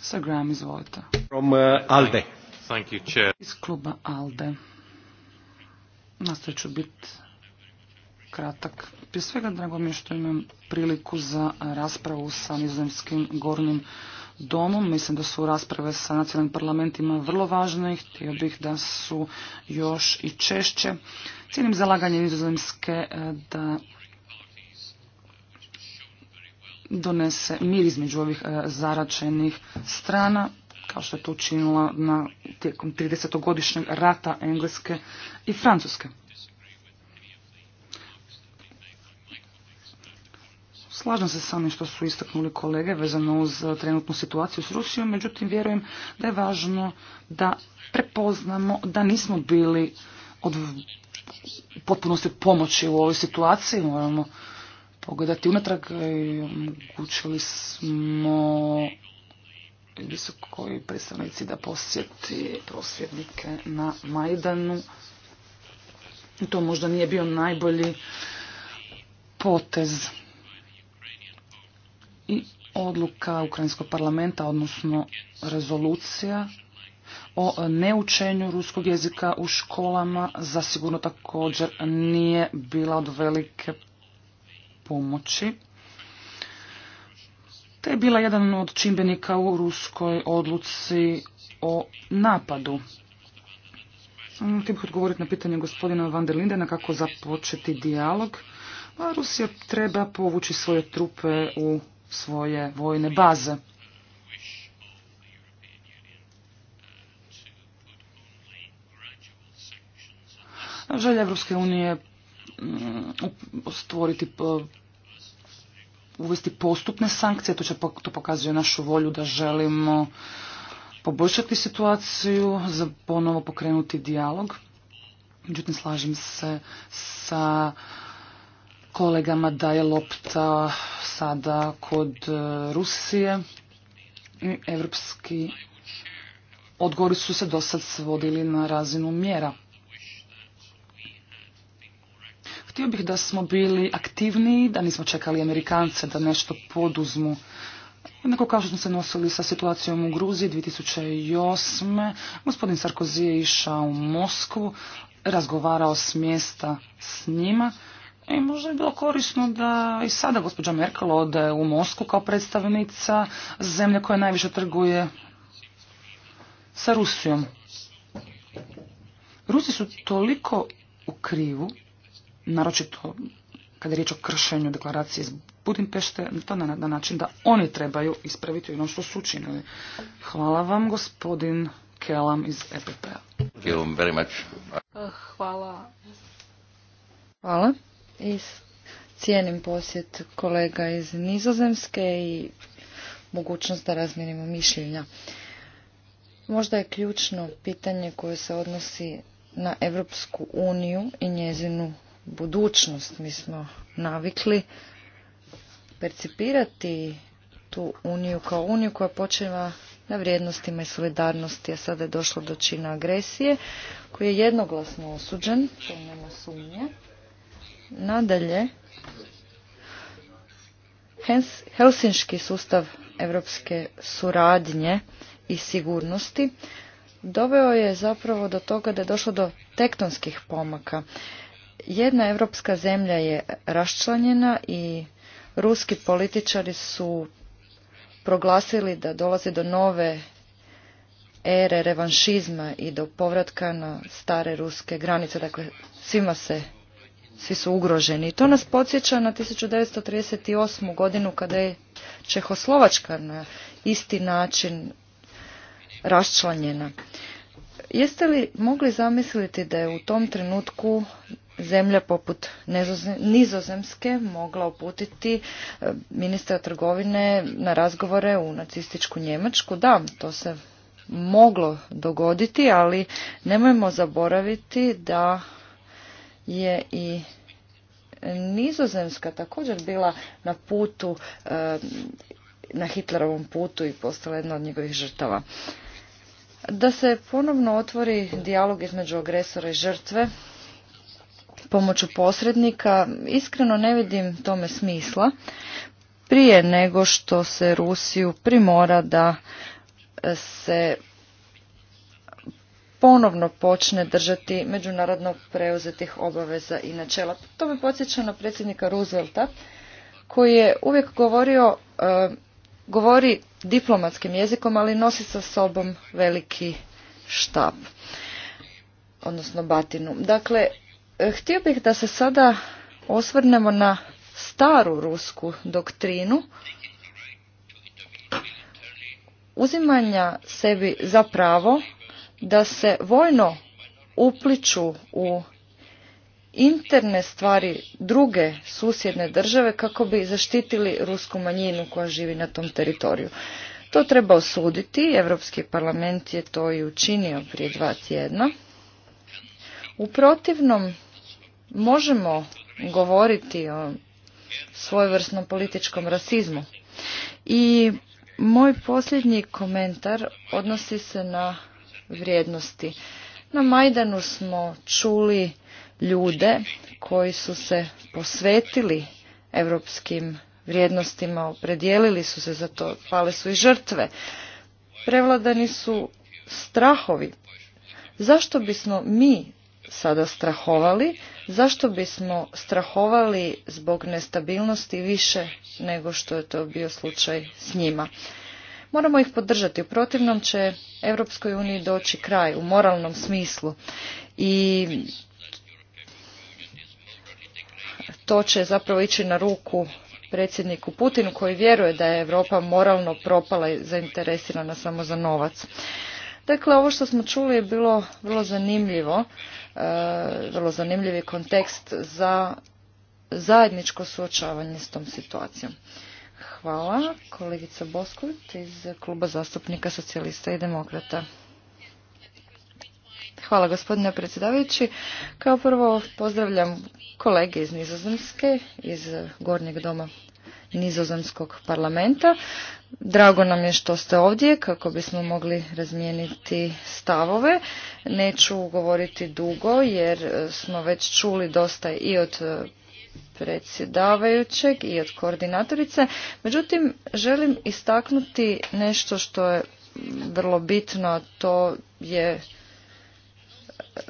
Sa Graham, izvolite. From uh, Alde. Thank you, chair. Iz kluba Alde. Nastavit ću biti kratak. Prije svega, drago mi je što imam priliku za raspravu sa nizozemskim gornim domu. Mislim da su rasprave sa nacionalnim parlamentima vrlo važne i htio bih da su još i češće. Cijenim zalaganje nizozemske e, da donese mir između ovih e, zaračenih strana, kao što je to učinila na tijekom 30-godišnjeg rata Engleske i Francuske. Slažem se s onim što su istaknuli kolege vezano uz e, trenutnu situaciju s Rusijom, međutim vjerujem da je važno da prepoznamo da nismo bili od potpunosti pomoći u ovoj situaciji. Moramo pogledati unatrag i omogućili smo visokoj predstavnici da posjeti prosvjednike na Majdanu. To možda nije bio najbolji potez i odluka Ukrajinskog parlamenta, odnosno rezolucija o neučenju ruskog jezika u školama zasigurno također nije bila od velike pomoći. Te je bila jedan od čimbenika u ruskoj odluci o napadu. Mm, htio bih odgovoriti na pitanje gospodina Van der Lindena kako započeti dijalog. Pa Rusija treba povući svoje trupe u svoje vojne baze. Želja Evropske unije mm, stvoriti uvesti postupne sankcije, to, to pokazuje našu volju da želimo poboljšati situaciju, za ponovo pokrenuti dijalog. Međutim, slažem se sa kolegama da je lopta sada kod e, Rusije. Evropski odgovori su se do sada svodili na razinu mjera. Htio bih da smo bili aktivniji, da nismo čekali Amerikance da nešto poduzmu. Jednako kao što smo se nosili sa situacijom u Gruziji 2008. Gospodin Sarkozy je išao u Moskvu, razgovarao s mjesta s njima i možda bi bilo korisno da i sada gospođa Merkel ode u Mosku kao predstavnica zemlje koja najviše trguje sa Rusijom. Rusi su toliko u krivu, naročito kada je riječ o kršenju deklaracije iz Budimpešte, to na, način da oni trebaju ispraviti ono što su učinili. Hvala vam, gospodin Kelam iz epp p-a. Hvala. Hvala i cijenim posjet kolega iz Nizozemske i mogućnost da razmjerimo mišljenja. Možda je ključno pitanje koje se odnosi na Europsku uniju i njezinu budućnost. Mi smo navikli percipirati tu uniju kao uniju koja počeva na vrijednostima i solidarnosti, a sada je došlo do čina agresije koji je jednoglasno osuđen, to nema sumnje. Nadalje, Helsinški sustav evropske suradnje i sigurnosti doveo je zapravo do toga da je došlo do tektonskih pomaka. Jedna evropska zemlja je raščlanjena i ruski političari su proglasili da dolazi do nove ere revanšizma i do povratka na stare ruske granice. Dakle, svima se svi su ugroženi. I To nas podsjeća na 1938. godinu kada je Čehoslovačka na isti način raščlanjena. Jeste li mogli zamisliti da je u tom trenutku zemlja poput Nizozemske mogla uputiti e, ministra trgovine na razgovore u nacističku Njemačku? Da, to se moglo dogoditi, ali nemojmo zaboraviti da je i Nizozemska također bila na putu, e, na Hitlerovom putu i postala jedna od njegovih žrtava. Da se ponovno otvori dijalog između agresora i žrtve pomoću posrednika, iskreno ne vidim tome smisla prije nego što se Rusiju primora da se ponovno počne držati međunarodno preuzetih obaveza i načela. To me podsjeća na predsjednika Roosevelta koji je uvijek govorio, e, govori diplomatskim jezikom, ali nosi sa sobom veliki štab, odnosno batinu. Dakle, e, htio bih da se sada osvrnemo na staru rusku doktrinu uzimanja sebi za pravo da se vojno upliču u interne stvari druge susjedne države kako bi zaštitili rusku manjinu koja živi na tom teritoriju. To treba osuditi, Europski parlament je to i učinio prije dva tjedna. U protivnom možemo govoriti o svojevrsnom političkom rasizmu. I moj posljednji komentar odnosi se na vrijednosti. Na Majdanu smo čuli ljude koji su se posvetili europskim vrijednostima, opredijelili su se za to, pale su i žrtve. Prevladani su strahovi. Zašto bismo mi sada strahovali? Zašto bismo strahovali zbog nestabilnosti više nego što je to bio slučaj s njima? Moramo ih podržati, u protivnom će Europskoj uniji doći kraj u moralnom smislu i to će zapravo ići na ruku predsjedniku Putinu koji vjeruje da je Europa moralno propala i zainteresirana samo za novac. Dakle, ovo što smo čuli je bilo vrlo zanimljivo, e, vrlo zanimljivi kontekst za zajedničko suočavanje s tom situacijom. Hvala. Kolegica Boskut iz Kluba zastupnika socijalista i demokrata. Hvala gospodine predsjedavajući. Kao prvo pozdravljam kolege iz Nizozemske, iz Gornjeg doma Nizozemskog parlamenta. Drago nam je što ste ovdje kako bismo mogli razmijeniti stavove. Neću govoriti dugo jer smo već čuli dosta i od predsjedavajućeg i od koordinatorice. Međutim, želim istaknuti nešto što je vrlo bitno, a to je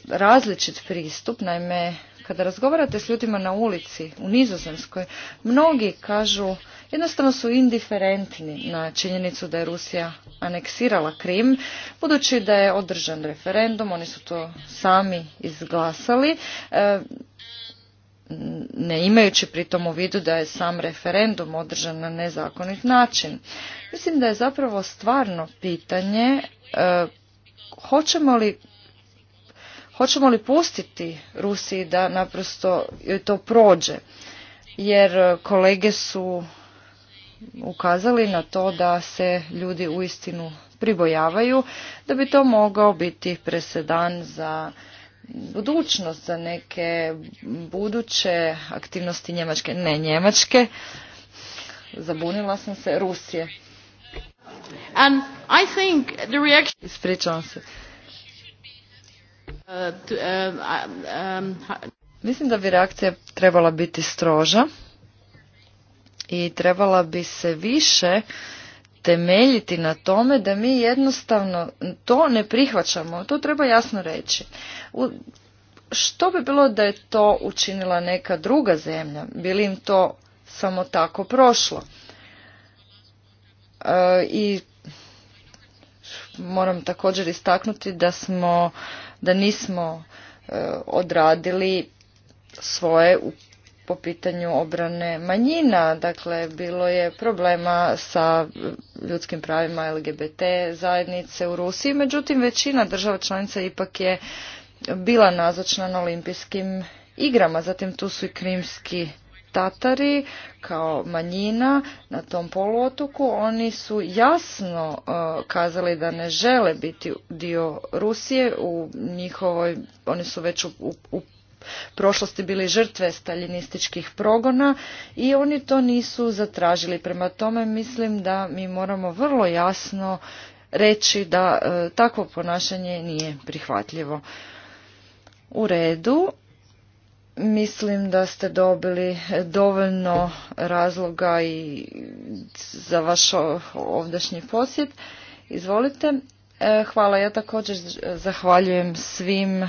različit pristup. Naime, kada razgovarate s ljudima na ulici u Nizozemskoj, mnogi kažu jednostavno su indiferentni na činjenicu da je Rusija aneksirala Krim, budući da je održan referendum, oni su to sami izglasali. E, ne imajući pritom u vidu da je sam referendum održan na nezakonit način. Mislim da je zapravo stvarno pitanje e, hoćemo li hoćemo li pustiti Rusiji da naprosto to prođe. Jer kolege su ukazali na to da se ljudi uistinu pribojavaju da bi to mogao biti presedan za budućnost za neke buduće aktivnosti Njemačke, ne Njemačke, zabunila sam se, Rusije. And I se. Mislim da bi reakcija trebala biti stroža i trebala bi se više temeljiti na tome da mi jednostavno to ne prihvaćamo. To treba jasno reći. što bi bilo da je to učinila neka druga zemlja? Bili im to samo tako prošlo? E, I moram također istaknuti da smo, da nismo e, odradili svoje u po pitanju obrane manjina. Dakle, bilo je problema sa ljudskim pravima LGBT zajednice u Rusiji, međutim većina država članica ipak je bila nazočna na olimpijskim igrama. Zatim tu su i krimski Tatari kao manjina na tom poluotoku, oni su jasno e, kazali da ne žele biti dio Rusije, u njihovoj, oni su već u, prošlosti bili žrtve staljinističkih progona i oni to nisu zatražili. Prema tome mislim da mi moramo vrlo jasno reći da e, takvo ponašanje nije prihvatljivo. U redu, mislim da ste dobili dovoljno razloga i za vaš ovdašnji posjet. Izvolite. E, hvala, ja također zahvaljujem svim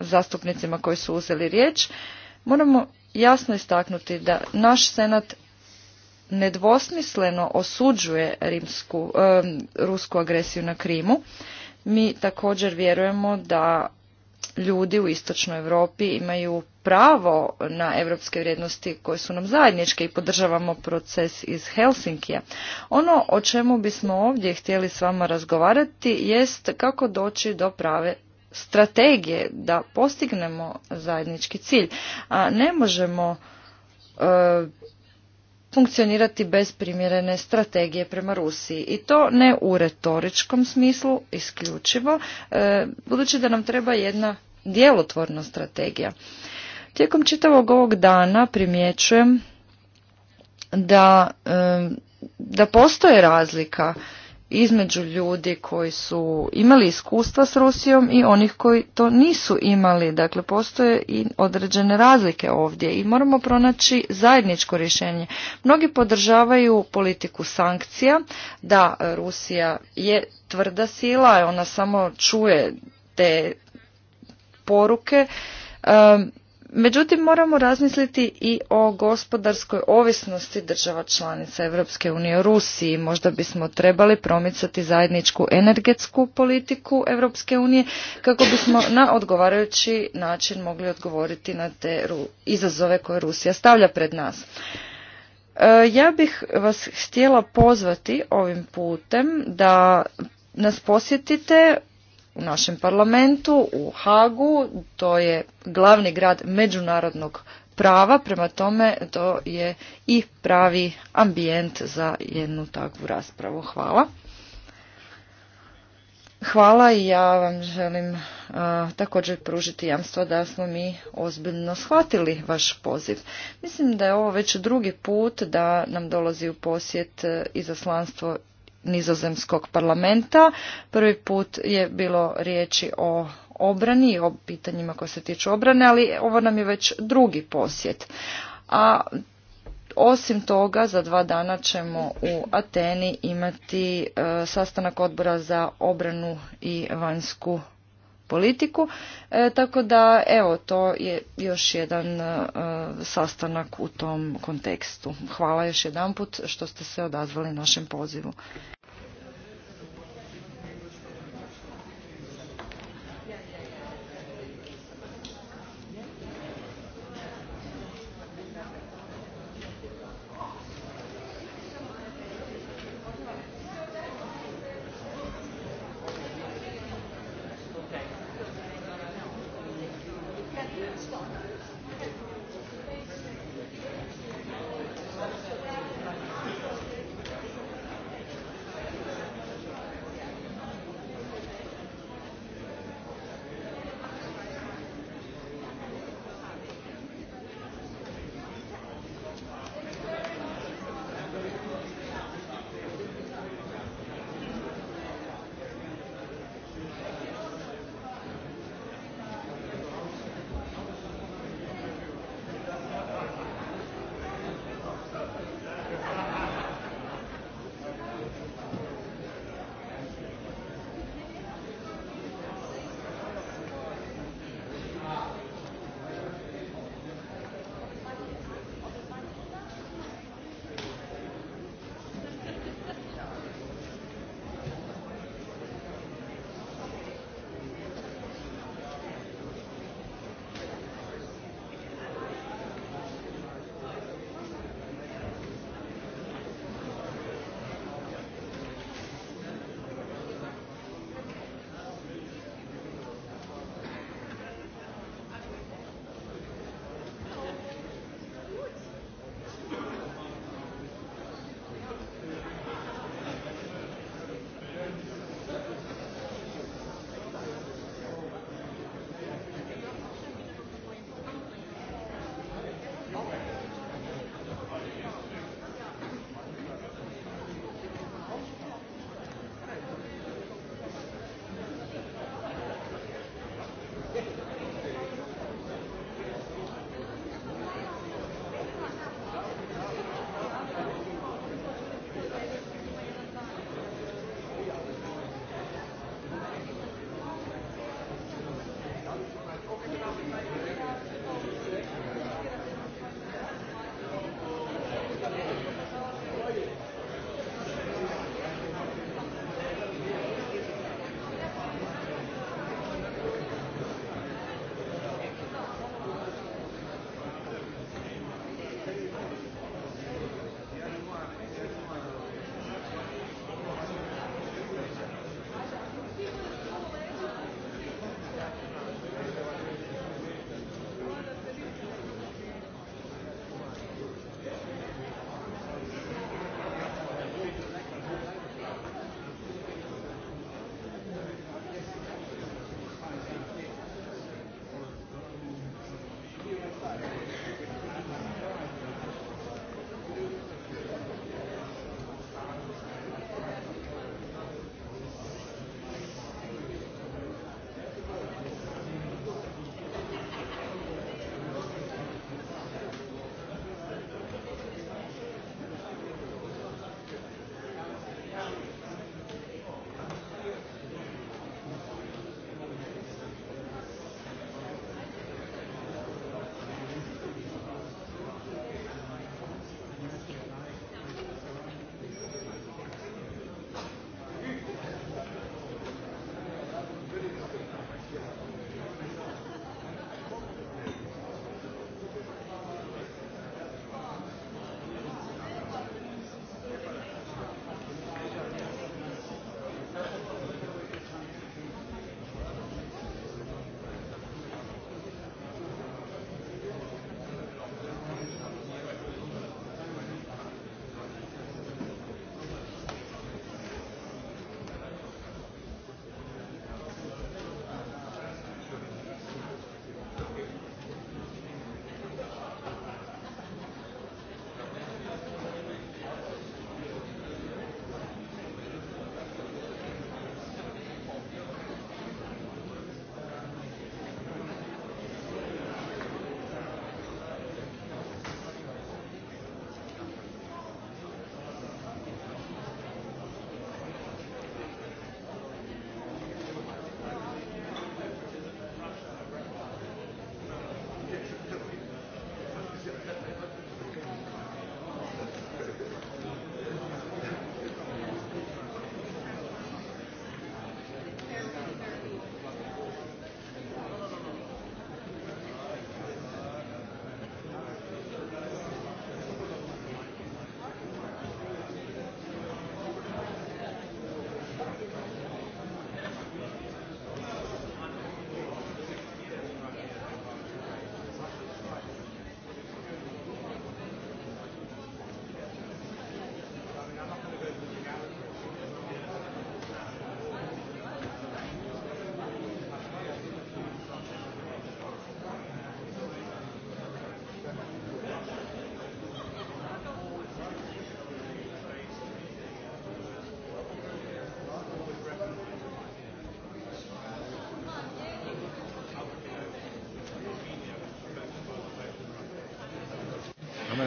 zastupnicima koji su uzeli riječ. Moramo jasno istaknuti da naš senat nedvosmisleno osuđuje rimsku, rusku agresiju na Krimu. Mi također vjerujemo da ljudi u istočnoj Europi imaju pravo na europske vrijednosti koje su nam zajedničke i podržavamo proces iz Helsinkija. Ono o čemu bismo ovdje htjeli s vama razgovarati jest kako doći do prave strategije da postignemo zajednički cilj. A ne možemo e, funkcionirati bez primjerene strategije prema Rusiji. I to ne u retoričkom smislu, isključivo, e, budući da nam treba jedna djelotvorna strategija. Tijekom čitavog ovog dana primjećujem da, e, da postoje razlika između ljudi koji su imali iskustva s Rusijom i onih koji to nisu imali. Dakle, postoje i određene razlike ovdje i moramo pronaći zajedničko rješenje. Mnogi podržavaju politiku sankcija, da Rusija je tvrda sila, ona samo čuje te poruke. Um, Međutim, moramo razmisliti i o gospodarskoj ovisnosti država članica Europske unije o Rusiji. Možda bismo trebali promicati zajedničku energetsku politiku Europske unije kako bismo na odgovarajući način mogli odgovoriti na te izazove koje Rusija stavlja pred nas. E, ja bih vas htjela pozvati ovim putem da nas posjetite u našem parlamentu, u Hagu. To je glavni grad međunarodnog prava, prema tome to je i pravi ambijent za jednu takvu raspravu. Hvala. Hvala i ja vam želim također pružiti jamstvo da smo mi ozbiljno shvatili vaš poziv. Mislim da je ovo već drugi put da nam dolazi u posjet e, izaslanstvo nizozemskog parlamenta. Prvi put je bilo riječi o obrani i o pitanjima koje se tiču obrane, ali ovo nam je već drugi posjet. A osim toga, za dva dana ćemo u Ateni imati e, sastanak odbora za obranu i vanjsku politiku. E, tako da, evo, to je još jedan e, sastanak u tom kontekstu. Hvala još jedanput što ste se odazvali našem pozivu.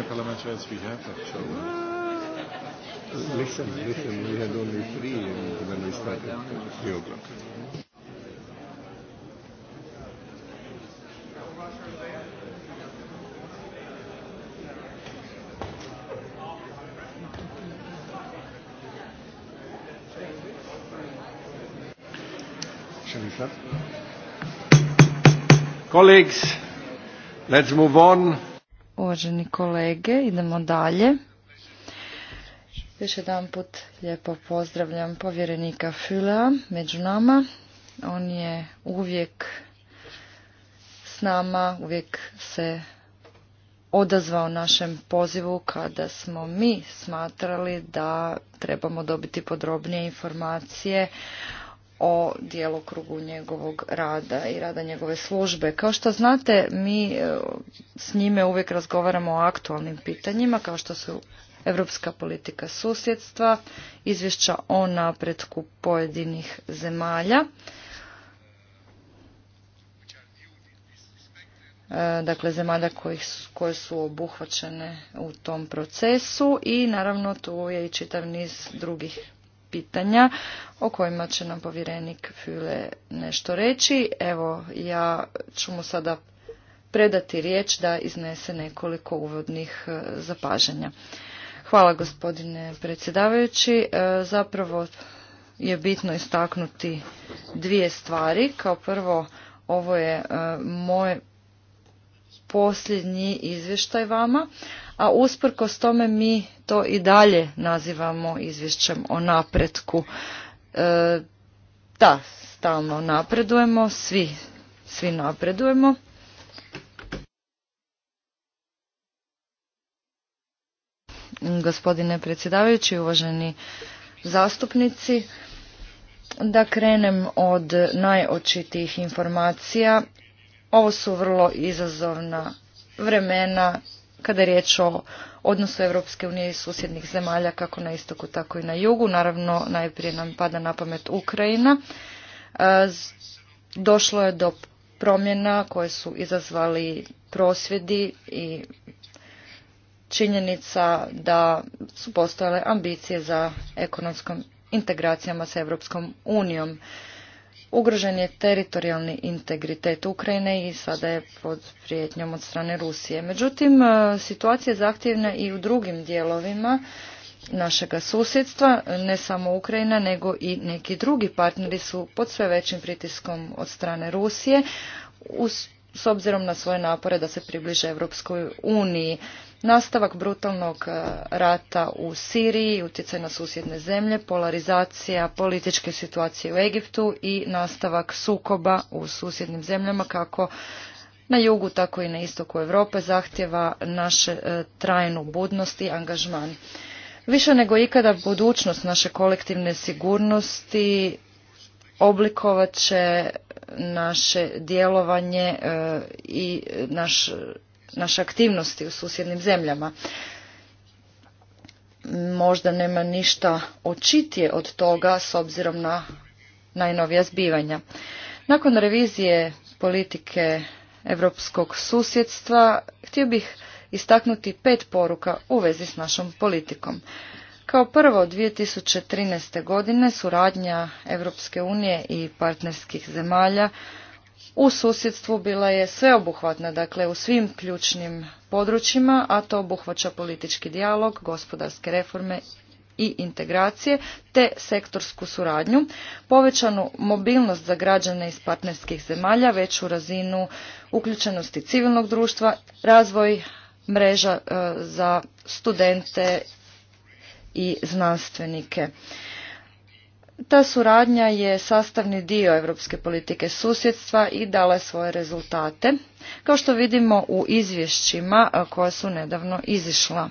parliamentarians we have actually. Listen, listen, we had only three and then we started at three o'clock. Colleagues, let's move on uvaženi kolege. Idemo dalje. Još jedan put lijepo pozdravljam povjerenika Fulea među nama. On je uvijek s nama, uvijek se odazvao našem pozivu kada smo mi smatrali da trebamo dobiti podrobnije informacije o djelokrugu njegovog rada i rada njegove službe. Kao što znate, mi s njime uvijek razgovaramo o aktualnim pitanjima kao što su europska politika susjedstva, izvješća o napretku pojedinih zemalja. E, dakle zemalja koje su obuhvaćene u tom procesu i naravno tu je i čitav niz drugih pitanja o kojima će nam povjerenik Fule nešto reći. Evo ja ću mu sada predati riječ da iznese nekoliko uvodnih e, zapažanja. Hvala gospodine predsjedavajući. E, zapravo je bitno istaknuti dvije stvari. Kao prvo, ovo je e, moj posljednji izvještaj vama, a usprkos tome mi to i dalje nazivamo izvješćem o napretku. Da, stalno napredujemo, svi, svi napredujemo. gospodine predsjedavajući, uvaženi zastupnici. Da krenem od najočitijih informacija. Ovo su vrlo izazovna vremena kada je riječ o odnosu Europske unije i susjednih zemalja kako na istoku tako i na jugu. Naravno najprije nam pada na pamet Ukrajina. E, došlo je do promjena koje su izazvali prosvjedi i činjenica da su postojale ambicije za ekonomskom integracijama sa Europskom unijom. Ugrožen je teritorijalni integritet Ukrajine i sada je pod prijetnjom od strane Rusije. Međutim, e, situacija je zahtjevna i u drugim dijelovima našega susjedstva, ne samo Ukrajina, nego i neki drugi partneri su pod sve većim pritiskom od strane Rusije, s obzirom na svoje napore da se približe Europskoj uniji. Nastavak brutalnog e, rata u Siriji, utjecaj na susjedne zemlje, polarizacija političke situacije u Egiptu i nastavak sukoba u susjednim zemljama kako na jugu, tako i na istoku Europe zahtjeva naše e, trajnu budnost i angažman. Više nego ikada budućnost naše kolektivne sigurnosti oblikovat će naše djelovanje e, i naš naše aktivnosti u susjednim zemljama. Možda nema ništa očitije od toga s obzirom na najnovija zbivanja. Nakon revizije politike europskog susjedstva htio bih istaknuti pet poruka u vezi s našom politikom. Kao prvo, 2013. godine suradnja Europske unije i partnerskih zemalja u susjedstvu bila je sveobuhvatna, dakle u svim ključnim područjima, a to obuhvaća politički dijalog, gospodarske reforme i integracije, te sektorsku suradnju, povećanu mobilnost za građane iz partnerskih zemalja, veću razinu uključenosti civilnog društva, razvoj mreža e, za studente i znanstvenike. Ta suradnja je sastavni dio europske politike susjedstva i dala svoje rezultate, kao što vidimo u izvješćima koja su nedavno izišla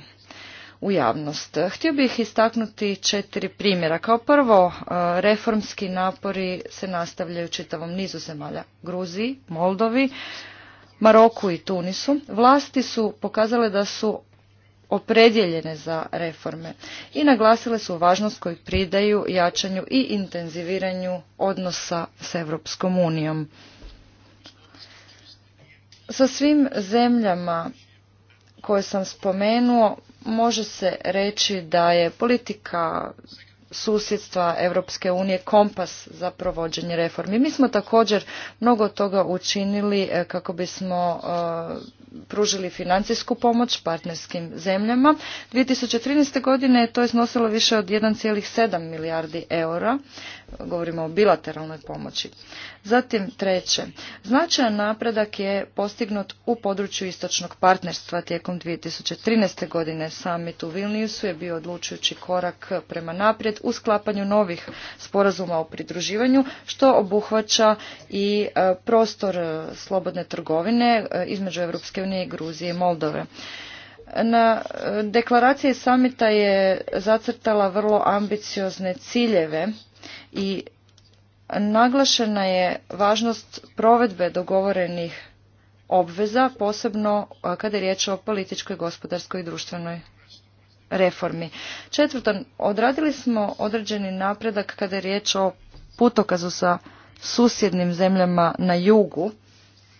u javnost. Htio bih istaknuti četiri primjera. Kao prvo, reformski napori se nastavljaju čitavom nizu zemalja. Gruziji, Moldovi, Maroku i Tunisu. Vlasti su pokazale da su opredjeljene za reforme i naglasile su važnost koju pridaju jačanju i intenziviranju odnosa s Europskom unijom. Sa svim zemljama koje sam spomenuo može se reći da je politika susjedstva Europske unije kompas za provođenje reformi. Mi smo također mnogo toga učinili e, kako bismo e, pružili financijsku pomoć partnerskim zemljama. 2013. godine to je iznosilo više od 1,7 milijardi eura govorimo o bilateralnoj pomoći. Zatim treće, značajan napredak je postignut u području istočnog partnerstva tijekom 2013. godine. Summit u Vilniusu je bio odlučujući korak prema naprijed u sklapanju novih sporazuma o pridruživanju, što obuhvaća i e, prostor e, slobodne trgovine e, između Europske unije i Gruzije i Moldove. Na deklaraciji samita je zacrtala vrlo ambiciozne ciljeve i naglašena je važnost provedbe dogovorenih obveza, posebno kada je riječ o političkoj, gospodarskoj i društvenoj reformi. Četvrto, odradili smo određeni napredak kada je riječ o putokazu sa susjednim zemljama na jugu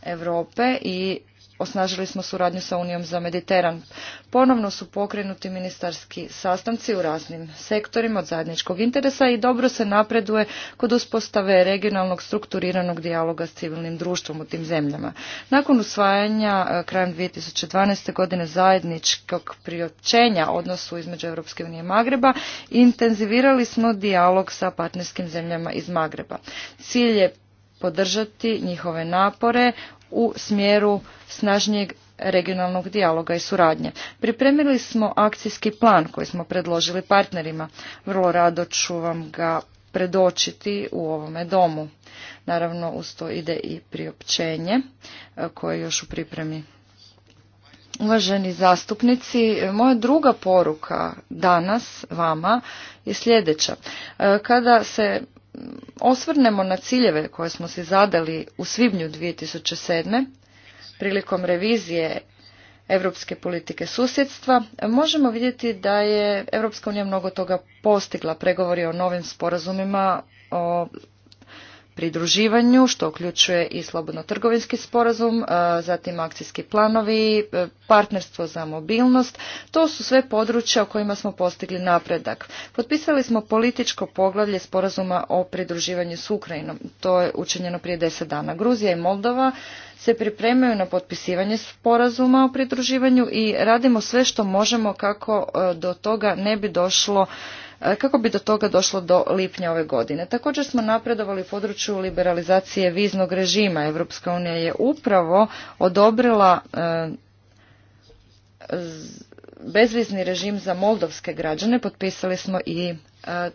Europe i osnažili smo suradnju sa Unijom za Mediteran. Ponovno su pokrenuti ministarski sastanci u raznim sektorima od zajedničkog interesa i dobro se napreduje kod uspostave regionalnog strukturiranog dijaloga s civilnim društvom u tim zemljama. Nakon usvajanja e, krajem 2012. godine zajedničkog priopćenja odnosu između Europske unije i Magreba intenzivirali smo dijalog sa partnerskim zemljama iz Magreba. Cilj je podržati njihove napore u smjeru snažnijeg regionalnog dijaloga i suradnje. Pripremili smo akcijski plan koji smo predložili partnerima. Vrlo rado ću vam ga predočiti u ovome domu. Naravno, uz to ide i priopćenje e, koje je još u pripremi. Uvaženi zastupnici, moja druga poruka danas vama je sljedeća. E, kada se osvrnemo na ciljeve koje smo si zadali u svibnju 2007. prilikom revizije europske politike susjedstva, možemo vidjeti da je Europska unija mnogo toga postigla. Pregovori o novim sporazumima o pridruživanju, što uključuje i slobodno-trgovinski sporazum, e, zatim akcijski planovi, e, partnerstvo za mobilnost. To su sve područja o kojima smo postigli napredak. Potpisali smo političko poglavlje sporazuma o pridruživanju s Ukrajinom. To je učinjeno prije deset dana. Gruzija i Moldova se pripremaju na potpisivanje sporazuma o pridruživanju i radimo sve što možemo kako e, do toga ne bi došlo E, kako bi do toga došlo do lipnja ove godine. Također smo napredovali u području liberalizacije viznog režima. Evropska unija je upravo odobrila e, bezvizni režim za moldovske građane. Potpisali smo i e,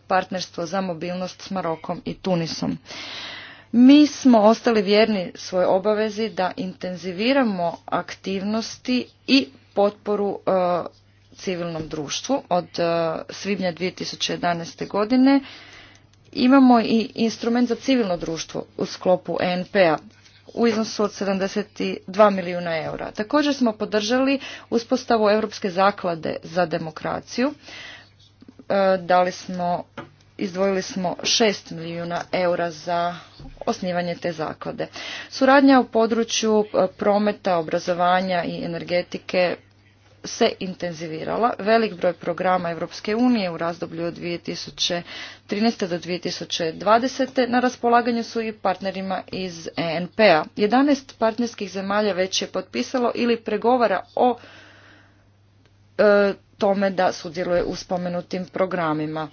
partnerstvo za mobilnost s Marokom i Tunisom. Mi smo ostali vjerni svojoj obavezi da intenziviramo aktivnosti i potporu civilnom društvu od e, svibnja 2011. godine. Imamo i instrument za civilno društvo u sklopu enp p-a u iznosu od 72 milijuna eura. Također smo podržali uspostavu Europske zaklade za demokraciju. E, dali smo, izdvojili smo 6 milijuna eura za osnivanje te zaklade. Suradnja u području e, prometa, obrazovanja i energetike se intenzivirala. Velik broj programa Europske unije u razdoblju od 2013. do 2020. na raspolaganju su i partnerima iz ENP-a. 11 partnerskih zemalja već je potpisalo ili pregovara o e, tome da sudjeluje u spomenutim programima.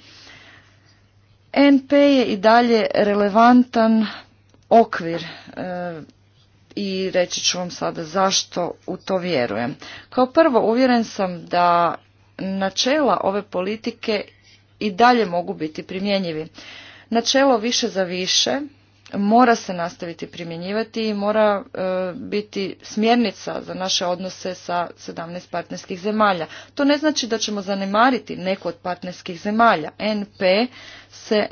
ENP je i dalje relevantan okvir e, i reći ću vam sada zašto u to vjerujem. Kao prvo uvjeren sam da načela ove politike i dalje mogu biti primjenjivi. Načelo više za više mora se nastaviti primjenjivati i mora e, biti smjernica za naše odnose sa 17 partnerskih zemalja. To ne znači da ćemo zanemariti neku od partnerskih zemalja. NP se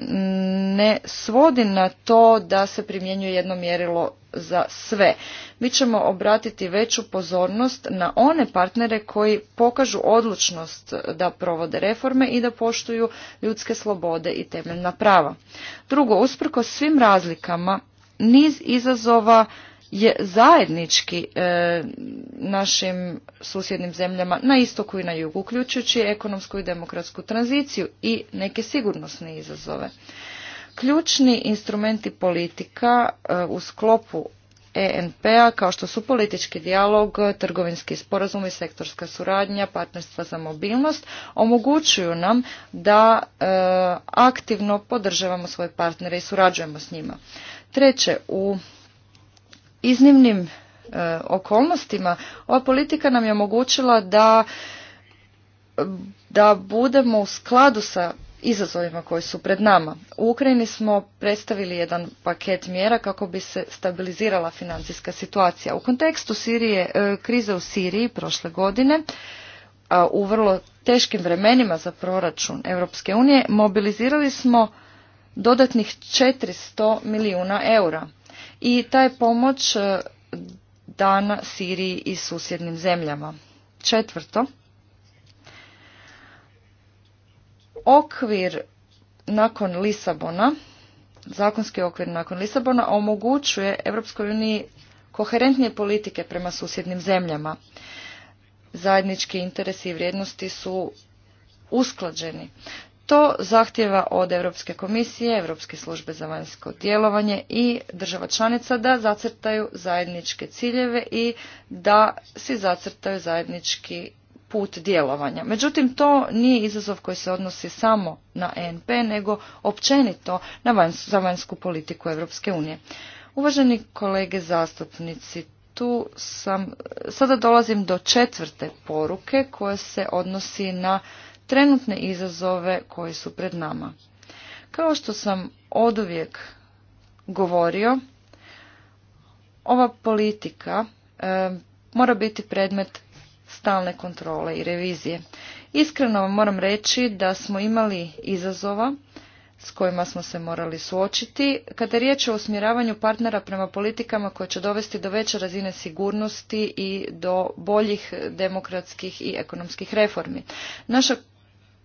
ne svodi na to da se primjenjuje jedno mjerilo za sve. Mi ćemo obratiti veću pozornost na one partnere koji pokažu odlučnost da provode reforme i da poštuju ljudske slobode i temeljna prava. Drugo, usprko svim razlikama, niz izazova je zajednički e, našim susjednim zemljama na istoku i na jugu, uključujući ekonomsku i demokratsku tranziciju i neke sigurnosne izazove. Ključni instrumenti politika e, u sklopu ENP-a kao što su politički dijalog, trgovinski sporazum i sektorska suradnja, partnerstva za mobilnost, omogućuju nam da e, aktivno podržavamo svoje partnere i surađujemo s njima. Treće, u iznimnim e, okolnostima ova politika nam je omogućila da da budemo u skladu sa izazovima koji su pred nama. U Ukrajini smo predstavili jedan paket mjera kako bi se stabilizirala financijska situacija. U kontekstu Sirije, e, krize u Siriji prošle godine, a u vrlo teškim vremenima za proračun Europske unije, mobilizirali smo dodatnih 400 milijuna eura i ta je pomoć e, dana Siriji i susjednim zemljama. Četvrto, okvir nakon Lisabona, zakonski okvir nakon Lisabona omogućuje Europskoj uniji koherentnije politike prema susjednim zemljama. Zajednički interesi i vrijednosti su usklađeni. To zahtjeva od Europske komisije, Europske službe za vanjsko djelovanje i država članica da zacrtaju zajedničke ciljeve i da si zacrtaju zajednički put djelovanja. Međutim, to nije izazov koji se odnosi samo na ENP, nego općenito na za vanjsku politiku Europske unije. Uvaženi kolege zastupnici, tu sam, sada dolazim do četvrte poruke koja se odnosi na trenutne izazove koje su pred nama. Kao što sam oduvijek govorio, ova politika e, mora biti predmet stalne kontrole i revizije. Iskreno vam moram reći da smo imali izazova s kojima smo se morali suočiti. Kada je riječ o usmjeravanju partnera prema politikama koje će dovesti do veće razine sigurnosti i do boljih demokratskih i ekonomskih reformi. Naša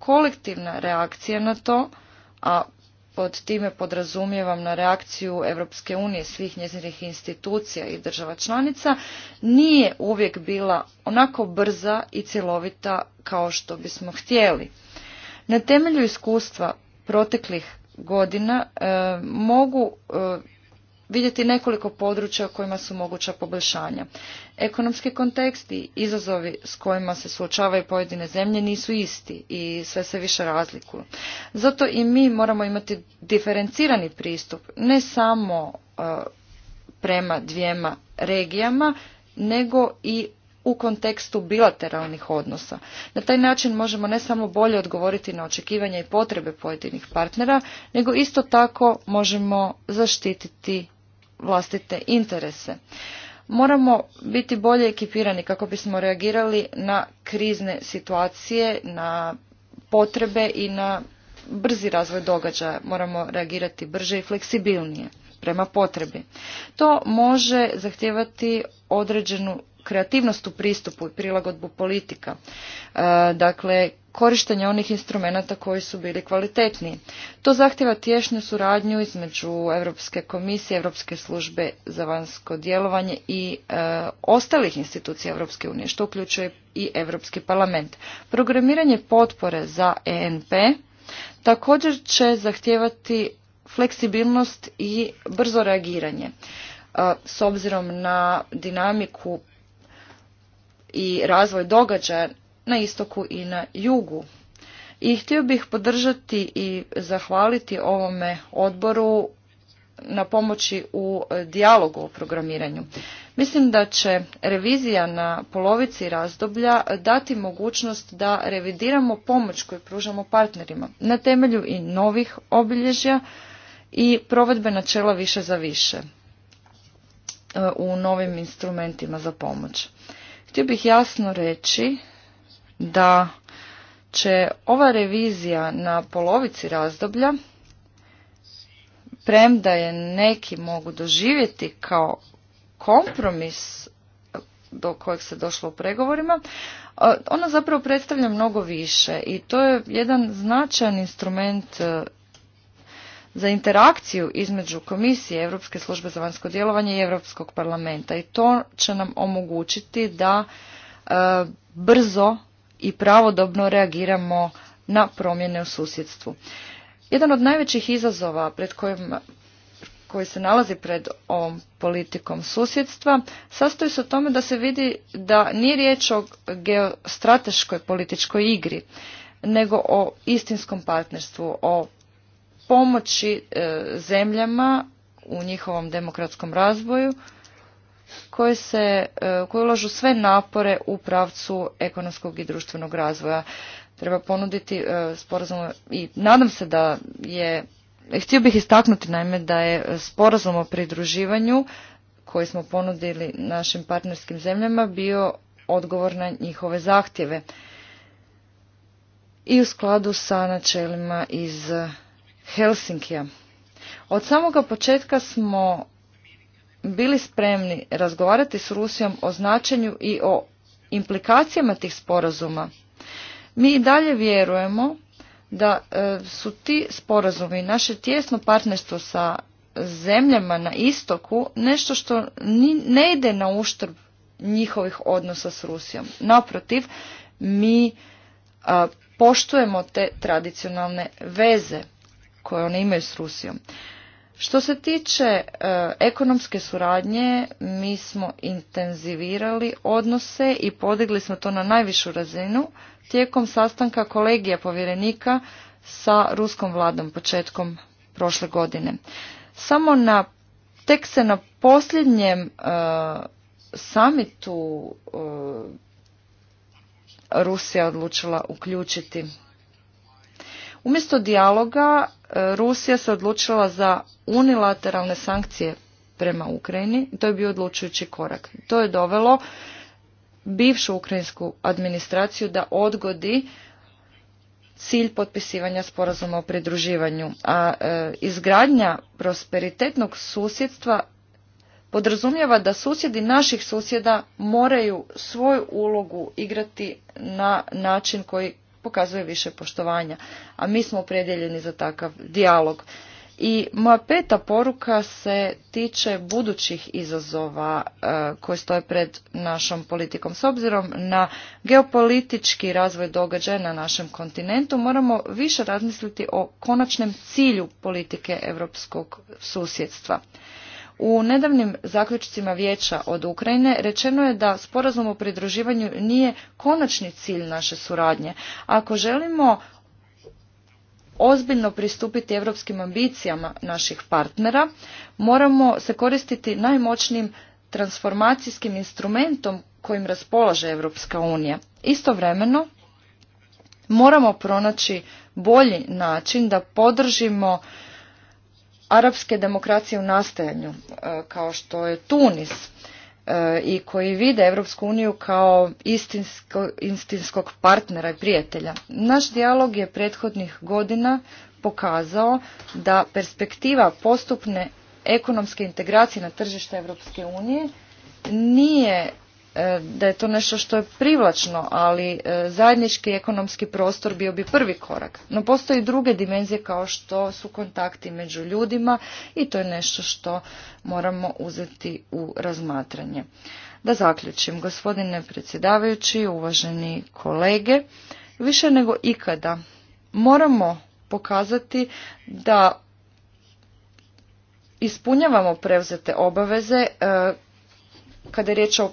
kolektivna reakcija na to, a pod time podrazumijevam na reakciju Europske unije svih njezinih institucija i država članica, nije uvijek bila onako brza i cjelovita kao što bismo htjeli. Na temelju iskustva proteklih godina e, mogu e, vidjeti nekoliko područja kojima su moguća poboljšanja. Ekonomski kontekst i izazovi s kojima se suočavaju pojedine zemlje nisu isti i sve se više razlikuju. Zato i mi moramo imati diferencirani pristup, ne samo e, prema dvijema regijama, nego i u kontekstu bilateralnih odnosa. Na taj način možemo ne samo bolje odgovoriti na očekivanja i potrebe pojedinih partnera, nego isto tako možemo zaštititi vlastite interese. Moramo biti bolje ekipirani kako bismo reagirali na krizne situacije, na potrebe i na brzi razvoj događaja. Moramo reagirati brže i fleksibilnije prema potrebi. To može zahtijevati određenu kreativnost u pristupu i prilagodbu politika. E, dakle, korištenje onih instrumenata koji su bili kvalitetniji. To zahtjeva tješnju suradnju između Europske komisije, Europske službe za vanjsko djelovanje i e, ostalih institucija Europske unije, što uključuje i Europski parlament. Programiranje potpore za ENP također će zahtijevati fleksibilnost i brzo reagiranje. E, s obzirom na dinamiku i razvoj događaja na istoku i na jugu. I htio bih podržati i zahvaliti ovome odboru na pomoći u dijalogu o programiranju. Mislim da će revizija na polovici razdoblja dati mogućnost da revidiramo pomoć koju pružamo partnerima na temelju i novih obilježja i provedbe načela više za više e, u novim instrumentima za pomoć. Htio bih jasno reći da će ova revizija na polovici razdoblja, premda je neki mogu doživjeti kao kompromis do kojeg se došlo u pregovorima, ona zapravo predstavlja mnogo više i to je jedan značajan instrument e, za interakciju između Komisije Europske službe za vanjsko djelovanje i Europskog parlamenta i to će nam omogućiti da e, brzo i pravodobno reagiramo na promjene u susjedstvu. Jedan od najvećih izazova pred kojim koji se nalazi pred ovom politikom susjedstva sastoji se o tome da se vidi da nije riječ o geostrateškoj političkoj igri, nego o istinskom partnerstvu, o pomoći e, zemljama u njihovom demokratskom razvoju koje, se, e, koje ulažu sve napore u pravcu ekonomskog i društvenog razvoja. Treba ponuditi e, sporazum i nadam se da je, htio bih istaknuti naime da je sporazum o pridruživanju koji smo ponudili našim partnerskim zemljama bio odgovor na njihove zahtjeve i u skladu sa načelima iz Helsinkija. Od samoga početka smo bili spremni razgovarati s Rusijom o značenju i o implikacijama tih sporazuma. Mi i dalje vjerujemo da e, su ti sporazumi naše tjesno partnerstvo sa zemljama na istoku nešto što ne ide na uštrb njihovih odnosa s Rusijom. Naprotiv, mi e, poštujemo te tradicionalne veze koje oni imaju s Rusijom. Što se tiče e, ekonomske suradnje, mi smo intenzivirali odnose i podigli smo to na najvišu razinu tijekom sastanka kolegija povjerenika sa ruskom vladom početkom prošle godine. Samo na tek se na posljednjem e, samitu e, Rusija odlučila uključiti Umjesto dijaloga e, Rusija se odlučila za unilateralne sankcije prema Ukrajini. To je bio odlučujući korak. To je dovelo bivšu ukrajinsku administraciju da odgodi cilj potpisivanja sporazuma o pridruživanju. A e, izgradnja prosperitetnog susjedstva podrazumijeva da susjedi naših susjeda moraju svoju ulogu igrati na način koji pokazuje više poštovanja. A mi smo opredjeljeni za takav dijalog. I moja peta poruka se tiče budućih izazova e, koji stoje pred našom politikom. S obzirom na geopolitički razvoj događaja na našem kontinentu, moramo više razmisliti o konačnem cilju politike europskog susjedstva. U nedavnim zaključcima vijeća od Ukrajine rečeno je da sporazum o pridruživanju nije konačni cilj naše suradnje. Ako želimo ozbiljno pristupiti europskim ambicijama naših partnera, moramo se koristiti najmoćnijim transformacijskim instrumentom kojim raspolaže Europska unija. Istovremeno moramo pronaći bolji način da podržimo arapske demokracije u nastajanju, e, kao što je Tunis, e, i koji vide Europsku uniju kao istinsko, istinskog partnera i prijatelja. Naš dijalog je prethodnih godina pokazao da perspektiva postupne ekonomske integracije na tržište Europske unije nije E, da je to nešto što je privlačno, ali e, zajednički ekonomski prostor bio bi prvi korak. No postoji druge dimenzije kao što su kontakti među ljudima i to je nešto što moramo uzeti u razmatranje. Da zaključim, gospodine predsjedavajući, uvaženi kolege, više nego ikada moramo pokazati da ispunjavamo preuzete obaveze e, kada je riječ o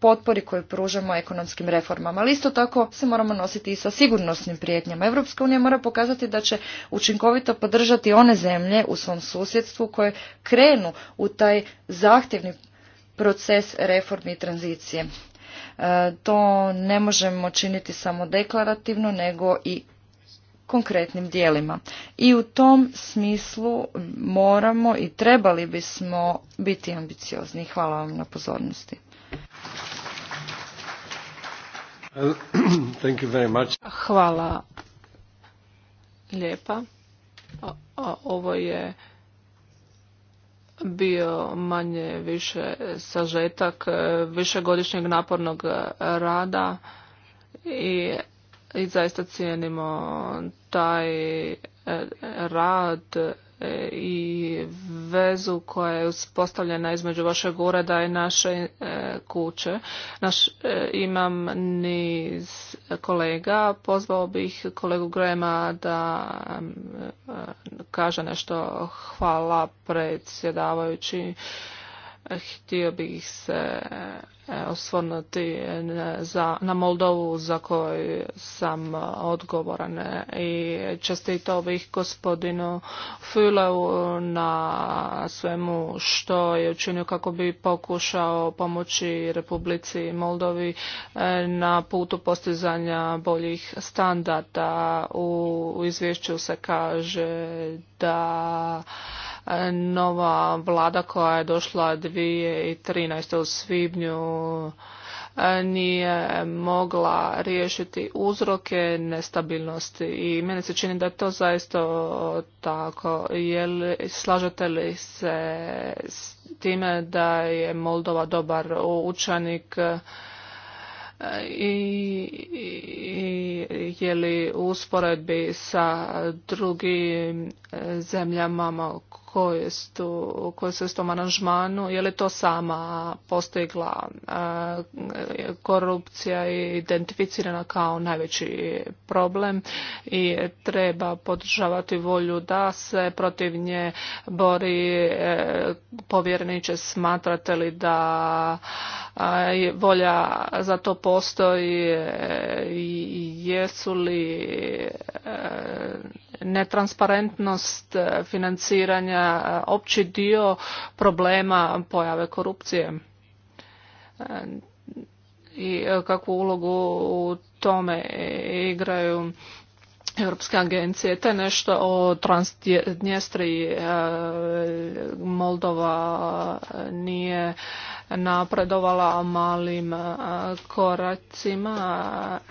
potpori koju pružamo ekonomskim reformama. Ali isto tako se moramo nositi i sa sigurnosnim prijetnjama. Europska unija mora pokazati da će učinkovito podržati one zemlje u svom susjedstvu koje krenu u taj zahtjevni proces reformi i tranzicije. E, to ne možemo činiti samo deklarativno, nego i konkretnim dijelima. I u tom smislu moramo i trebali bismo biti ambiciozni. Hvala vam na pozornosti. <clears throat> Hvala lijepa. ovo je bio manje više sažetak e, višegodišnjeg napornog rada i, i zaista cijenimo taj e, rad E, i vezu koja je uspostavljena između vašeg ureda i naše e, kuće. Naš, e, imam niz kolega. Pozvao bih kolegu Grema da kaže nešto hvala predsjedavajući Htio bih se e, osvrnuti na Moldovu za koju sam odgovoran e, i čestitao bih gospodinu Fuleu na svemu što je učinio kako bi pokušao pomoći Republici Moldovi e, na putu postizanja boljih standarda. U izvješću se kaže da nova vlada koja je došla 2013. u svibnju e, nije mogla riješiti uzroke nestabilnosti i mene se čini da je to zaista tako. slažete li se s time da je Moldova dobar učenik e, i, i je li usporedbi sa drugim e, zemljama koje su, koje u manažmanu, aranžmanu, je li to sama postigla e, korupcija je identificirana kao najveći problem i treba podržavati volju da se protiv nje bori e, povjereniče smatrate li da e, volja za to postoji i jesu li netransparentnost e, financiranja e, opći dio problema pojave korupcije e, i kakvu ulogu u tome igraju Europske agencije, te nešto o Transdnjestri Moldova nije napredovala malim koracima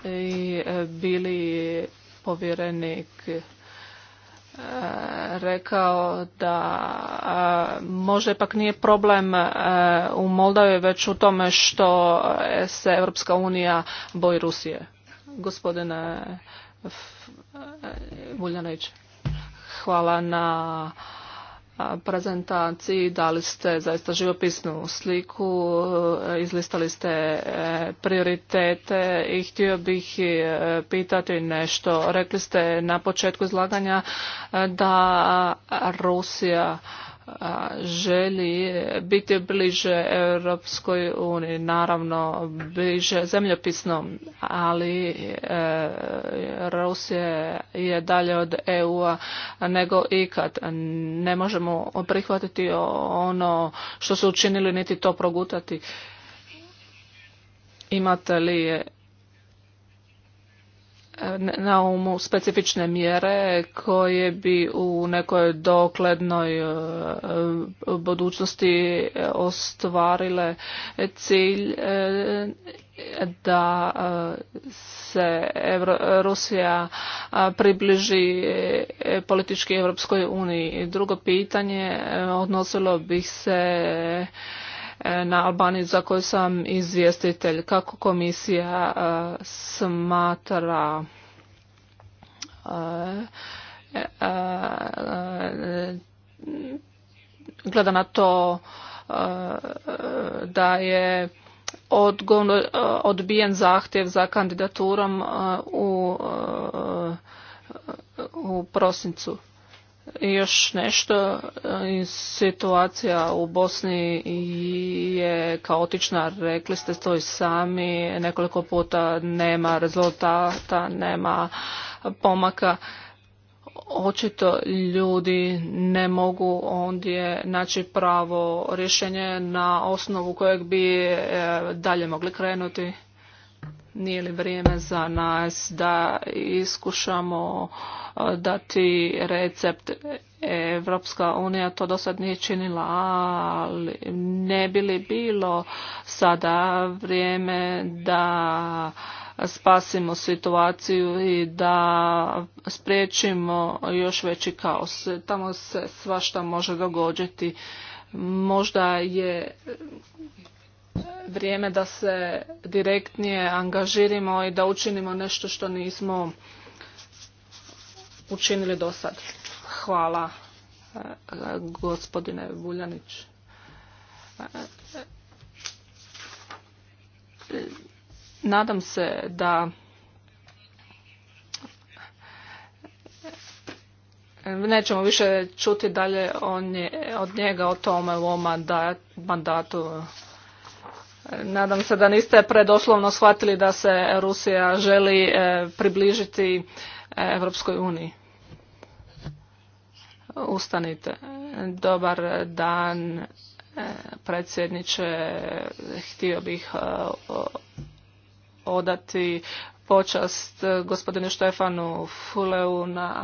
i bili povjerenik E, rekao da e, možda ipak nije problem e, u Moldavi već u tome što se Europska unija boji Rusije. Gospodine Vuljanović, hvala na prezentaciji dali ste zaista živopisnu sliku, e, izlistali ste e, prioritete i htio bih e, pitati nešto. Rekli ste na početku izlaganja da Rusija želi biti bliže Europskoj uniji, naravno bliže zemljopisnom, ali e, Rusija je dalje od EU-a nego ikad. Ne možemo prihvatiti ono što su učinili niti to progutati. Imate li na umu specifične mjere koje bi u nekoj doklednoj e, budućnosti e, ostvarile cilj e, da se Rusija približi politički Europskoj uniji. Drugo pitanje odnosilo bi se E, na Albaniji za koju sam izvjestitelj. Kako komisija e, smatra e, gleda na to da je odbijen zahtjev za kandidaturom u prosincu. Još nešto, e, situacija u Bosni je kaotična, rekli ste to i sami, nekoliko puta nema rezultata, nema pomaka. Očito ljudi ne mogu ondje naći pravo rješenje na osnovu kojeg bi e, dalje mogli krenuti. Nije li vrijeme za nas da iskušamo e, dati recept Evropska unija to do sad nije činila, ali ne bi li bilo sada vrijeme da spasimo situaciju i da spriječimo još veći kaos. Tamo se svašta može dogoditi. Možda je vrijeme da se direktnije angažirimo i da učinimo nešto što nismo učinili do sad. Hvala e, gospodine Vuljanić. E, nadam se da nećemo više čuti dalje od njega o tome u ovom mandatu Nadam se da niste predoslovno shvatili da se Rusija želi e, približiti Europskoj uniji. Ustanite. Dobar dan, e, predsjedniče. Htio bih e, odati počast gospodinu Štefanu Fuleu na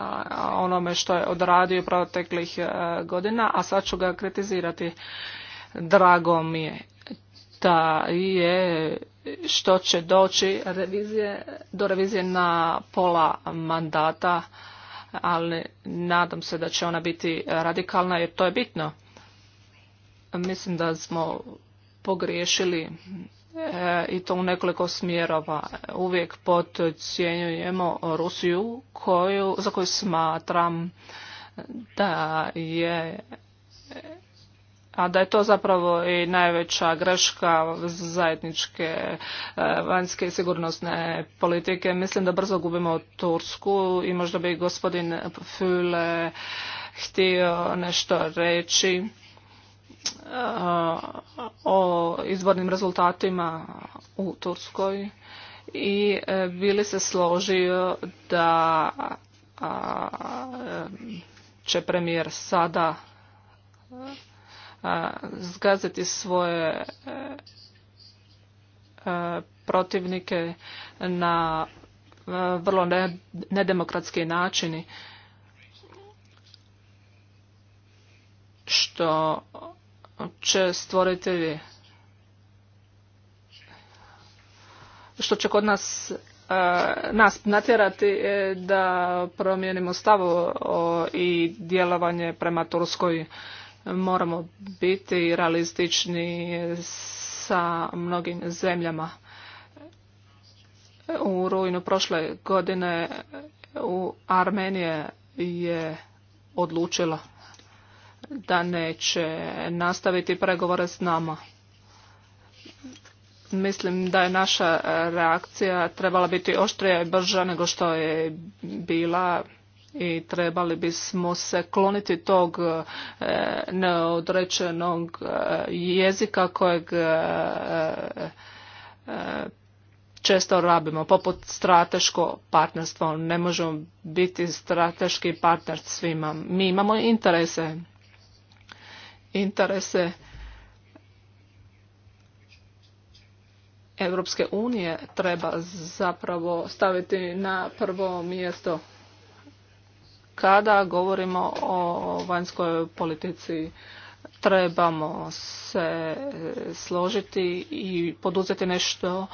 onome što je odradio proteklih godina, a sad ću ga kritizirati. Drago mi je i je što će doći revizije, do revizije na pola mandata, ali nadam se da će ona biti radikalna jer to je bitno. Mislim da smo pogriješili e, i to u nekoliko smjerova. Uvijek podcjenjujemo Rusiju koju, za koju smatram da je a da je to zapravo i najveća greška zajedničke e, vanjske i sigurnosne politike. Mislim da brzo gubimo Tursku i možda bi gospodin Füle htio nešto reći e, o izbornim rezultatima u Turskoj i e, bili se složio da će premijer sada zgaziti svoje e, e, protivnike na e, vrlo nedemokratski načini što će stvoriti što će kod nas nas natjerati da promijenimo stav i djelovanje prema Turskoj moramo biti realistični sa mnogim zemljama. U rujnu prošle godine u Armenije je odlučila da neće nastaviti pregovore s nama. Mislim da je naša reakcija trebala biti oštrija i brža nego što je bila i trebali bismo se kloniti tog e, neodrečenog e, jezika kojeg e, često rabimo, poput strateško partnerstvo. Ne možemo biti strateški partner svima. Mi imamo interese. Interese Europske unije treba zapravo staviti na prvo mjesto kada govorimo o vanjskoj politici, trebamo se e, složiti i poduzeti nešto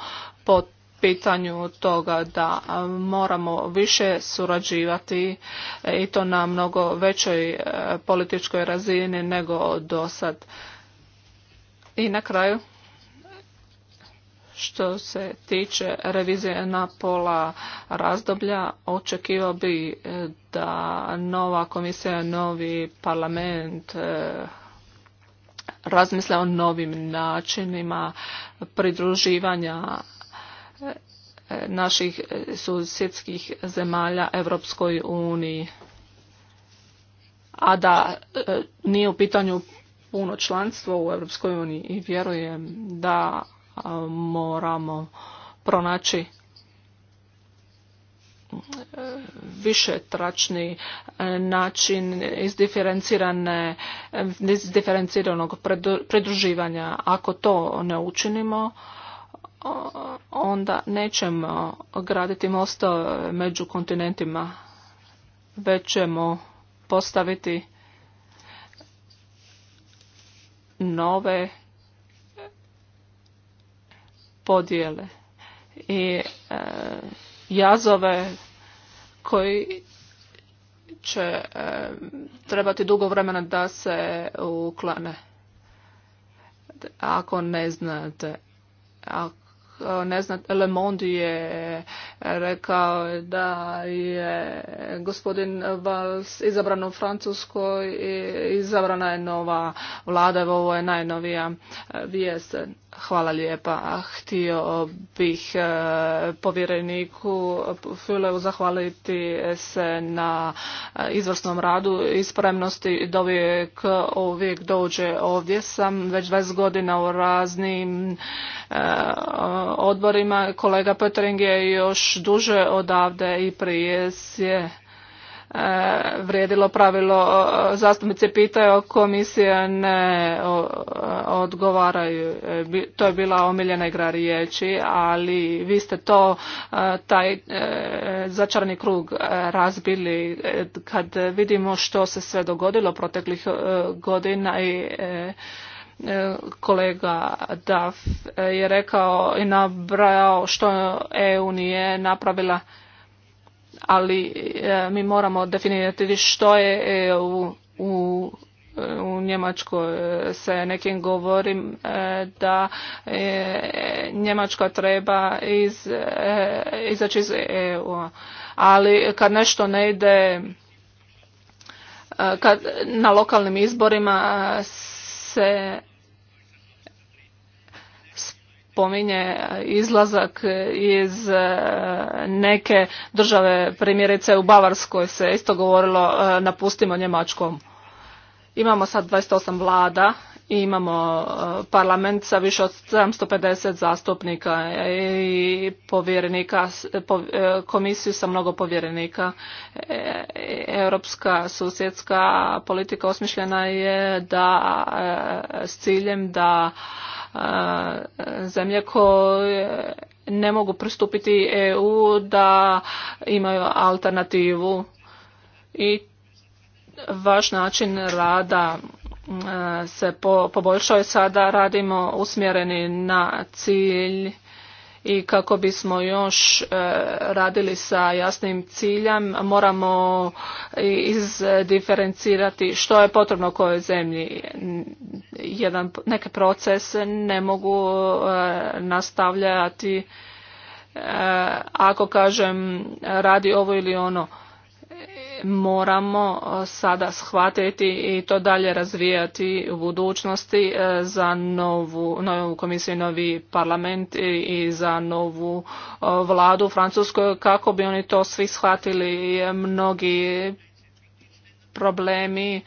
po pitanju toga da moramo više surađivati e, i to na mnogo većoj e, političkoj razini nego do sad. I na kraju što se tiče revizije na pola razdoblja, očekivao bi e, da nova komisija, novi parlament e, razmisle o novim načinima pridruživanja e, naših susjedskih zemalja Europskoj uniji. A da nije u pitanju puno članstvo u Europskoj uniji i vjerujem da moramo pronaći e, više tračni e, način izdiferenciranog e, pridruživanja. Ako to ne učinimo, onda nećemo graditi mosto među kontinentima, već ćemo postaviti nove podjele i e, jazove koji će e, trebati dugo vremena da se uklane. Ako ne znate, ako ne znate, Le Monde je rekao da je gospodin Valls izabran u Francuskoj i izabrana je nova vlada, ovo je najnovija vijest. Hvala lijepa. Htio bih e, povjereniku Fuleu zahvaliti se na e, izvrsnom radu i spremnosti da uvijek, uvijek dođe ovdje. Sam već 20 godina u raznim e, odborima. Kolega Petring je još duže odavde i prije E, vrijedilo pravilo e, zastupnice pitaju komisije ne e, odgovaraju to je bila omiljena igra riječi ali vi ste to taj začarni krug razbili kad vidimo što se sve dogodilo proteklih godina i kolega Duff je rekao i nabrajao što EU nije napravila ali e, mi moramo definirati što je EU u e, u Njemačkoj se nekim govorim e, da Njemačka treba iz, izaći iz EU. Ali kad nešto ne ide kad na lokalnim izborima se spominje izlazak iz e, neke države, primjerice u Bavarskoj se isto govorilo e, napustimo Njemačkom. Imamo sad 28 vlada i imamo e, parlament sa više od 750 zastupnika i povjerenika, komisiju sa mnogo povjerenika. Europska susjedska politika osmišljena je da s ciljem da zemlje koje ne mogu pristupiti EU da imaju alternativu i vaš način rada se poboljšao sada radimo usmjereni na cilj i kako bismo još e, radili sa jasnim ciljem moramo izdiferencirati što je potrebno kojoj zemlji. Jedan, neke procese ne mogu e, nastavljati e, ako kažem radi ovo ili ono moramo e, sada shvatiti i to dalje razvijati u budućnosti e, za novu, novu komisiju, novi parlament i za novu e, vladu u Francuskoj kako bi oni to svi shvatili mnogi problemi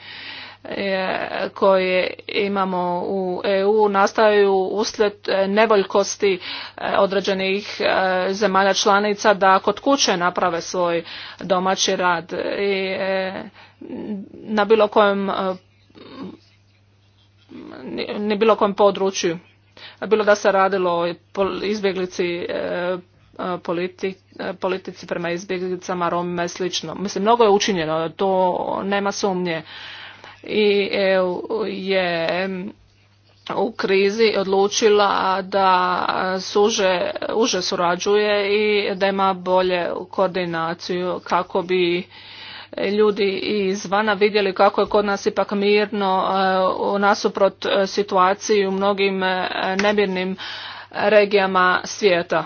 koje imamo u EU nastaju uslijed e, nevoljkosti e, određenih e, zemalja članica da kod kuće naprave svoj domaći rad i na bilo kojem ni bilo kojem području bilo da se radilo o izbjeglici politici prema izbjeglicama romima i slično mislim mnogo je učinjeno to nema sumnje i EU je u krizi odlučila da suže, uže surađuje i da ima bolje koordinaciju kako bi ljudi izvana vidjeli kako je kod nas ipak mirno e, nasuprot situaciji u mnogim e, nemirnim regijama svijeta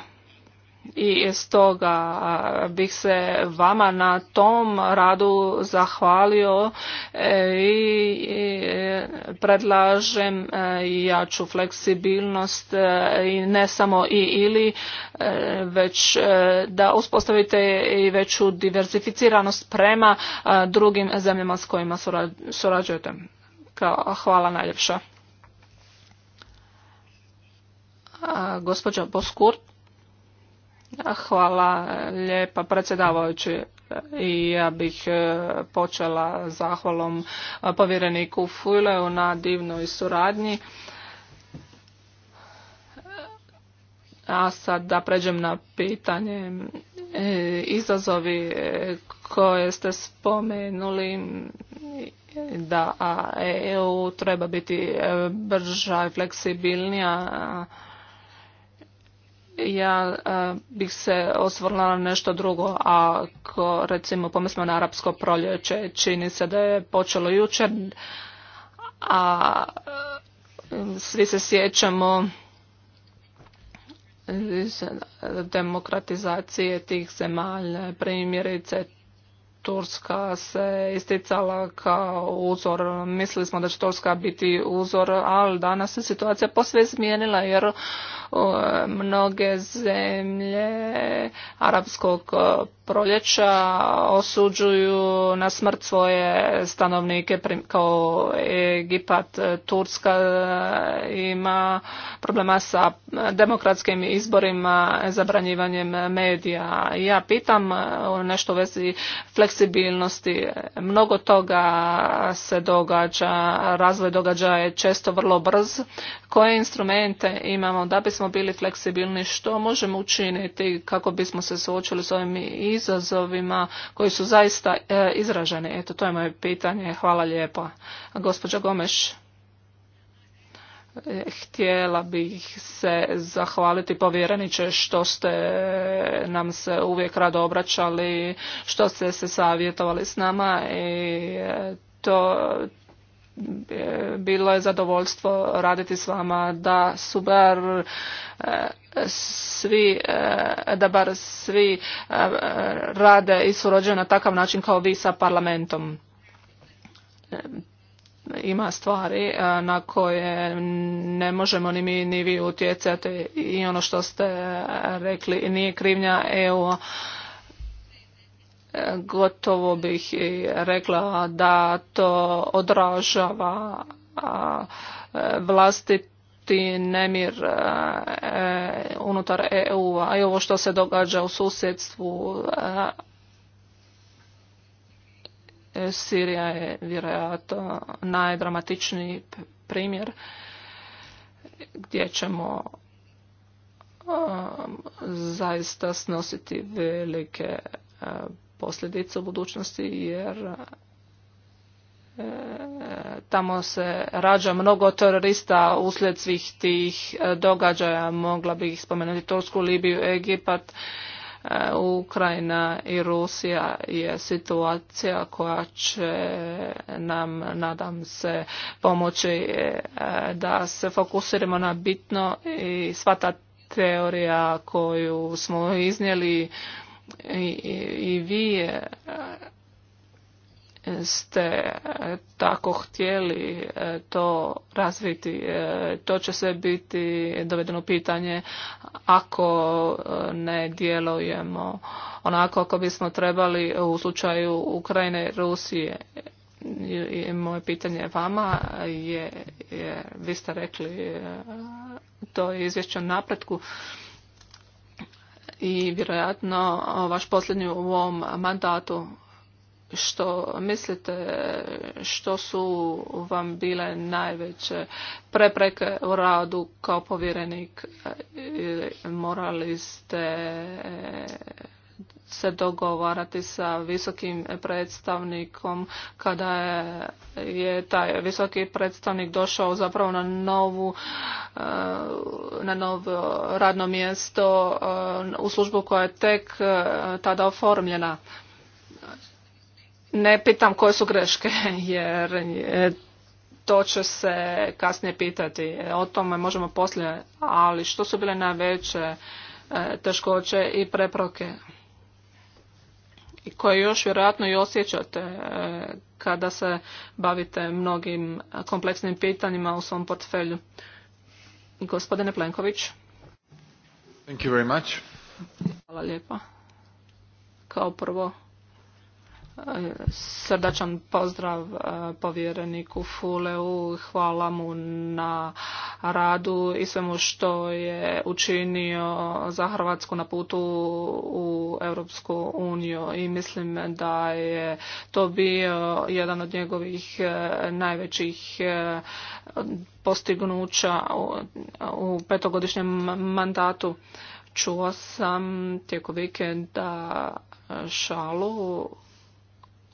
i stoga bih se vama na tom radu zahvalio e, i predlažem e, jaču fleksibilnost e, i ne samo i ili već da uspostavite i veću diversificiranost prema drugim zemljama s kojima surađujete. Hvala najljepša. Gospođa Boskurt Hvala lijepa predsjedavajući. I ja bih e, počela zahvalom e, povjereniku Fuleu na divnoj suradnji. A sad da pređem na pitanje e, izazovi koje ste spomenuli da EU treba biti brža i fleksibilnija ja e, bih se osvrnula na nešto drugo. Ako recimo pomislimo na arapsko proljeće, čini se da je počelo jučer, a e, svi se sjećamo demokratizacije tih zemalja, primjerice Turska se isticala kao uzor. Mislili smo da će Turska biti uzor, ali danas se situacija posve izmijenila jer e, mnoge zemlje arapskog e, proljeća osuđuju na smrt svoje stanovnike kao Egipat. Turska e, ima problema sa demokratskim izborima, zabranjivanjem medija. Ja pitam nešto u vezi fleksibilnosti fleksibilnosti. Mnogo toga se događa, razvoj događaja je često vrlo brz. Koje instrumente imamo da bismo bili fleksibilni, što možemo učiniti kako bismo se suočili s ovim izazovima koji su zaista e, izraženi. Eto, to je moje pitanje. Hvala lijepa. Gospođa Gomeš. E, htjela bih se zahvaliti povjereniče što ste nam se uvijek rado obraćali, što ste se savjetovali s nama i e, to e, bilo je zadovoljstvo raditi s vama da su bar svi da bar svi rade i surađuju na takav način kao vi sa parlamentom ima stvari e, na koje ne možemo ni mi ni vi utjecati i ono što ste rekli nije krivnja EU e, gotovo bih i rekla da to odražava e, vlastiti nemir unutar EU a i ovo što se događa u susjedstvu Sirija je vjerojatno najdramatičniji primjer gdje ćemo um, zaista snositi velike uh, posljedice u budućnosti jer uh, tamo se rađa mnogo terorista uslijed svih tih uh, događaja. Mogla bih spomenuti Tursku, Libiju, Egipat E, Ukrajina i Rusija je situacija koja će nam, nadam se, pomoći e, da se fokusiramo na bitno i sva ta teorija koju smo iznijeli i, i, vi e, ste e, tako htjeli e, to razviti, e, to će sve biti dovedeno pitanje ako ne djelujemo onako ako bismo trebali u slučaju Ukrajine, i Rusije. I moje pitanje vama je, je vi ste rekli to je izvješće o napretku i vjerojatno vaš posljednji u ovom mandatu što mislite što su vam bile najveće prepreke u radu kao povjerenik e, morali ste e, se dogovarati sa visokim predstavnikom kada je taj visoki predstavnik došao zapravo na novu e, na novo radno mjesto u službu koja je tek tada oformljena ne pitam koje su greške, <laughs> jer e, to će se kasnije pitati. O tome možemo poslije, ali što su bile najveće e, teškoće i preproke? koje još vjerojatno i osjećate e, kada se bavite mnogim kompleksnim pitanjima u svom portfelju. Gospodine Plenković. Hvala lijepa. Kao prvo Srdačan pozdrav e, povjereniku Fuleu, hvala mu na radu i svemu što je učinio za Hrvatsku na putu u Europsku uniju i mislim da je to bio jedan od njegovih e, najvećih e, postignuća u petogodišnjem mandatu. Čuo sam tijekom vikenda šalu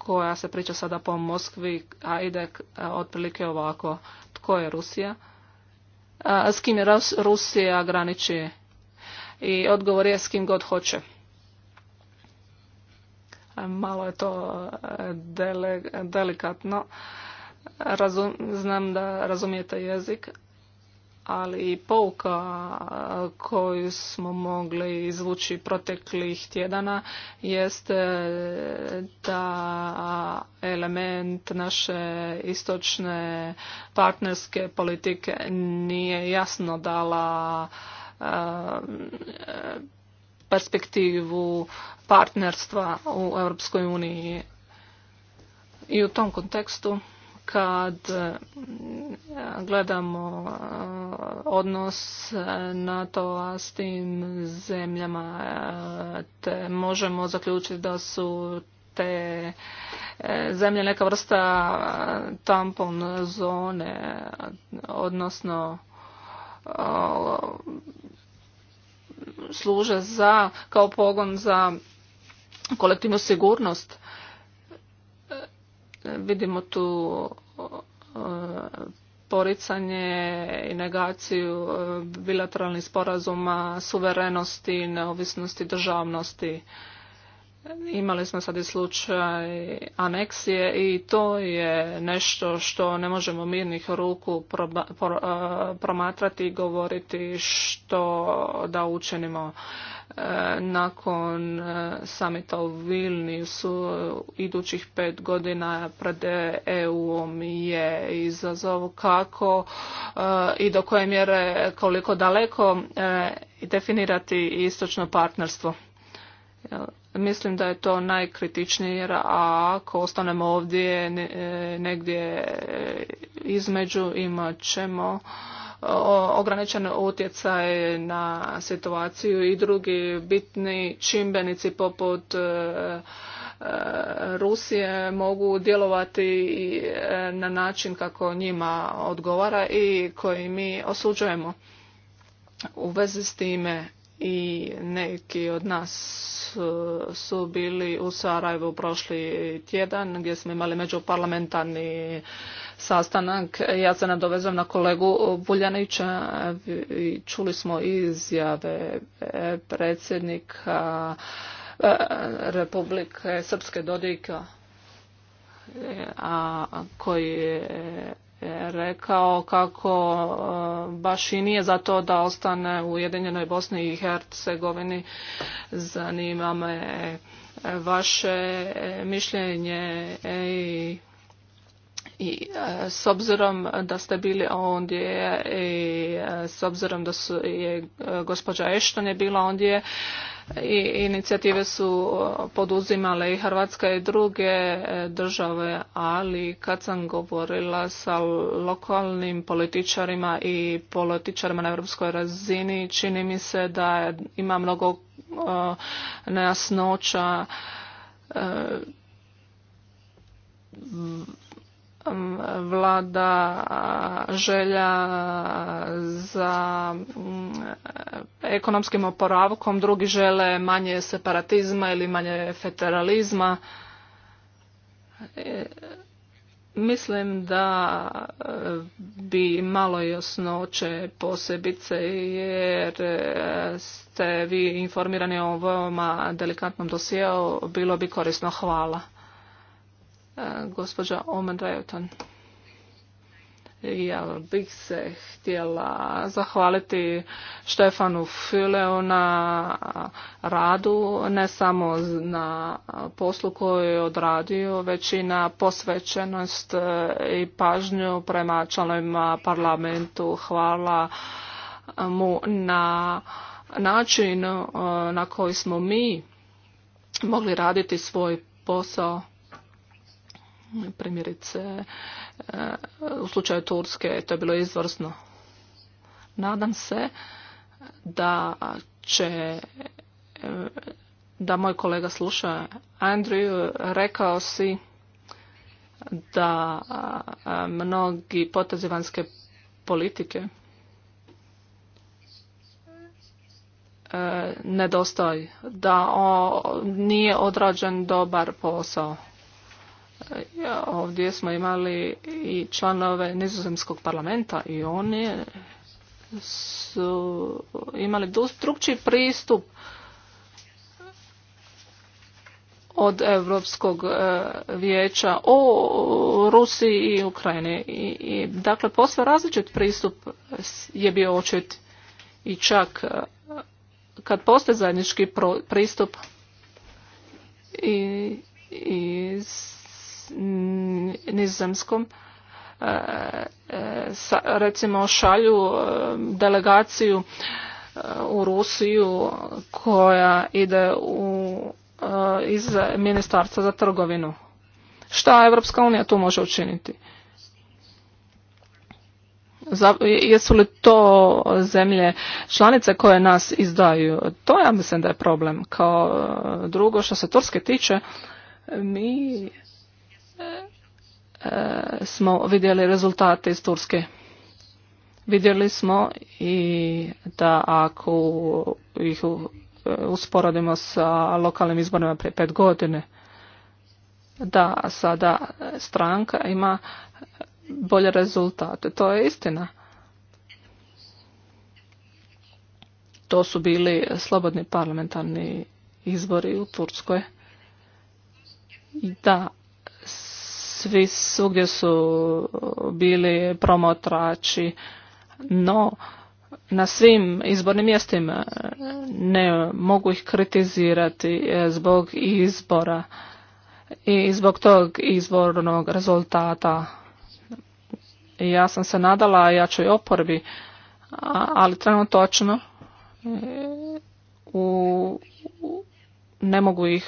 koja se priča sada po Moskvi, a ide e, otprilike ovako. Tko je Rusija? A, e, s kim je Rusija graniči? I odgovor je s kim god hoće. E, malo je to delikatno. znam da razumijete jezik, ali i pouka koju smo mogli izvući proteklih tjedana jeste da element naše istočne partnerske politike nije jasno dala e, perspektivu partnerstva u Europskoj uniji. I u tom kontekstu kad e, gledamo e, odnos NATO-a s tim zemljama, e, te možemo zaključiti da su te zemlje neka vrsta tampon zone, odnosno služe za, kao pogon za kolektivnu sigurnost Vidimo tu poricanje i negaciju e, bilateralnih sporazuma, suverenosti, neovisnosti, državnosti. Imali smo sad i slučaj aneksije i to je nešto što ne možemo mirnih ruku promatrati i govoriti što da učinimo. E, nakon e, samita u su e, idućih pet godina pred EU-om je izazov kako i do koje mjere koliko daleko definirati istočno partnerstvo. Mislim da je to najkritičnije jer ako ostanemo ovdje e, negdje e, između imat ćemo ograničen utjecaj na situaciju i drugi bitni čimbenici poput e, Rusije mogu djelovati na način kako njima odgovara i koji mi osuđujemo. U vezi s time i neki od nas e, su bili u Sarajevu prošli tjedan gdje smo imali međuparlamentarni sastanak. Ja se nadovezam na kolegu Buljanića i čuli smo izjave e, predsjednika e, Republike Srpske Dodika a koji je rekao kako e, baš i nije za to da ostane u Ujedinjenoj Bosni i Hercegovini. Zanima me vaše mišljenje i e, s obzirom da ste bili ondje i e, s obzirom da su je gospođa Ešton je bila ondje i inicijative su poduzimale i Hrvatska i druge e, države, ali kad sam govorila sa lokalnim političarima i političarima na europskoj razini, čini mi se da ima mnogo e, nejasnoća e, Mm, vlada želja za mm, ekonomskim oporavkom, drugi žele manje separatizma ili manje federalizma. E, mislim da e, bi malo jasnoće posebice jer e, ste vi informirani o ovoma delikatnom dosijeu, bilo bi korisno hvala gospođa Omen Rajoton. Ja bih se htjela zahvaliti Štefanu Fileu na radu, ne samo na poslu koju je odradio, već i na posvećenost i pažnju prema članovima parlamentu. Hvala mu na način eh, na koji smo mi mogli raditi svoj posao primjerice e, u slučaju Turske, to je bilo izvrsno. Nadam se da će e, da moj kolega sluša Andrew, rekao si da e, mnogi potezi vanjske politike nedostaju, da nije odrađen dobar posao. Ovdje smo imali i članove nizozemskog parlamenta i oni su imali drugčiji pristup od Europskog e, vijeća o Rusiji i Ukrajini. I, dakle, posve različit pristup je bio očit i čak e, kad postoje zajednički pristup i, i nizozemskom e, e, recimo šalju e, delegaciju u Rusiju koja ide iz ministarstva za trgovinu. Šta Evropska unija tu može učiniti? Jesu li to zemlje članice koje nas izdaju? To ja mislim da je problem. Kao drugo što se Turske tiče, mi E, smo vidjeli rezultate iz Turske. Vidjeli smo i da ako ih e, usporedimo sa lokalnim izborima prije pet godine, da sada stranka ima bolje rezultate. To je istina. To su bili slobodni parlamentarni izbori u Turskoj. Da, svi svugdje su bili promotrači, no na svim izbornim mjestima e, ne mogu ih kritizirati e, zbog izbora i zbog tog izbornog rezultata. Ja sam se nadala i oporbi, ali trenutno e, u, ne mogu ih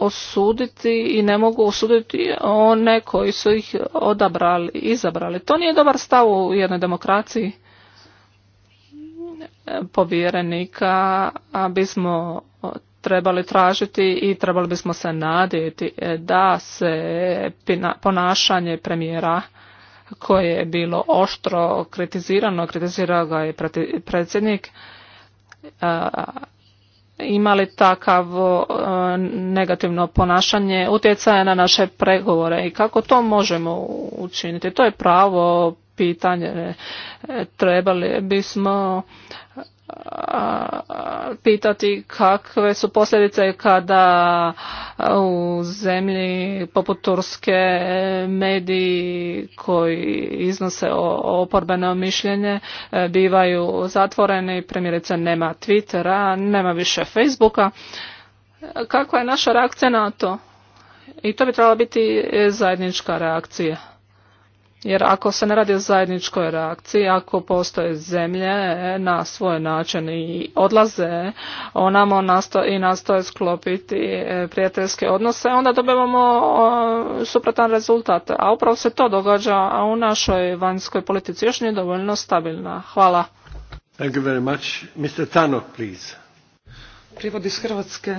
osuditi i ne mogu osuditi one koji su ih odabrali, izabrali. To nije dobar stav u jednoj demokraciji povjerenika, a bismo trebali tražiti i trebali bismo se nadjeti da se ponašanje premijera koje je bilo oštro kritizirano, kritizirao ga je predsjednik, imali takav negativno ponašanje utjecaja na naše pregovore i kako to možemo učiniti. To je pravo pitanje. E, trebali bismo pitati kakve su posljedice kada u zemlji poput Turske mediji koji iznose oporbeno mišljenje e, bivaju zatvoreni, primjerice nema Twittera, nema više Facebooka. E, kakva je naša reakcija na to? I to bi trebala biti zajednička reakcija. Jer ako se ne radi o zajedničkoj reakciji, ako postoje zemlje na svoj način i odlaze onamo nasto i nastoje sklopiti e, prijateljske odnose, onda dobivamo suprotan rezultat. A upravo se to događa a u našoj vanjskoj politici. Još nije dovoljno stabilna. Hvala. Thank Privod iz Hrvatske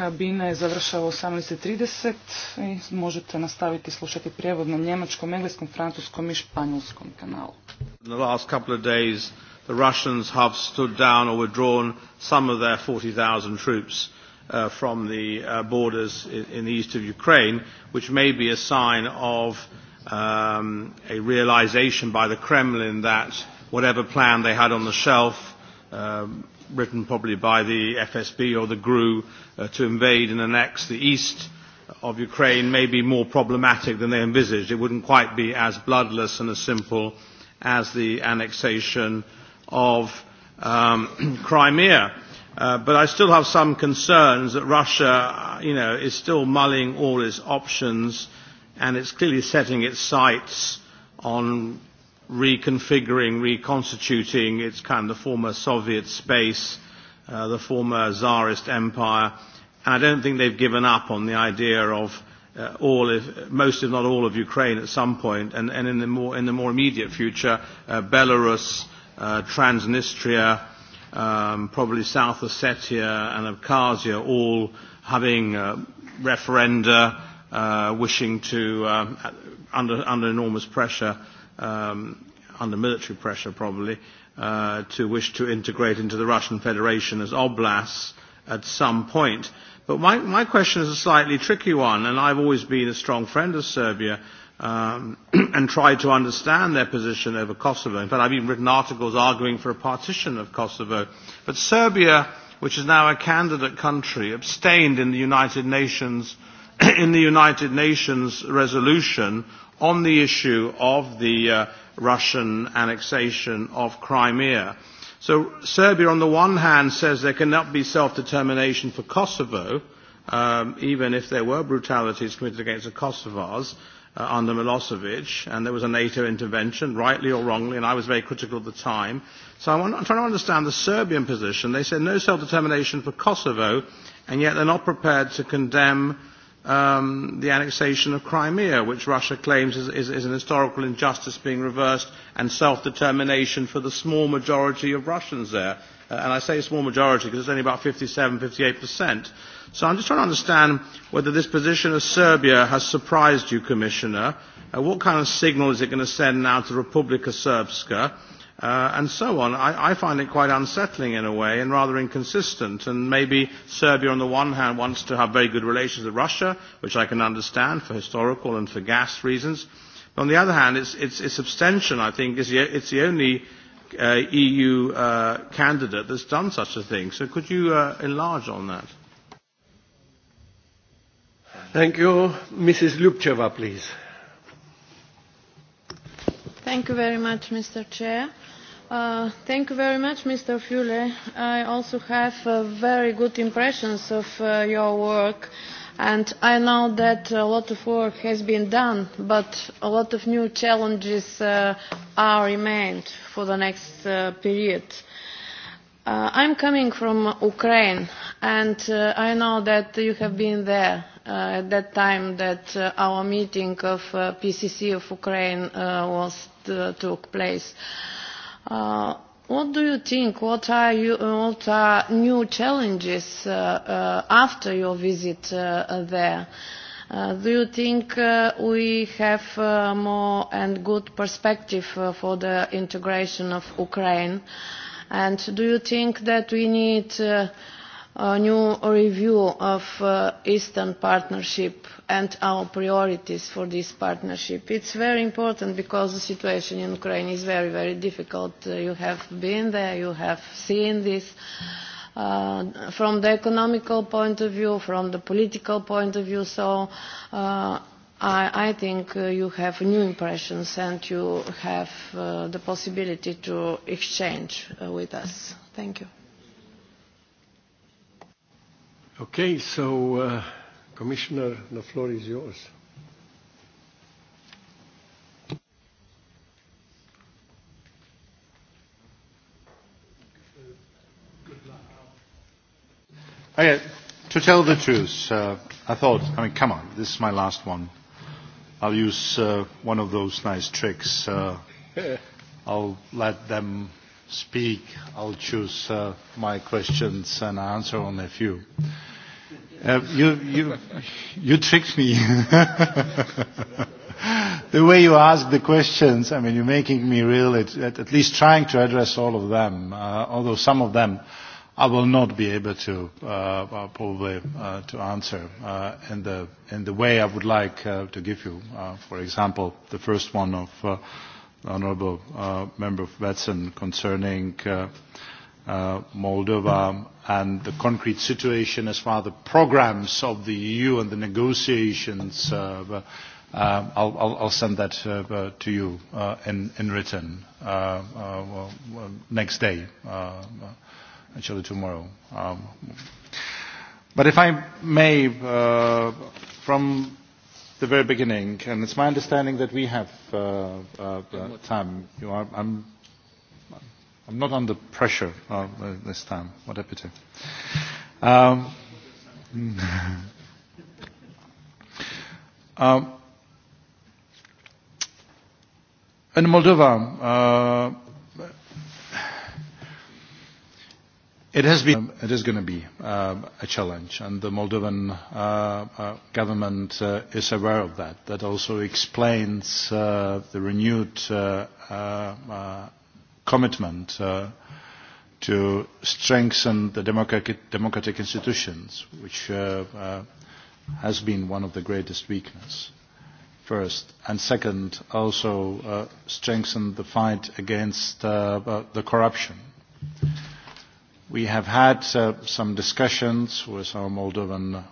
kabine završava u 18.30 i možete nastaviti slušati prijevod na njemačkom, engleskom, francuskom i španjolskom kanalu. In the last couple of days the Russians have stood down or withdrawn some of their 40,000 troops uh, from the uh, borders in, in the east of Ukraine, which may be a sign of um, a realization by the Kremlin that whatever plan they had on the shelf um, written probably by the FSB or the GRU uh, to invade and annex the east of Ukraine may be more problematic than they envisaged. It wouldn't quite be as bloodless and as simple as the annexation of um, <clears throat> Crimea. Uh, but I still have some concerns that Russia uh, you know, is still mulling all its options and it's clearly setting its sights on reconfiguring, reconstituting its kind of the former Soviet space, uh, the former Tsarist empire. And I don't think they've given up on the idea of uh, all, if, most if not all of Ukraine at some point, and, and in, the more, in the more immediate future, uh, Belarus, Transnistria, um, probably South Ossetia and Abkhazia all having a referenda, wishing to, um, under, under enormous pressure, um, under military pressure probably, uh, to wish to integrate into the Russian Federation as oblasts at some point. But my, my question is a slightly tricky one, and I've always been a strong friend of Serbia um, <clears throat> and tried to understand their position over Kosovo. In fact, I've even written articles arguing for a partition of Kosovo. But Serbia, which is now a candidate country, abstained in the United Nations <clears throat> in the United Nations resolution on the issue of the uh, Russian annexation of Crimea. So Serbia, on the one hand, says there cannot be self-determination for Kosovo, um, even if there were brutalities committed against the Kosovars uh, under Milosevic, and there was a NATO intervention, rightly or wrongly, and I was very critical at the time. So I'm, am trying to understand the Serbian position. They said no self-determination for Kosovo, and yet they're not prepared to condemn um, the annexation of Crimea, which Russia claims is, is, is an historical injustice being reversed, and self-determination for the small majority of Russians there. Uh, and I say small majority because it's only about 57, 58%. So I'm just trying to understand whether this position of Serbia has surprised you, Commissioner. Uh, what kind of signal is it going to send now to Republika Srpska? Uh, and so on. I, I find it quite unsettling in a way and rather inconsistent. And maybe Serbia on the one hand wants to have very good relations with Russia, which I can understand for historical and for gas reasons. But on the other hand, its, its, its abstention, I think, is the, it's the only uh, EU uh, candidate that's done such a thing. So could you uh, enlarge on that? Thank you. Mrs. Lubcheva, please. Thank you very much, Mr. Chair. Uh, thank you very much, Mr. Fule. I also have uh, very good impressions of uh, your work, and I know that a lot of work has been done, but a lot of new challenges uh, are remained for the next uh, period. Uh, I'm coming from Ukraine, and uh, I know that you have been there uh, at that time that uh, our meeting of uh, PCC of Ukraine uh, was, uh, took place. Uh, what do you think? What are, you, uh, what are new challenges uh, uh, after your visit uh, there? Uh, do you think uh, we have uh, more and good perspective uh, for the integration of Ukraine? And do you think that we need uh, a new review of uh, Eastern Partnership and our priorities for this partnership. It's very important because the situation in Ukraine is very, very difficult. Uh, you have been there, you have seen this. Uh, from the economical point of view, from the political point of view, so i, I think you have new impressions and you have the possibility to exchange with us. Thank you. Okay, so uh, Commissioner, the floor is yours. Okay, uh, to tell the truth, uh, I thought, I mean, come on, this is my last one. I'll use uh, one of those nice tricks. Uh, <laughs> I'll let them speak. I'll choose uh, my questions and answer on a few. Uh, you, you, you tricked me. <laughs> the way you ask the questions, I mean, you're making me real. at, at least trying to address all of them, uh, although some of them I will not be able to uh, uh, probably uh, to answer uh, in, the, in the way I would like uh, to give you. Uh, for example, the first one of uh, Honourable uh, Member Wetson concerning uh, Uh, Moldova and the concrete situation as far as the programs of the EU and the negotiations. Uh, uh, I'll, I'll, send that uh, to you uh, in, in written uh, uh, well, next day, uh, actually tomorrow. Um, but if I may, uh, from the very beginning, and it's my understanding that we have uh, uh, uh time. You are, I'm I'm not under pressure uh, this time. What a pity. Um, <laughs> um, in Moldova, uh, it has been, it is going to be uh, a challenge, and the Moldovan uh, uh, government uh, is aware of that. That also explains uh, the renewed uh, uh, uh commitment uh, to strengthen the democratic, institutions, which uh, uh, has been one of the greatest weaknesses, first. And second, also strengthen the fight against the corruption. We have had some discussions with our Moldovan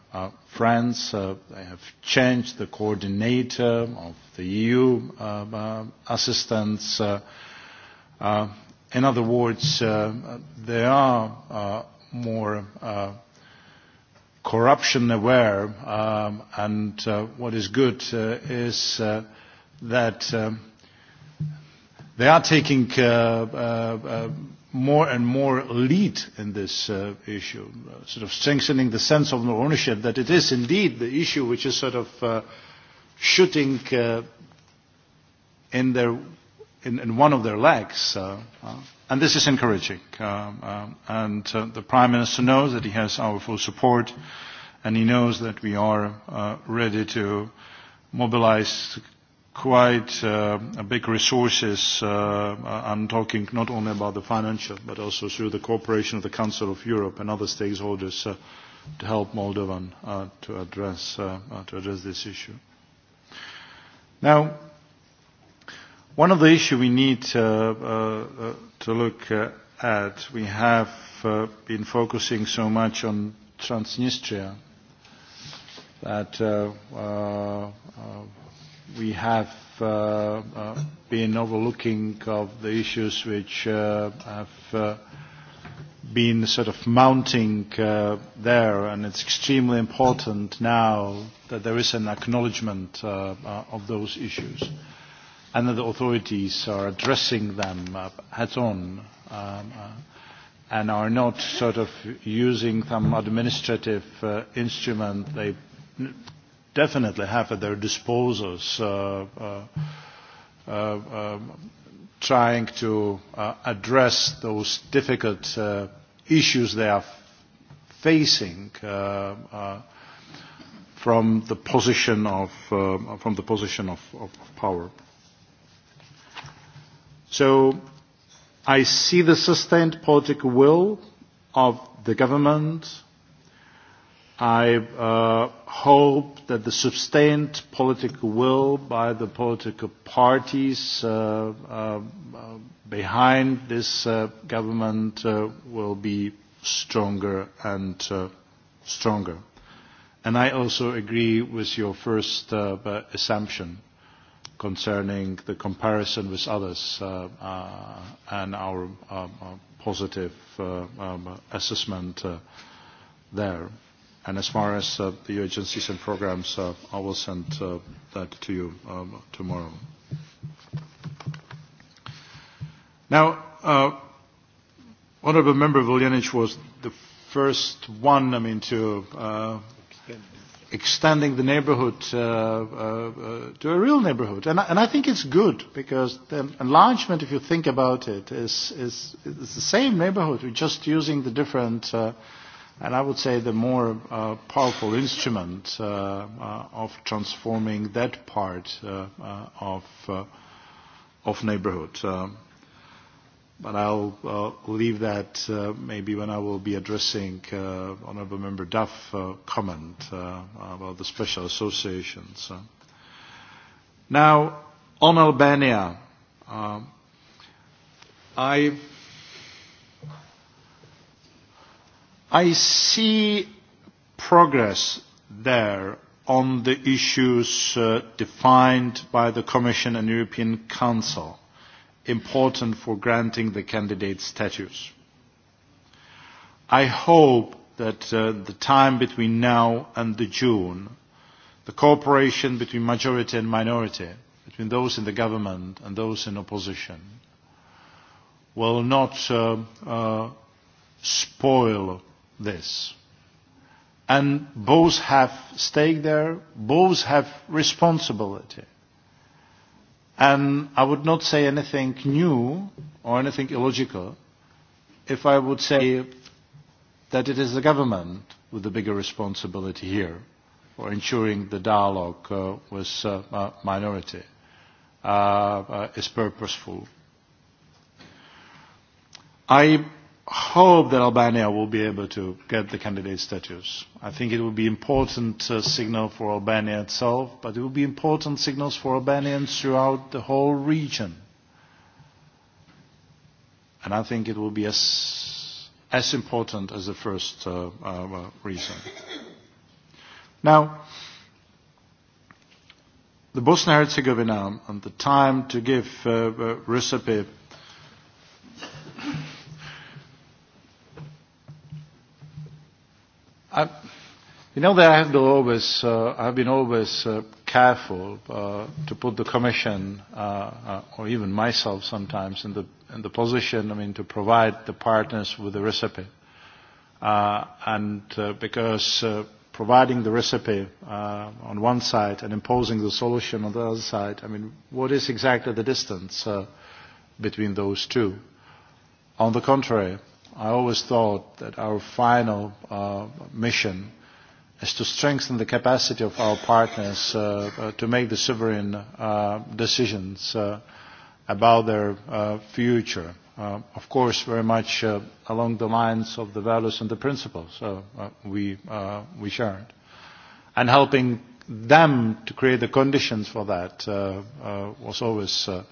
friends. they have changed the coordinator of the EU assistance Uh, in other words, uh, there are uh, more uh, corruption aware um, and uh, what is good uh, is uh, that um, they are taking uh, uh, uh, more and more lead in this uh, issue, sort of strengthening the sense of ownership that it is indeed the issue which is sort of uh, shooting uh, in their in, in one of their legs. Uh, uh, and this is encouraging. Um, and uh, the Prime Minister knows that he has our full support and he knows that we are uh, ready to mobilize quite uh, big resources. Uh, uh, I'm talking not only about the financial, but also through the cooperation of the Council of Europe and other stakeholders uh, to help Moldovan uh, to, address, uh, uh, to address this issue. Now, one of the issues we need uh, uh, uh, to look at, we have been focusing so much on Transnistria that we have been overlooking of the issues which have been sort of mounting there and it's extremely important now that there is an acknowledgement of those issues and that the authorities are addressing them uh, head on um, uh, and are not sort of using some administrative uh, instrument they definitely have at their disposal uh, um, trying to address those difficult issues they are facing from the position of from the position of power. So I see the sustained political will of the government. I uh, hope that the sustained political will by the political parties uh, uh, uh behind this uh, government uh, will be stronger and uh, stronger. And I also agree with your first uh, assumption concerning the comparison with others uh, uh, and our um, uh, positive um, assessment there. And as far as uh, the agencies and programs, uh, I will send uh, that to you um, tomorrow. Now, uh, Honourable Member Vuljanic was the first one, I mean, to uh, extending the neighborhood uh, uh, uh, to a real neighborhood. And, and I think it's good because the enlargement, if you think about it, is, is, is the same neighborhood. We're just using the different, uh, and I would say the more uh, powerful instrument uh, uh, of transforming that part uh, uh, of, uh, of neighborhood. Uh, But I'll uh, leave that uh, maybe when I will be addressing uh, Honourable Member Duff's comment uh, about the special associations. Now, on Albania, um, I, I see progress there on the issues defined by the Commission and European Council important for granting the candidate status. I hope that uh, the time between now and the June, the cooperation between majority and minority, between those in the government and those in opposition, will not uh, uh, spoil this. And both have stake there, both have responsibility And I would not say anything new or anything illogical if I would say that it is the government with the bigger responsibility here for ensuring the dialogue uh, with uh, uh minority uh, is purposeful. I hope that Albania will be able to get the candidate status. I think it will be important uh, signal for Albania itself, but it will be important signals for Albanians throughout the whole region. And I think it will be as, as important as the first uh, uh, reason. Now, the Bosnia-Herzegovina and the time to give uh, recipe I, you know that I have always, uh, I've been always uh, careful uh, to put the Commission uh, uh, or even myself sometimes in the in the position, I mean, to provide the partners with the recipe, uh, and uh, because uh, providing the recipe uh, on one side and imposing the solution on the other side, I mean, what is exactly the distance uh, between those two? On the contrary, i always thought that our final uh, mission is to strengthen the capacity of our partners uh, uh, to make the sovereign uh, decisions uh, about their uh, future. Uh, of course, very much uh, along the lines of the values and the principles uh, uh, we, uh, we shared. And helping them to create the conditions for that uh, uh, was always uh,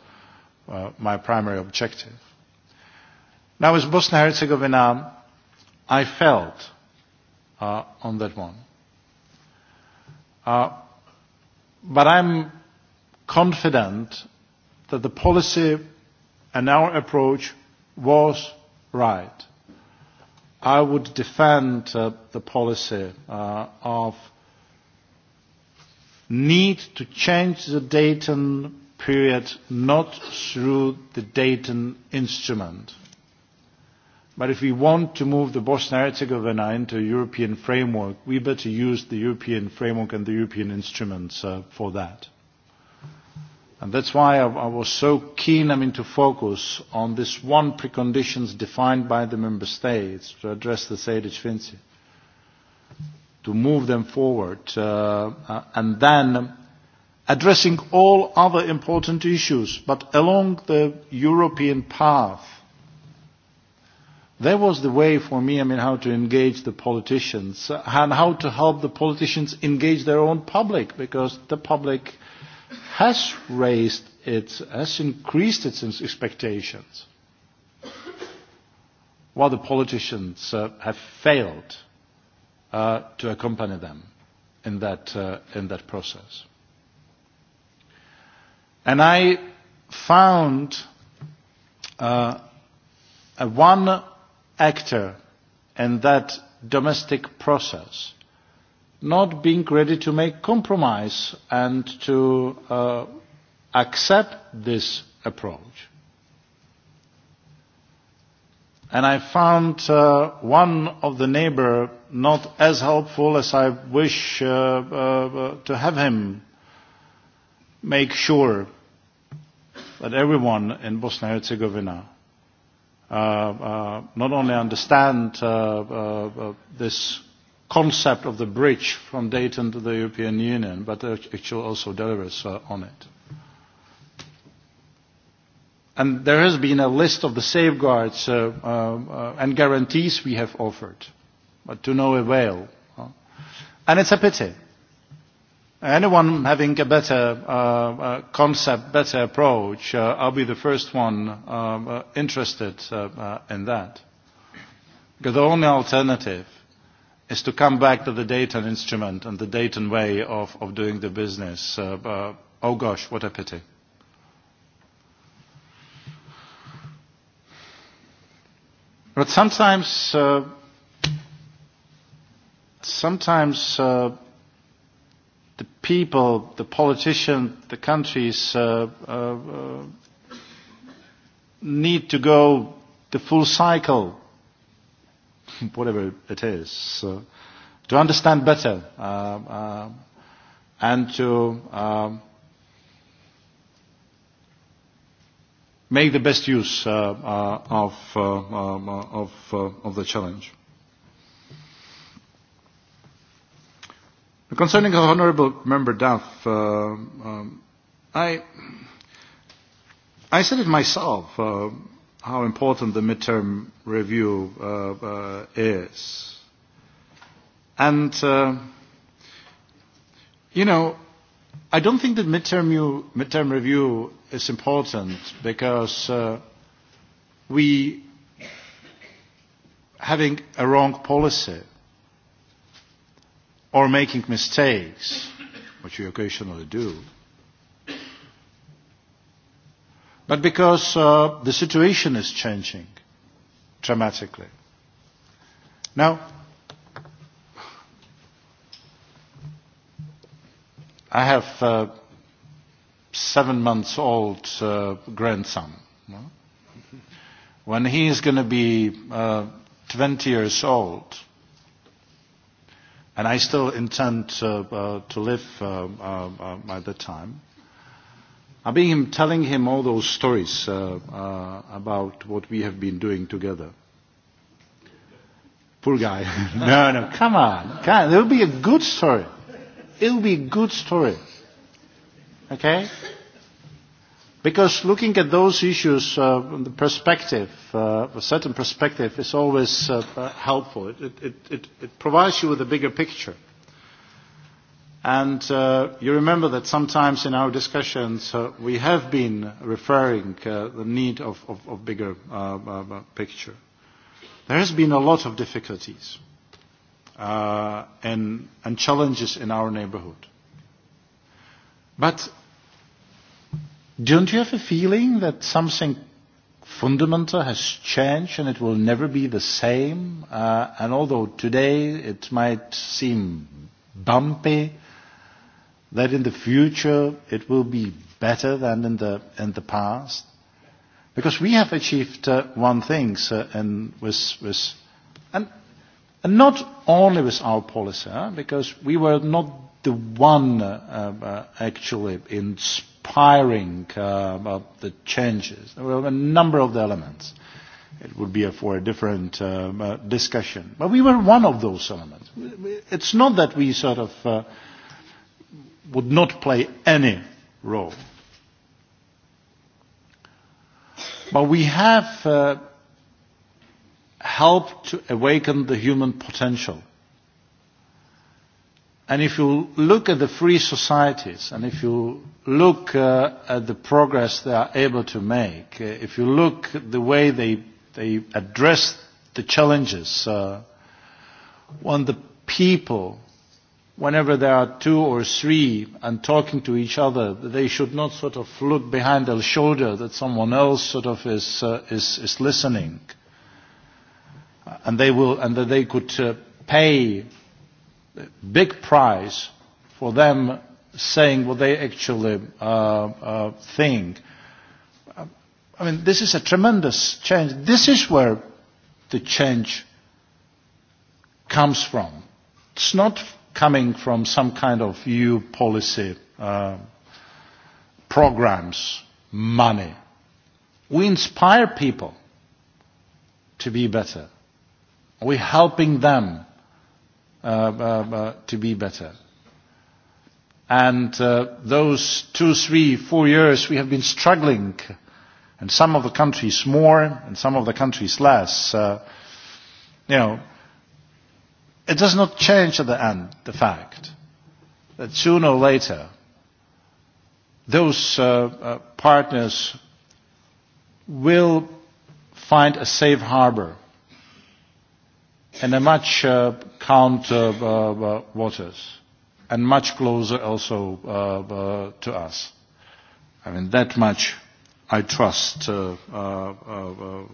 uh, my primary objective. Now, as Bosnia Herzegovina, I felt uh, on that one. Uh, but I'm confident that the policy and our approach was right. I would defend uh, the policy uh, of need to change the Dayton period not through the Dayton instrument But if we want to move the Bosnia Herzegovina into a European framework, we better use the European framework and the European instruments uh, for that. And that's why I, was so keen I mean, to focus on this one preconditions defined by the member states to address the Sejdic Finci, to move them forward, uh, uh, and then addressing all other important issues, but along the European path That was the way for me, I mean, how to engage the politicians and how to help the politicians engage their own public because the public has raised its, has increased its expectations while the politicians uh, have failed uh, to accompany them in that, uh, in that process. And I found uh, one actor in that domestic process not being ready to make compromise and to uh, accept this approach. And I found uh, one of the neighbor not as helpful as I wish uh, uh, to have him make sure that everyone in Bosnia-Herzegovina Uh, uh, not only understand uh, uh, this concept of the bridge from Dayton to the European Union, but actually also delivers on it. And there has been a list of the safeguards and guarantees we have offered, but to no avail. And it's a pity anyone having a better uh, uh, concept, better approach, uh, I'll be the first one uh, uh, interested in that. Because the only alternative is to come back to the Dayton instrument and the Dayton way of, doing the business. oh gosh, what a pity. But sometimes, sometimes the people, the politicians, the countries uh, uh, uh, need to go the full cycle, <laughs> whatever it is, to understand better uh, uh, and to um, make the best use uh, uh, of, uh, um, uh, of, uh, of the challenge. Concerning the Honourable Member Duff, uh, um, I, I said it myself uh, how important the midterm review uh, uh, is. And, uh, you know, I don't think that midterm, you, midterm review is important because uh, we having a wrong policy – or making mistakes, which you occasionally do, but because uh, the situation is changing dramatically. Now, I have a uh, seven months old uh, grandson. When he is going to be uh, 20 years old, and I still intend to, uh, to live uh, uh, uh by the time. I've been telling him all those stories uh, uh, about what we have been doing together. Poor guy. <laughs> no, no, come on. Come on. It'll be a good story. It'll be a good story. Okay? Because looking at those issues, uh, the perspective, uh, a certain perspective is always uh, uh helpful. It, it, it, it provides you with a bigger picture. And uh, you remember that sometimes in our discussions uh, we have been referring uh, the need of, of, of bigger uh, uh, picture. There has been a lot of difficulties uh, and, and challenges in our neighborhood. But Don't you have a feeling that something fundamental has changed and it will never be the same? Uh, and although today it might seem bumpy, that in the future it will be better than in the, in the past? Because we have achieved uh, one thing, so, and, with, with, and, and not only with our policy, huh? because we were not the one uh, uh, actually in inspiring uh, about the changes. There were a number of the elements. It would be a, for a different uh, uh discussion. But we were one of those elements. It's not that we sort of uh, would not play any role. But we have uh, helped to awaken the human potential – And if you look at the free societies and if you look uh, at the progress they are able to make, uh, if you look at the way they, they address the challenges, uh, when the people, whenever there are two or three and talking to each other, they should not sort of look behind their shoulder that someone else sort of is, uh, is, is listening. And they will, and that they could uh, pay big prize for them saying what they actually uh, uh, think. I mean, this is a tremendous change. This is where the change comes from. It's not coming from some kind of EU policy uh, programs, money. We inspire people to be better. We're helping them Uh, uh, uh, to be better. And those two, three, four years we have been struggling and some of the countries more and some of the countries less. you know, it does not change at the end the fact that sooner or later those partners will find a safe harbor and a much uh, count uh, uh, uh, waters and much closer also uh, uh, to us. I mean, that much I trust uh, uh, uh,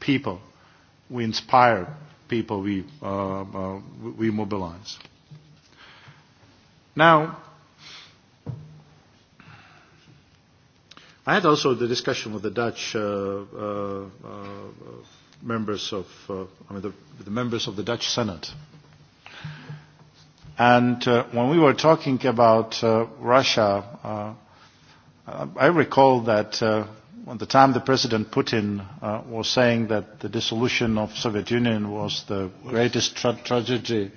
people. We inspire people we, uh, uh, we mobilize. Now, I had also the discussion with the Dutch uh, uh, uh, members of uh, I mean the, the members of the Dutch Senate. And uh, when we were talking about uh, Russia, uh, I recall that uh, at the time the President Putin uh, was saying that the dissolution of Soviet Union was the greatest tra tragedy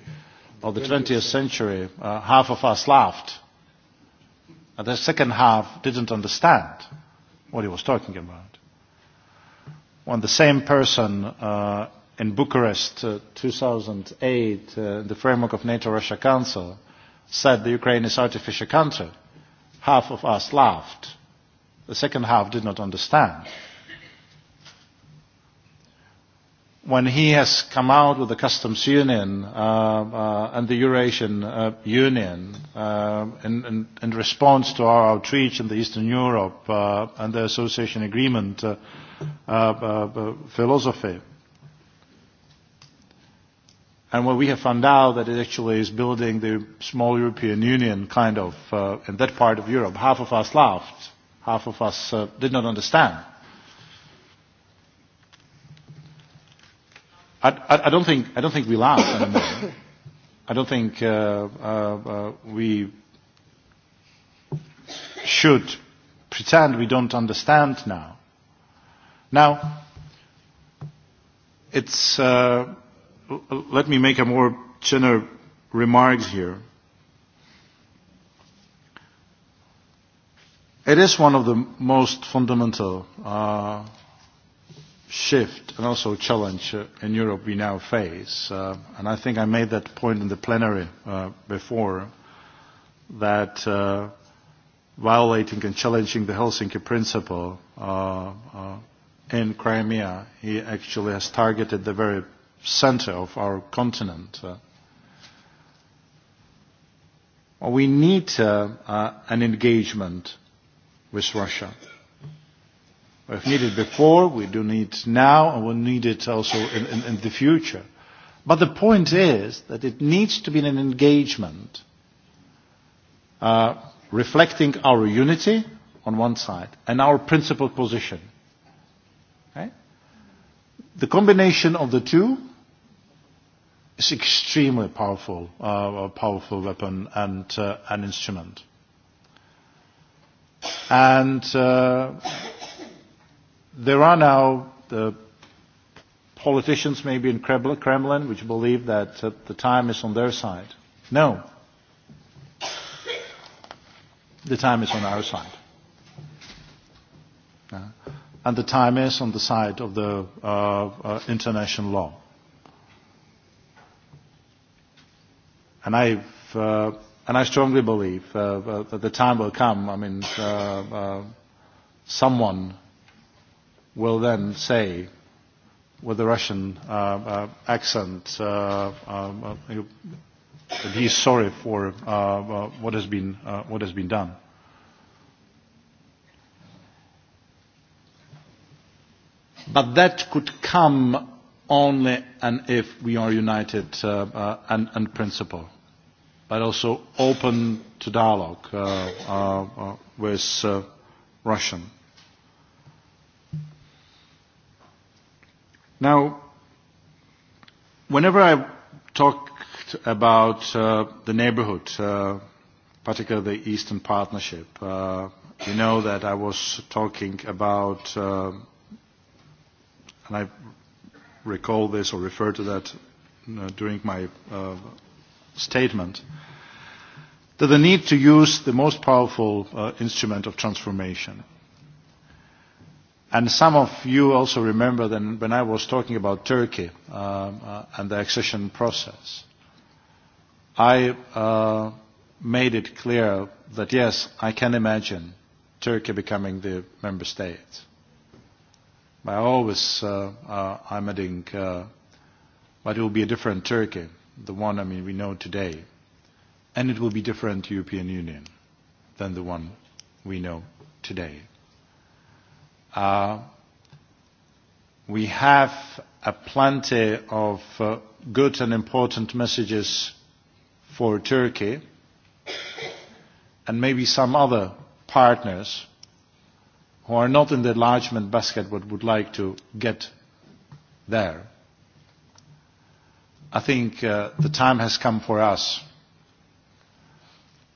of the 20th century, uh, half of us laughed. And the second half didn't understand what he was talking about when the same person uh, in Bucharest uh, 2008, uh, the framework of NATO-Russia Council, said the Ukraine is artificial country, half of us laughed. The second half did not understand. when he has come out with the customs union uh, uh, and the Eurasian uh, Union uh, in, in, in, response to our outreach in the Eastern Europe uh, and the association agreement uh, philosophy. And what we have found out that it actually is building the small European Union kind of in that part of Europe. Half of us laughed, half of us did not understand I, I, don't think, I don't think we laugh anymore. I don't think uh, uh, uh, we should pretend we don't understand now. Now, it's, uh, let me make a more general remark here. It is one of the most fundamental uh, shift and also challenge uh, in Europe we now face. Uh, and I think I made that point in the plenary uh, before that uh, violating and challenging the Helsinki principle uh, uh, in Crimea, he actually has targeted the very center of our continent. Uh, we need uh, uh, an engagement with Russia We've needed before, we do need now, and we'll need it also in, in, in the future. But the point is that it needs to be an engagement uh, reflecting our unity on one side and our principled position. Okay? The combination of the two is extremely powerful, uh, a powerful weapon and uh, an instrument. And uh, There are now the politicians maybe in Kremlin which believe that uh, the time is on their side. No. The time is on our side. Uh, and the time is on the side of the uh, uh international law. And I uh, and I strongly believe uh, that the time will come. I mean, uh, someone will then say with a Russian uh, uh, accent uh, uh, uh that he is sorry for uh, uh, what, has been, uh, what has been done. But that could come only and if we are united uh, uh, and, and principle, but also open to dialogue uh, uh, uh, with uh, Russian. Now, whenever I talked about uh, the neighborhood, uh, particularly the Eastern Partnership, uh, you know that I was talking about, uh, and I recall this or refer to that uh, during my uh, statement, that the need to use the most powerful uh, instrument of transformation – And some of you also remember that when I was talking about Turkey um, uh, and the accession process, I uh, made it clear that yes, I can imagine Turkey becoming the member state. But I always, uh, uh, I'm adding, uh, but it will be a different Turkey, the one I mean we know today, and it will be different European Union than the one we know today we have a plenty of uh, good and important messages for Turkey and maybe some other partners who are not in the enlargement basket but would like to get there. I think uh, the time has come for us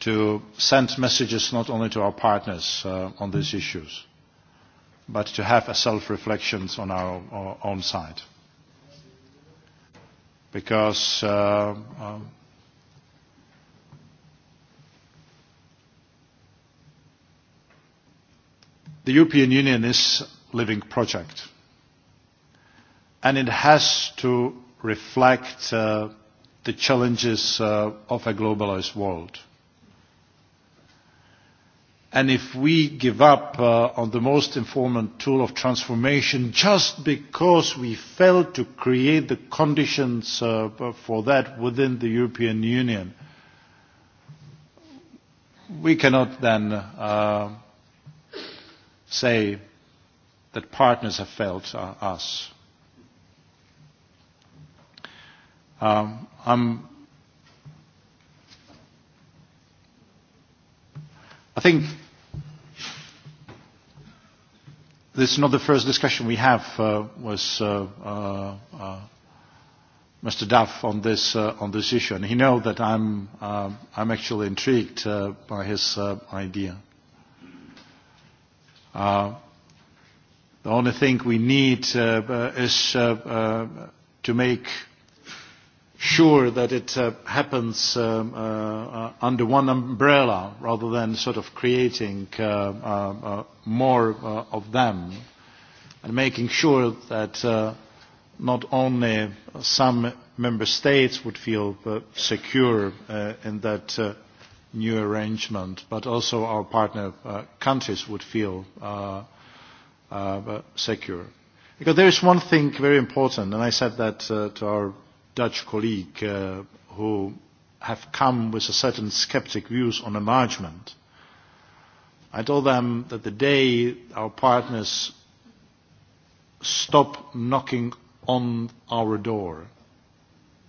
to send messages not only to our partners uh, on these issues but to have a self reflection on our, own side. Because uh, um, the European Union is a living project and it has to reflect uh, the challenges uh, of a globalized world and if we give up uh, on the most important tool of transformation just because we failed to create the conditions uh, for that within the European Union, we cannot then uh, say that partners have failed us. Um, I'm I think This is not the first discussion we have uh, with uh, uh, uh Mr. Duff on this, uh, on this issue, and he knows that I'm, uh I'm actually intrigued uh, by his uh, idea. Uh, the only thing we need uh, uh, is uh, uh, to make sure that it uh, happens um, uh, uh, under one umbrella rather than sort of creating uh, uh, more of them and making sure that not only some member states would feel secure in that new arrangement but also our partner countries would feel secure. Because there is one thing very important, and I said that uh, to our Dutch colleague uh, who have come with a certain sceptic views on enlargement. I told them that the day our partners stop knocking on our door,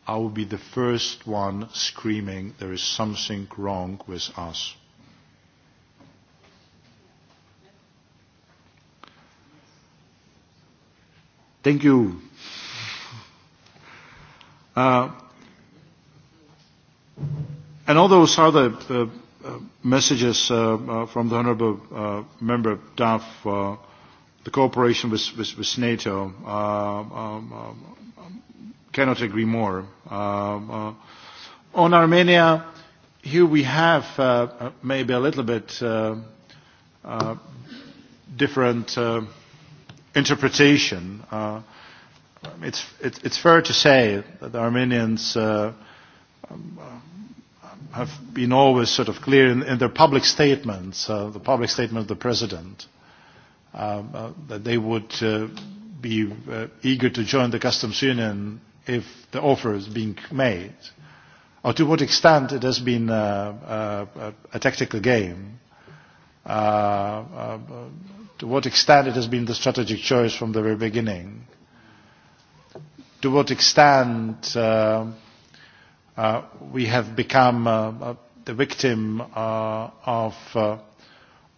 I will be the first one screaming there is something wrong with us. Thank you. Uh, and all those other uh, uh messages uh, uh, from the Honourable uh, Member Duff, uh, the cooperation with, with, NATO, um, um, cannot agree more. Um, on Armenia, here we have uh, maybe a little bit uh, uh, different uh, interpretation. Uh, it's, it, it's fair to say that the Armenians uh, um, have been always sort of clear in, in their public statements, uh, the public statement of the president, um, uh, that they would uh, be uh, eager to join the customs union if the offer is being made. Or to what extent it has been uh, uh, a tactical game, uh, uh, to what extent it has been the strategic choice from the very beginning to what extent uh, uh, we have become uh, uh the victim uh, of, uh,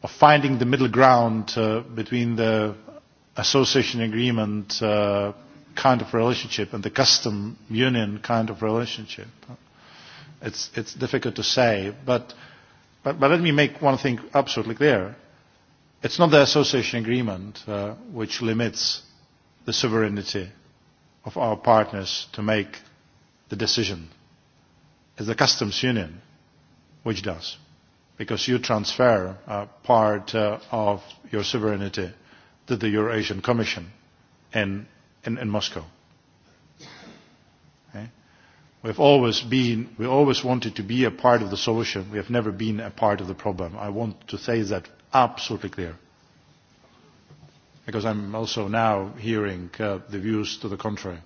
of finding the middle ground between the association agreement kind of relationship and the custom union kind of relationship. It's, it's difficult to say, but, but, but let me make one thing absolutely clear. It's not the association agreement which limits the sovereignty of our partners to make the decision. It's the customs union which does, because you transfer a uh, part uh, of your sovereignty to the Eurasian Commission in, in, in Moscow. Okay? We've always been, we always wanted to be a part of the solution. We have never been a part of the problem. I want to say that absolutely clear because I'm also now hearing uh, the views to the contrary.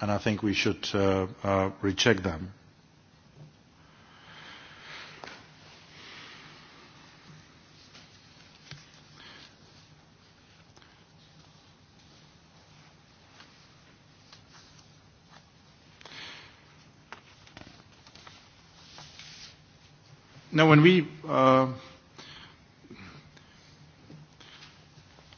And I think we should uh, uh recheck them. Now, when we uh,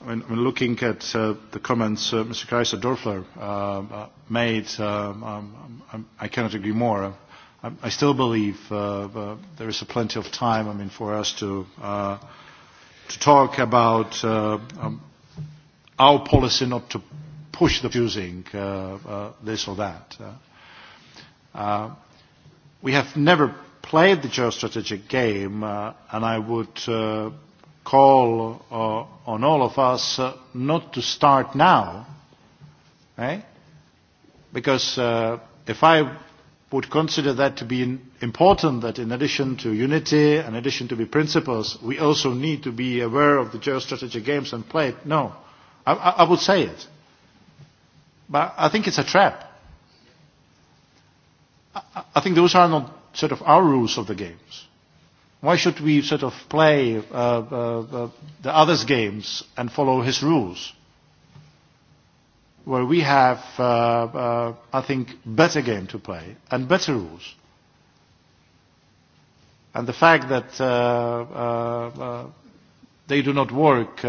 when, looking at uh, the comments uh, Mr. Kaiser Dorfler uh, made, um, um, I cannot agree more. Um, I, still believe there is plenty of time. I mean, for us to to talk about our policy, not to push the using this or that. we have never played the geostrategic game, and I would call uh, on all of us uh, not to start now, eh? because uh, if I would consider that to be important, that in addition to unity, in addition to be principles, we also need to be aware of the geostrategic games and play it, no. I, I, I would say it. But I think it's a trap. I, I think those are not sort of our rules of the games. Why should we sort of play uh, uh, uh, the others' games and follow his rules? Where we have, I think, better game to play and better rules. And the fact that they do not work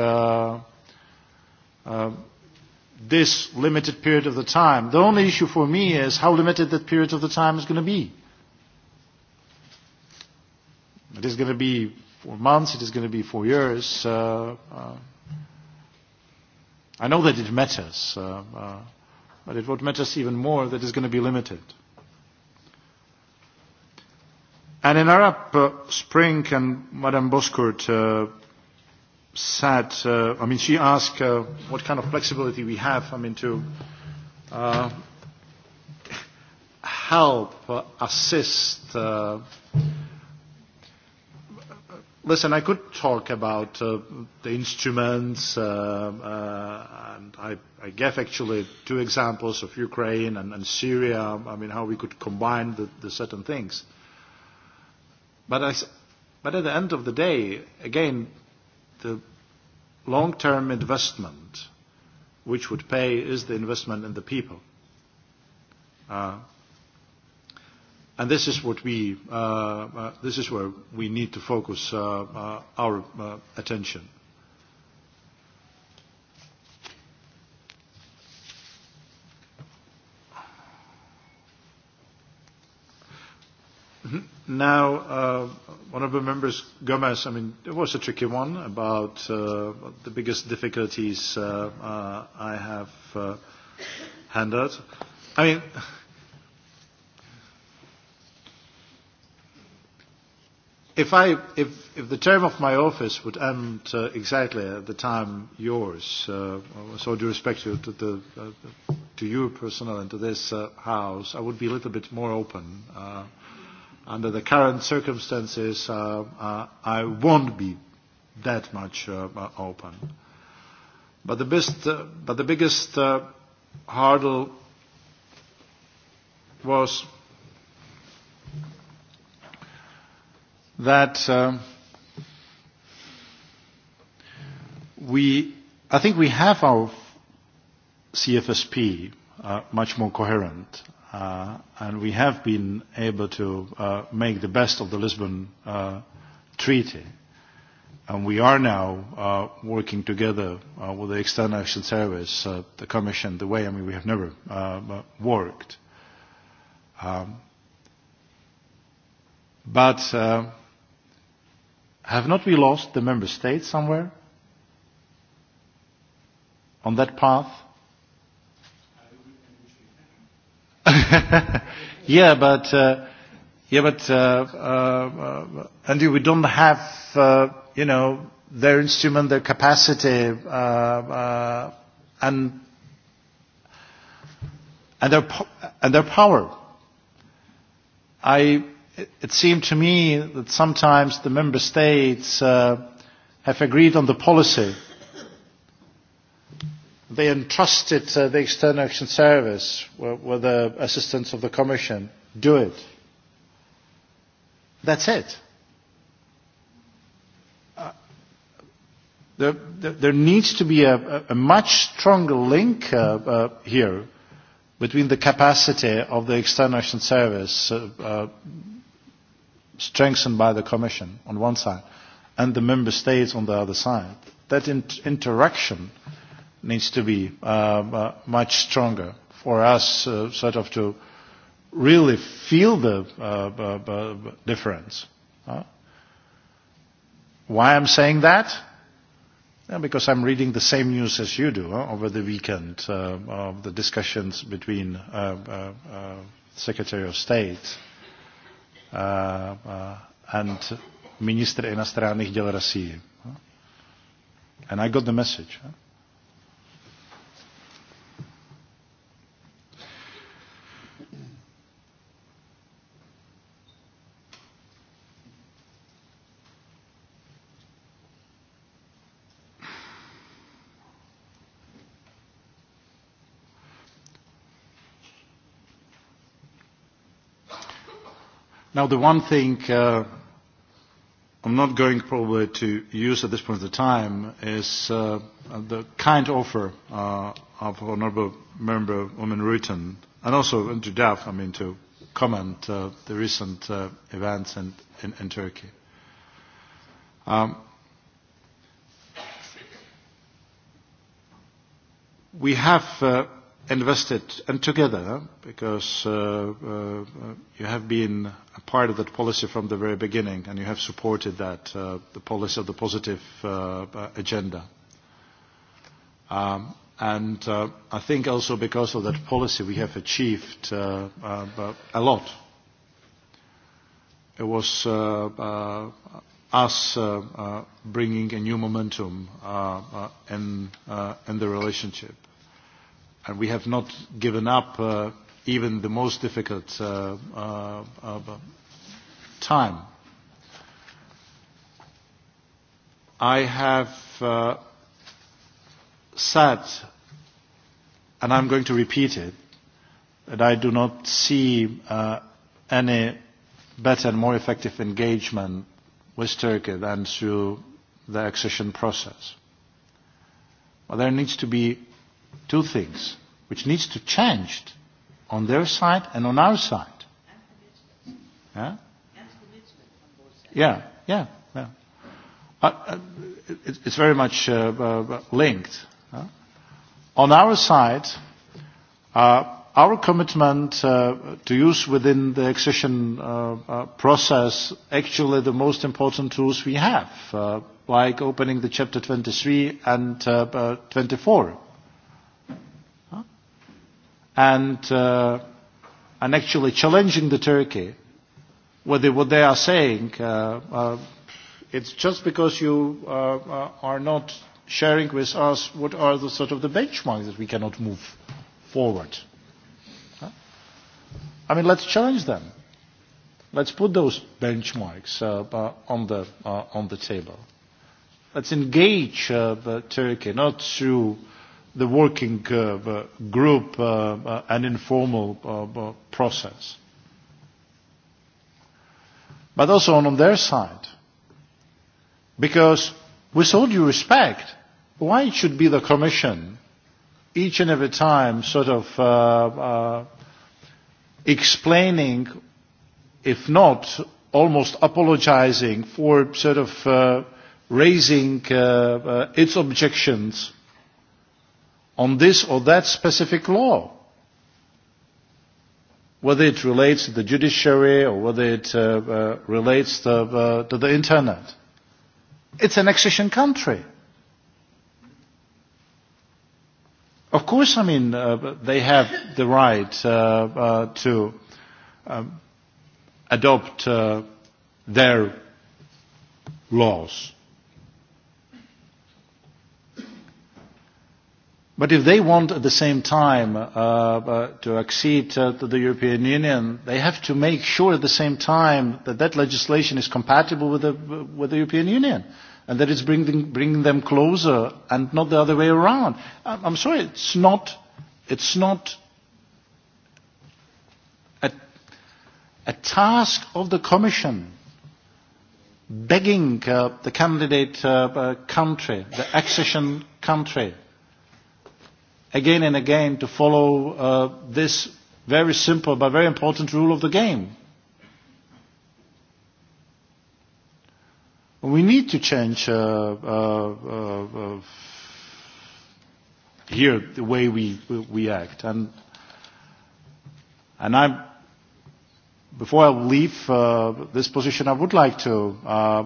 this limited period of the time, the only issue for me is how limited that period of the time is going to be It is going to be four months, it is going to be four years. Uh, uh, I know that it matters, uh, uh, but it would matter even more that is going to be limited. And in Arab uh, Spring, and Madame Boscourt uh, said, uh, I mean, she asked uh, what kind of flexibility we have, I mean, to uh, help, uh, assist, uh, Listen, I could talk about uh, the instruments, uh, uh, and I, I gave actually two examples of Ukraine and, and Syria, I mean, how we could combine the, the certain things. But, I, but at the end of the day, again, the long-term investment which would pay is the investment in the people. Uh, And this is what we, uh, uh, this is where we need to focus uh, uh, our uh, attention. Mm-hmm. Now, uh, one of the members, Gomez, I mean, it was a tricky one about uh, the biggest difficulties uh, uh, I have uh, handled. I mean, If, I, if, if the term of my office would end uh, exactly at the time yours, uh, so due respect to, to, to uh, to you personally and to this uh, House, I would be a little bit more open. Uh, under the current circumstances, uh, uh, I won't be that much uh, uh open. But the, best, uh, but the biggest uh, hurdle was that uh, we, I think we have our CFSP uh, much more coherent uh, and we have been able to uh, make the best of the Lisbon uh, Treaty. And we are now uh, working together uh, with the External Action Service, uh, the Commission, the way, I mean, we have never uh, worked. Um, but uh, Have not we lost the member states somewhere on that path? <laughs> yeah, but uh, yeah, but uh, uh, and we don't have uh, you know their instrument, their capacity, uh, uh, and and their po and their power. I it, seemed to me that sometimes the member states uh, have agreed on the policy. They entrusted uh, the External Action Service with the assistance of the Commission. Do it. That's it. Uh, there, there, there needs to be a, a much stronger link uh, uh, here between the capacity of the External Action Service uh, uh strengthened by the Commission on one side and the Member States on the other side, that in interaction needs to be uh, uh, much stronger for us uh, sort of to really feel the uh, uh, uh difference. Why I'm saying that? Yeah, because I'm reading the same news as you do over the weekend uh, of the discussions between uh, uh, uh, Secretary of State and Minister Inastranich Del Rasii. And I got the message. Huh? Now, the one thing uh, I'm not going probably to use at this point of time is uh, the kind offer uh, of Honourable Member Woman Rutan and also to Daf, I mean, to comment uh, the recent uh, events in, in, in Turkey. Um, we have uh, invested and together because uh, uh, you have been a part of that policy from the very beginning and you have supported that uh, the policy of the positive uh, uh, agenda um, and uh, i think also because of that policy we have achieved a lot it was us bringing a new momentum in in the relationship and we have not given up uh, even the most difficult uh, uh, uh time. I have said, and I'm going to repeat it, that I do not see any better and more effective engagement with Turkey than through the accession process. But there needs to be two things which needs to change on their side and on our side. And commitment. Yeah? Yeah, yeah, yeah. Uh, uh, it, it's very much uh, uh, linked. Uh. On our side, uh, our commitment uh, to use within the accession uh, uh, process actually the most important tools we have, uh, like opening the chapter 23 and uh, uh, 24 and uh, and actually challenging the Turkey whether what they are saying uh, uh, it's just because you uh, uh, are not sharing with us what are the sort of the benchmarks that we cannot move forward. Huh? I mean, let's challenge them. Let's put those benchmarks uh, uh, on, the, uh, on the table. Let's engage uh, the Turkey, not through the working uh, group uh, uh, an informal process. But also on, their side. Because with all due respect, why it should be the Commission each and every time sort of explaining, if not almost apologizing for sort of raising its objections on this or that specific law, whether it relates to the judiciary or whether it uh, uh, relates to, uh, to the internet. It's an accession country. Of course, I mean, uh, they have the right uh, uh, to um, adopt uh, their laws. But if they want at the same time uh, uh, to accede to the European Union, they have to make sure at the same time that that legislation is compatible with the, with the European Union and that it's bringing, bringing them closer and not the other way around. I'm sorry, it's not, it's not a, a task of the Commission begging uh, the candidate uh, uh country, the accession country, again and again to follow uh, this very simple but very important rule of the game. We need to change uh, uh, uh, uh here the way we, we act. And, and I, before I leave uh, this position, I would like to uh,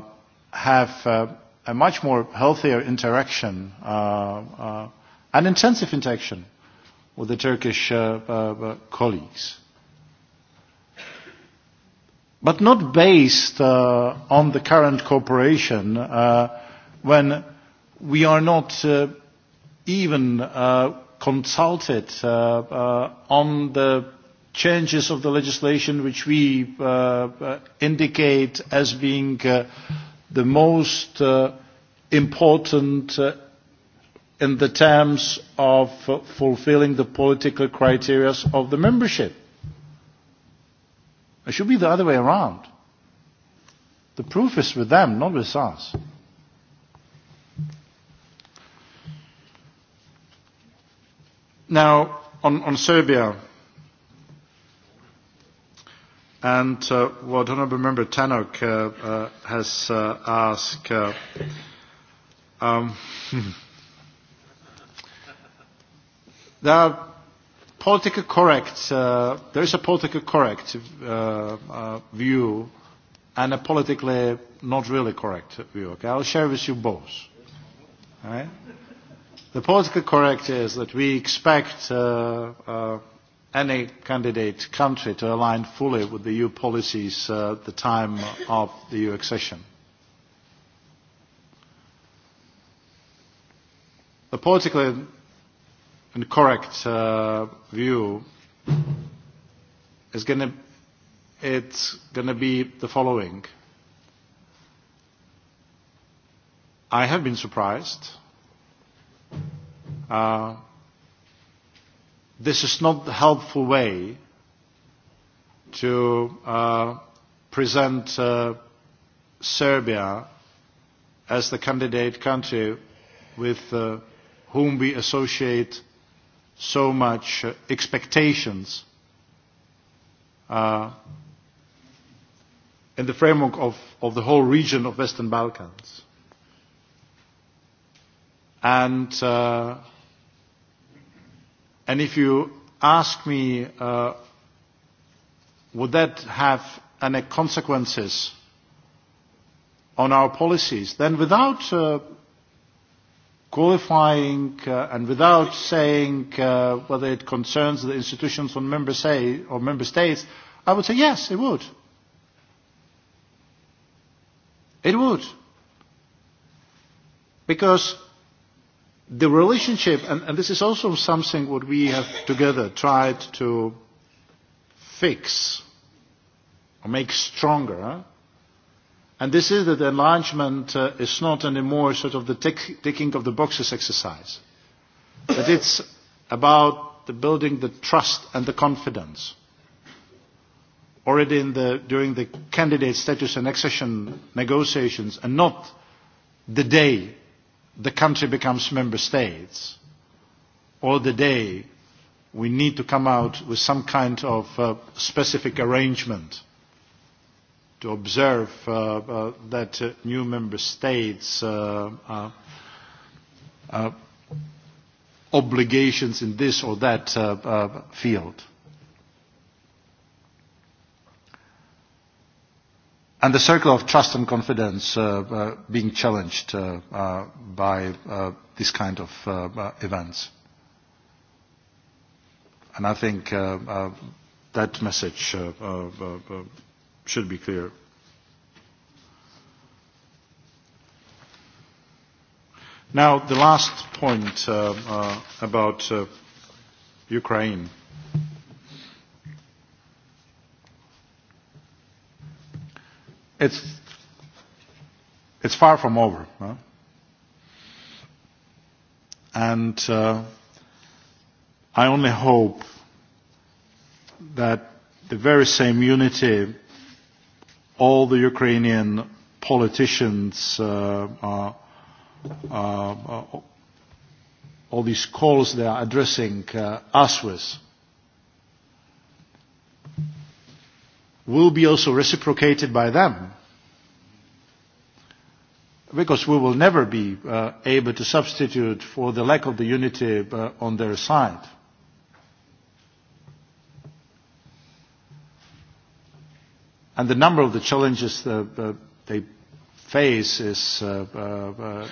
have uh, a much more healthier interaction uh, uh, and intensive interaction with the Turkish uh, uh, uh, colleagues. But not based on the current cooperation when we are not even consulted on the changes of the legislation which we indicate as being the most important in the terms of fulfilling the political criteria of the membership. It should be the other way around. The proof is with them, not with us. Now, on, on Serbia, and uh, what Honourable Member Tanok uh, uh, has uh, asked, uh, um, <laughs> There are political correct, uh, there is a politically correct uh, uh, view and a politically not really correct view. Okay? I'll share with you both. right? The political correct is that we expect uh, uh, any candidate country to align fully with the EU policies uh, at the time of the EU accession. The politically and correct uh, view is going to it's going to be the following. I have been surprised. Uh, this is not the helpful way to uh, present uh, Serbia as the candidate country with uh, whom we associate so much uh, expectations uh, in the framework of, the whole region of Western Balkans. And, uh, and if you ask me, uh, would that have any consequences on our policies, then without qualifying uh, and without saying uh, whether it concerns the institutions on member say or member states, I would say yes, it would. It would. Because the relationship, and, and this is also something what we have together tried to fix or make stronger, And this is that enlargement uh, is not anymore sort of the tick, ticking of the boxes exercise, but it's about the building the trust and the confidence. Already in the, during the candidate status and accession negotiations, and not the day the country becomes member states, or the day we need to come out with some kind of uh, specific arrangement to observe uh, uh, that uh, new member states uh, uh, obligations in this or that uh, uh, field. And the circle of trust and confidence uh, uh, being challenged uh, uh, by uh, this kind of uh, uh, events. And I think uh, uh, that message uh, uh, uh, should be clear. Now, the last point uh, uh, about uh, Ukraine. It's, it's far from over. Huh? And uh, I only hope that the very same unity all the Ukrainian politicians, uh uh, uh, uh, all these calls they are addressing uh, us with, will be also reciprocated by them because we will never be uh, able to substitute for the lack of the unity uh, on their side. and the number of the challenges they face is uh, uh,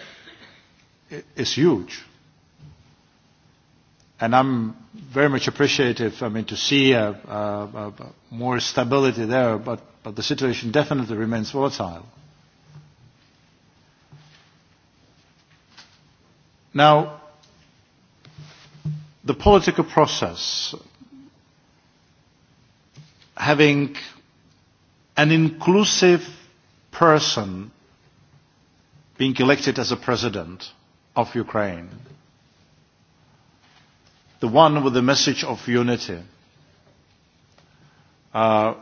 is huge and i'm very much appreciative i mean to see uh, more stability there but but the situation definitely remains volatile now the political process having an inclusive person being elected as a president of Ukraine. The one with the message of unity uh,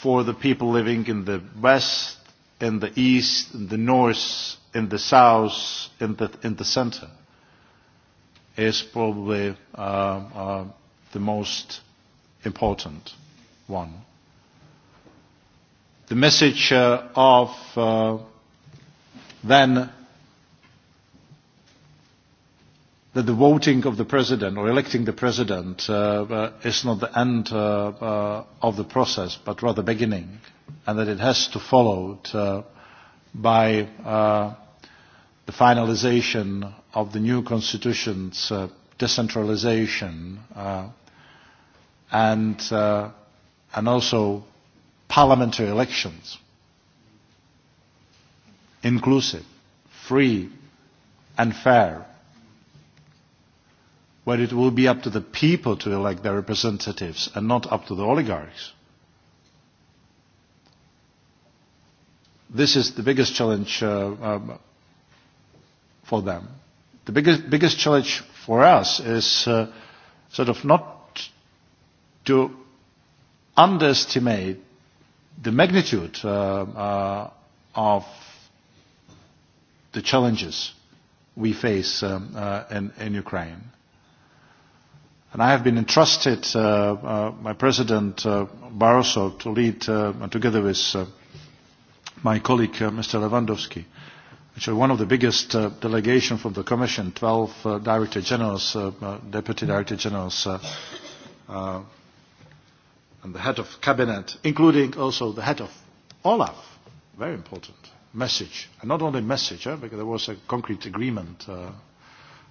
for the people living in the west, in the east, in the north, in the south, in the, in the center is probably uh, uh, the most important one the message uh, of uh, then that the voting of the president or electing the president uh, is not the end of the process but rather beginning and that it has to follow by the finalization of the new constitution's decentralization and and also parliamentary elections. Inclusive, free and fair, where it will be up to the people to elect their representatives and not up to the oligarchs. This is the biggest challenge uh, um, for them. The biggest, biggest challenge for us is uh, sort of not to underestimate the magnitude uh, uh, of the challenges we face um, uh, in, in Ukraine. And I have been entrusted uh, uh, by President uh, Barroso to lead, uh, together with uh, my colleague uh, Mr. Lewandowski, is one of the biggest uh, delegations from the Commission, 12 uh, Director Generals, uh, uh, Deputy Director Generals uh, uh, and the head of cabinet, including also the head of Olaf, very important message, and not only message, eh, because there was a concrete agreement uh,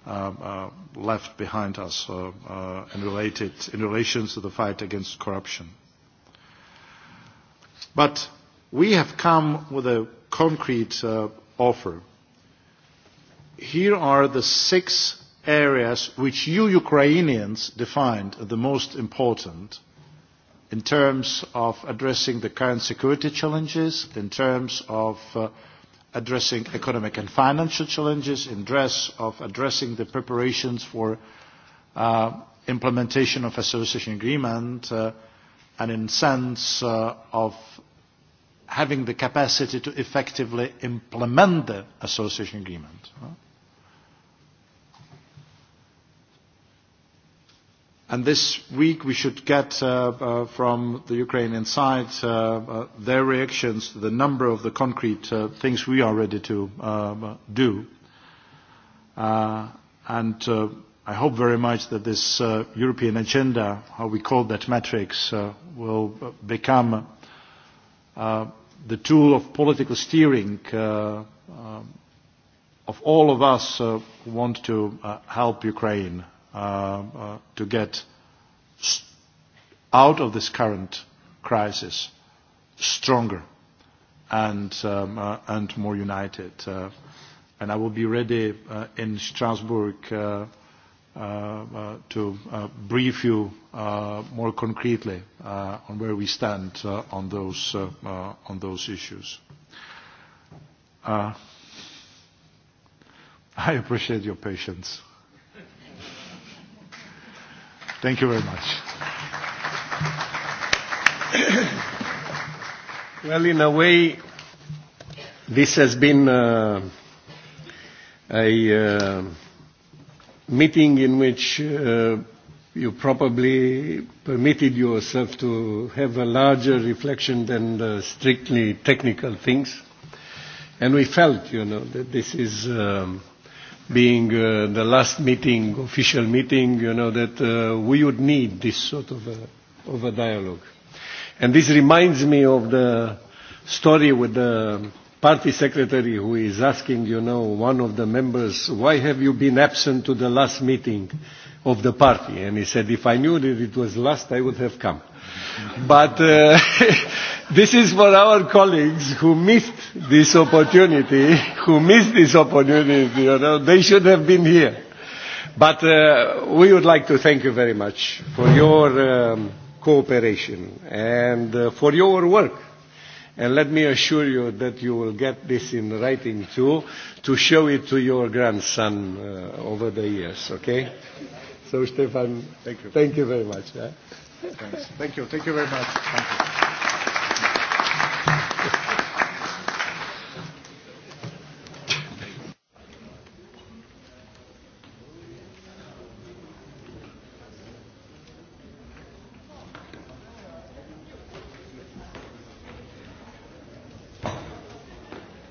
um, uh, left behind us uh, uh, in, related, in relation to the fight against corruption. But we have come with a concrete uh, offer. Here are the six areas which you Ukrainians defined the most important in terms of addressing the current security challenges, in terms of uh, addressing economic and financial challenges, in dress of addressing the preparations for uh, implementation of association agreement, uh, and in sense uh, of having the capacity to effectively implement the association agreement. Right? And this week we should get uh, uh, from the Ukrainian side uh, their reactions to the number of the concrete things we are ready to do. And I hope very much that this European agenda, how we call that matrix, will become the tool of political steering um, of all of us who want to help Ukraine Uh, uh, to get out of this current crisis stronger and, um, uh, and more united. and I will be ready in Strasbourg to brief you more concretely on where we stand on, those, on those issues. Uh, <laughs> I appreciate your patience. Thank you very much. well, in a way, this has been uh, a uh, meeting in which uh, you probably permitted yourself to have a larger reflection than the uh, strictly technical things. And we felt, you know, that this is um, being uh, the last meeting, official meeting, you know, that uh, we would need this sort of a, uh, of a dialogue. And this reminds me of the story with the party secretary who is asking you know one of the members why have you been absent to the last meeting of the party and he said if i knew that it was last i would have come but uh, <laughs> this is for our colleagues who missed this opportunity who missed this opportunity you they should have been here but uh, we would like to thank you very much for your um, cooperation and uh, for your work And let me assure you that you will get this in writing too, to show it to your grandson uh, over the years, okay? So, Stefan, thank you, thank you very much. Thank you. Thank you very much.